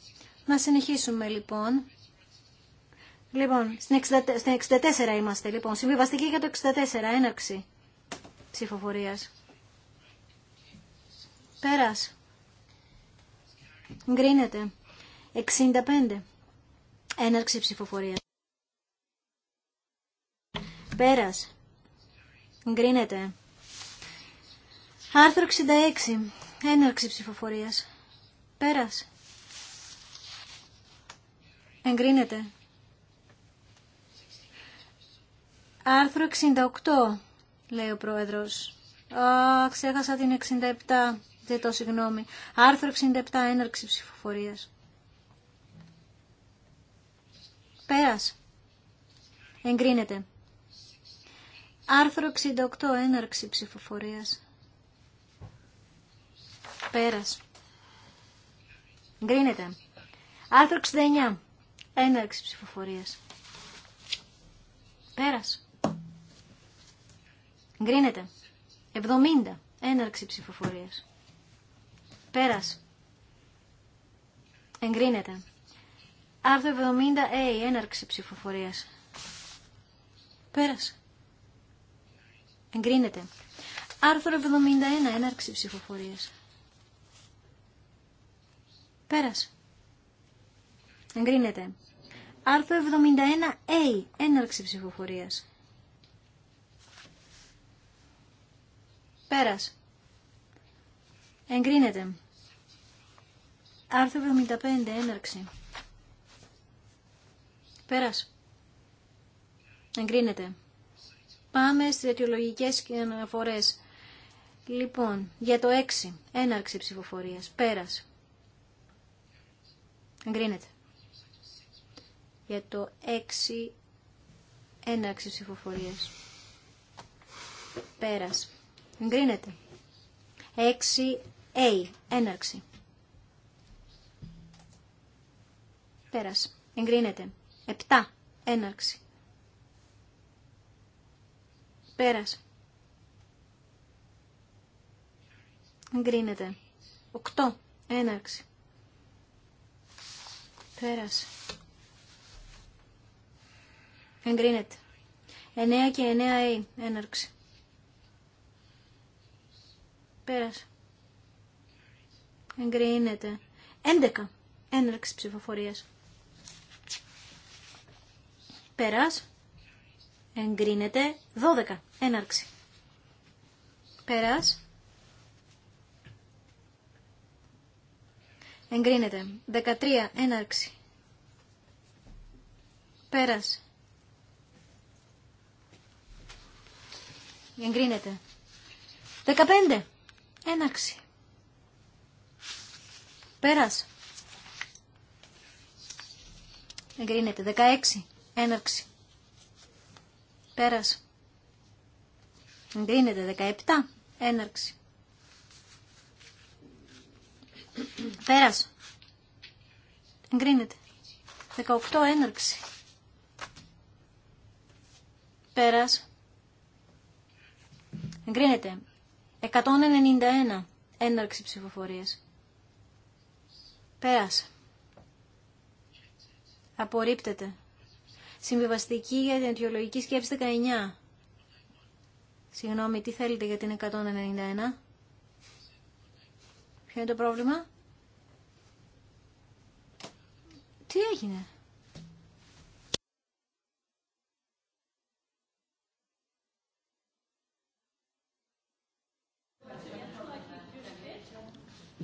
Να συνεχίσουμε λοιπόν. Λοιπόν, στην 64 είμαστε λοιπόν. Συμβιβαστική για το 64, έναρξη ψηφοφορίας. Πέρας. Γκρίνεται. 65. Έναρξη ψηφοφορίας. Πέρας. Εγκρίνεται. Άρθρο 66. Έναρξη ψηφοφορίας. Πέρας. Εγκρίνεται. Άρθρο 68, λέει ο πρόεδρος. Α, ξέχασα την 67. Δεν το συγγνώμη. Άρθρο 67, έναρξη ψηφοφορίας. Πέρας. Εγκρίνεται. Άρθρο 68. Έναρξη ψηφοφορίας. Πέρας. Γκρίνεται. Άρθρο 69. Έναρξη ψηφοφορίας. Πέρας. Γκρίνεται. 70. Έναρξη ψηφοφορίας. Πέρας. Εγκρίνεται. Άρθρο Έναρξη ψηφοφορίας. Πέρασε. Εγκρίνεται. Άρθρο 71. Έναρξη ψηφοφορίας. Πέρας. Εγκρίνεται. Άρθρο 71A. Έναρξη ψηφοφορίας. Πέρας. Εγκρίνεται. Άρθρο 75. Έναρξη. Πέρας. Εγκρίνεται. Πάμε στι αιτιολογικές αναφορέ. Λοιπόν, για το 6, έναρξη ψηφοφορία. πέρας. Εγκρίνεται. Για το 6, εναρξη ψηφοφορία. ψηφοφορίας. Πέρας. Εγκρίνεται. 6A, έναρξη. Πέρας. Εγκρίνεται. 7, έναρξη. Πέρας. Εγκρίνεται. Οκτώ. Έναρξη. Πέρας. Εγκρίνεται. Εννέα και εννέα ει. Έναρξη. Πέρας. Εγκρίνεται. Έντεκα. Έναρξη ψηφοφορίας. Πέρας εγκρίνεται 12. Έναρξη. Πέρας. Εγκρίνεται 13. Έναρξη. Πέρας. Εγκρίνεται 15. Έναρξη. Πέρας. Εγκρίνεται 16. Έναρξη. Πέρας. Εγκρίνεται 17. Έναρξη. Πέρας. Εγκρίνεται. 18. Έναρξη. Πέρας. Εγκρίνεται. 191. Έναρξη ψηφοφορίας. Πέρας. Απορρίπτεται. Συμβιβαστική για την αιτιολογική σκέψη 19. Συγγνώμη, τι θέλετε για την 191. Ποιο είναι το πρόβλημα. Τι έγινε.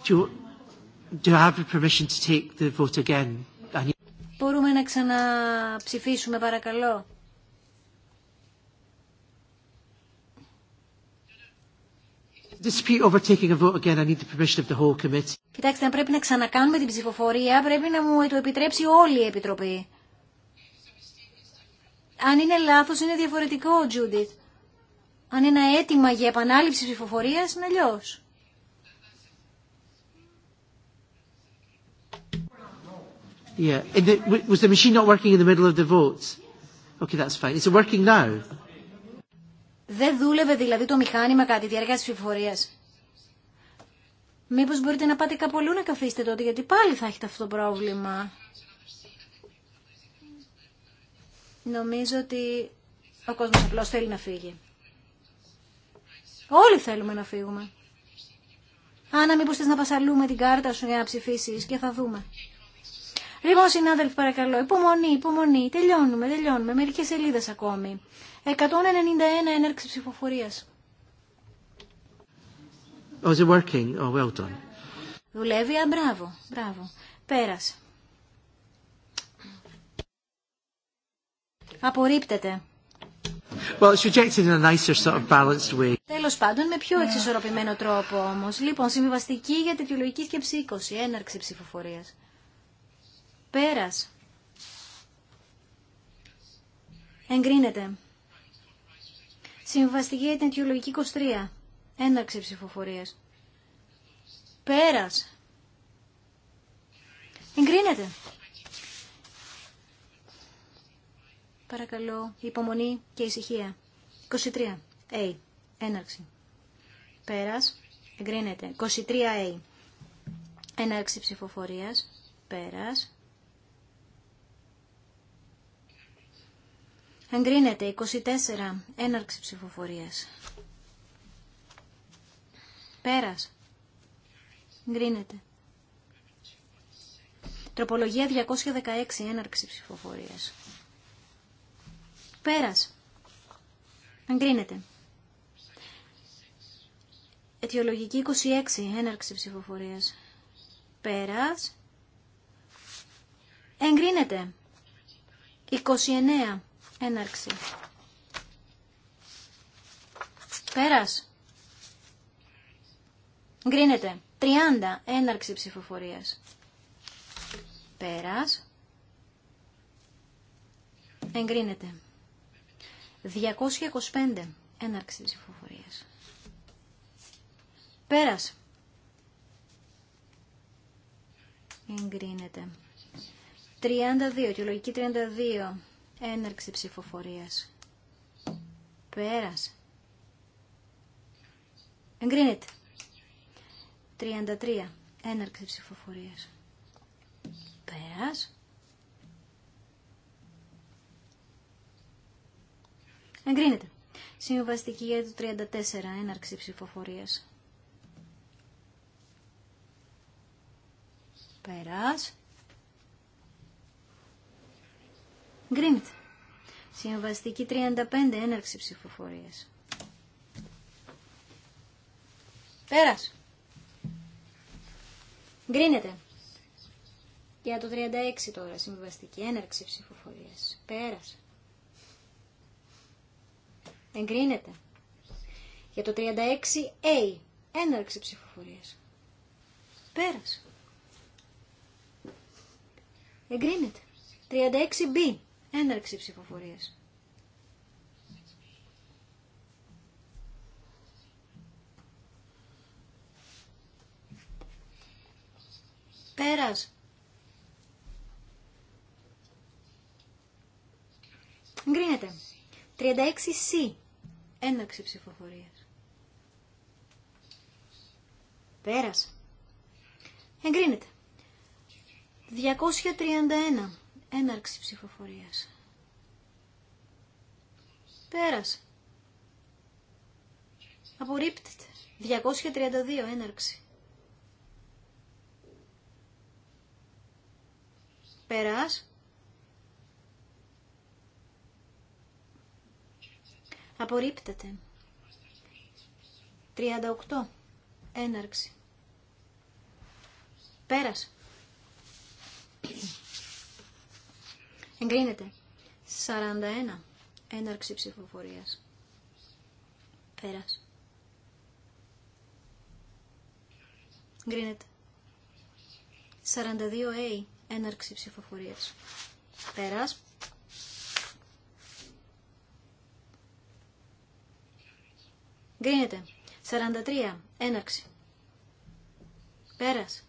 you, do I have permission to take the vote again? Μπορούμε να ξαναψηφίσουμε παρακαλώ. Κοιτάξτε, αν πρέπει να ξανακάνουμε την ψηφοφορία, πρέπει να μου το επιτρέψει όλη η Επιτροπή. Αν είναι λάθος, είναι διαφορετικό, Τζούντιτ. Αν είναι ένα αίτημα για επανάληψη ψηφοφορίας, είναι αλλιώς. Yeah. In was the machine not working in the middle of the Okay, that's fine. Is working now? Δεν δούλευε δηλαδή το μηχάνημα κατά τη διάρκεια της ψηφοφορίας. Μήπως μπορείτε να πάτε κάπου αλλού να καθίσετε τότε, γιατί πάλι θα έχετε αυτό το πρόβλημα. Νομίζω ότι ο κόσμος απλώς θέλει να φύγει. Όλοι θέλουμε να φύγουμε. Άννα, μήπως θες να πασαλούμε την κάρτα σου για να ψηφίσεις και θα δούμε. Λοιπόν, συνάδελφοι, παρακαλώ, υπομονή, υπομονή. Τελειώνουμε, τελειώνουμε. Μερικές σελίδε ακόμη. 191 έναρξη ψηφοφορία. Oh, Oh, well Δουλεύει, μπράβο, μπράβο. Πέρασε. Απορρίπτεται. Well, in a nicer sort of balanced way. Τέλος πάντων, με πιο εξισορροπημένο τρόπο όμως. Λοιπόν, συμβιβαστική για τη βιολογική σκέψη 20, έναρξη ψηφοφορίας. Πέρας. Εγκρίνεται. Συμβαστική την αιτιολογική 23. Έναρξη ψηφοφορίας. Πέρας. Εγκρίνεται. Παρακαλώ, υπομονή και ησυχία. 23. A. Ε, έναρξη. Πέρας. Εγκρίνεται. 23A. Ε, έναρξη ψηφοφορίας. Πέρας. Εγκρίνεται 24. Έναρξη ψηφοφορίας. Πέρας. Εγκρίνεται. Τροπολογία 216. Έναρξη ψηφοφορίας. Πέρας. Εγκρίνεται. Αιτιολογική 26. Έναρξη ψηφοφορίας. Πέρας. Εγκρίνεται. 29. Έναρξη. Πέρας. Γκρίνεται. 30. Έναρξη ψηφοφορίας. Πέρας. Εγκρίνεται. 225. Έναρξη ψηφοφορίας. Πέρας. Εγκρίνεται. 32. λογική 32. Έναρξη ψηφοφορίας. Πέρας. Εγκρίνεται. 33. Έναρξη ψηφοφορίας. Πέρας. Εγκρίνεται. Συμβαστική για το 34. Έναρξη ψηφοφορίας. Πέρας. Γκρίνεται. Συμβαστική 35. Έναρξη ψηφοφορία. Πέρας. Γκρίνεται. Για το 36 τώρα, συμβαστική έναρξη ψηφοφορία. Πέρασε. Εγκρίνεται. Για το 36A, έναρξη ψηφοφορίας. Πέρασε. Εγκρίνεται. 36B, Έναρξη ψηφοφορίας. Πέρας. Γκρίνεται. 36C. Έναρξη ψηφοφορίας. Πέρας. Εγκρίνεται. 231. Έναρξη ψηφοφορίας. Πέρασε. Απορρίπτεται. 232 έναρξη. Πέρας. Απορρίπτεται. 38 έναρξη. Πέρας. Εγκρίνεται. 41. Έναρξη ψηφοφορίας. Πέρας. Εγκρίνεται. 42A. Έναρξη ψηφοφορίας. Πέρας. Εγκρίνεται. 43. Έναρξη. Πέρας.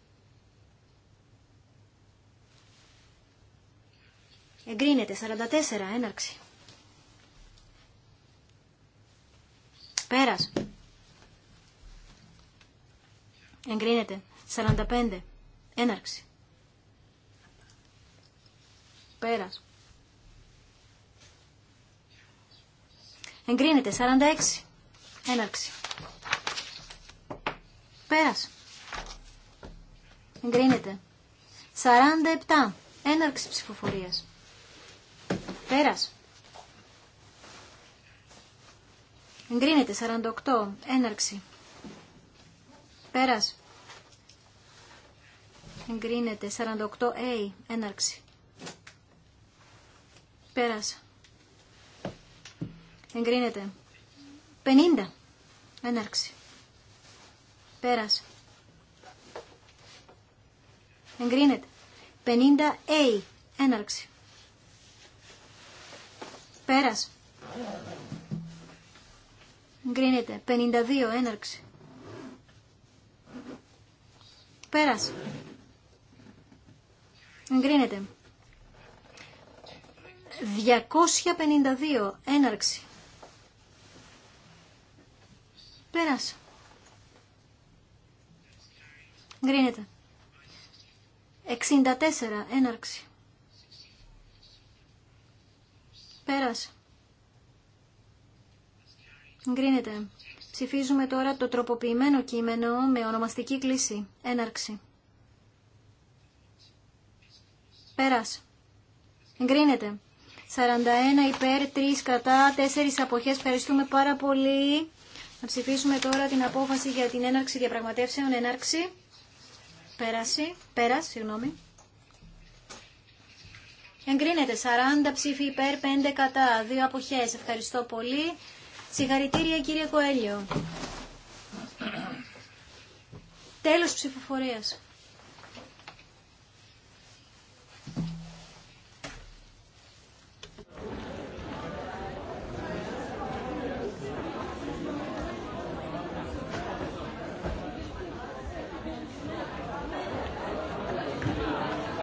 Εγκρίνεται. 44. Έναρξη. Πέρας. Εγκρίνεται. 45. Έναρξη. Πέρας. Εγκρίνεται. 46. Έναρξη. Πέρας. Εγκρίνεται. 47. Έναρξη ψηφοφορίας. Πέρας. Εγκρίνεται 48. Έναρξη. Πέρας. Εγκρίνεται 48A. Ε, έναρξη. Πέρας. Εγκρίνεται 50. Έναρξη. Πέρας. Εγκρίνεται 50A. Ε, έναρξη. Πέρας. Γκρίνεται. 52. Έναρξη. Πέρας. γκρίνεται, 252. Έναρξη. Πέρας. Γκρίνεται. 64. Έναρξη. Πέρας. Εγκρίνεται. Ψηφίζουμε τώρα το τροποποιημένο κείμενο με ονομαστική κλίση. Έναρξη. Πέρας. Εγκρίνεται. 41 υπέρ, 3 κατά, 4 αποχές. Ευχαριστούμε πάρα πολύ. Να ψηφίσουμε τώρα την απόφαση για την έναρξη διαπραγματεύσεων. Έναρξη. Πέραση. Πέρας, συγγνώμη. Εγκρίνεται 40 ψήφοι υπέρ, 5 κατά, 2 αποχές. Ευχαριστώ πολύ. Συγχαρητήρια κύριε Κοέλιο. Τέλος ψηφοφορίας.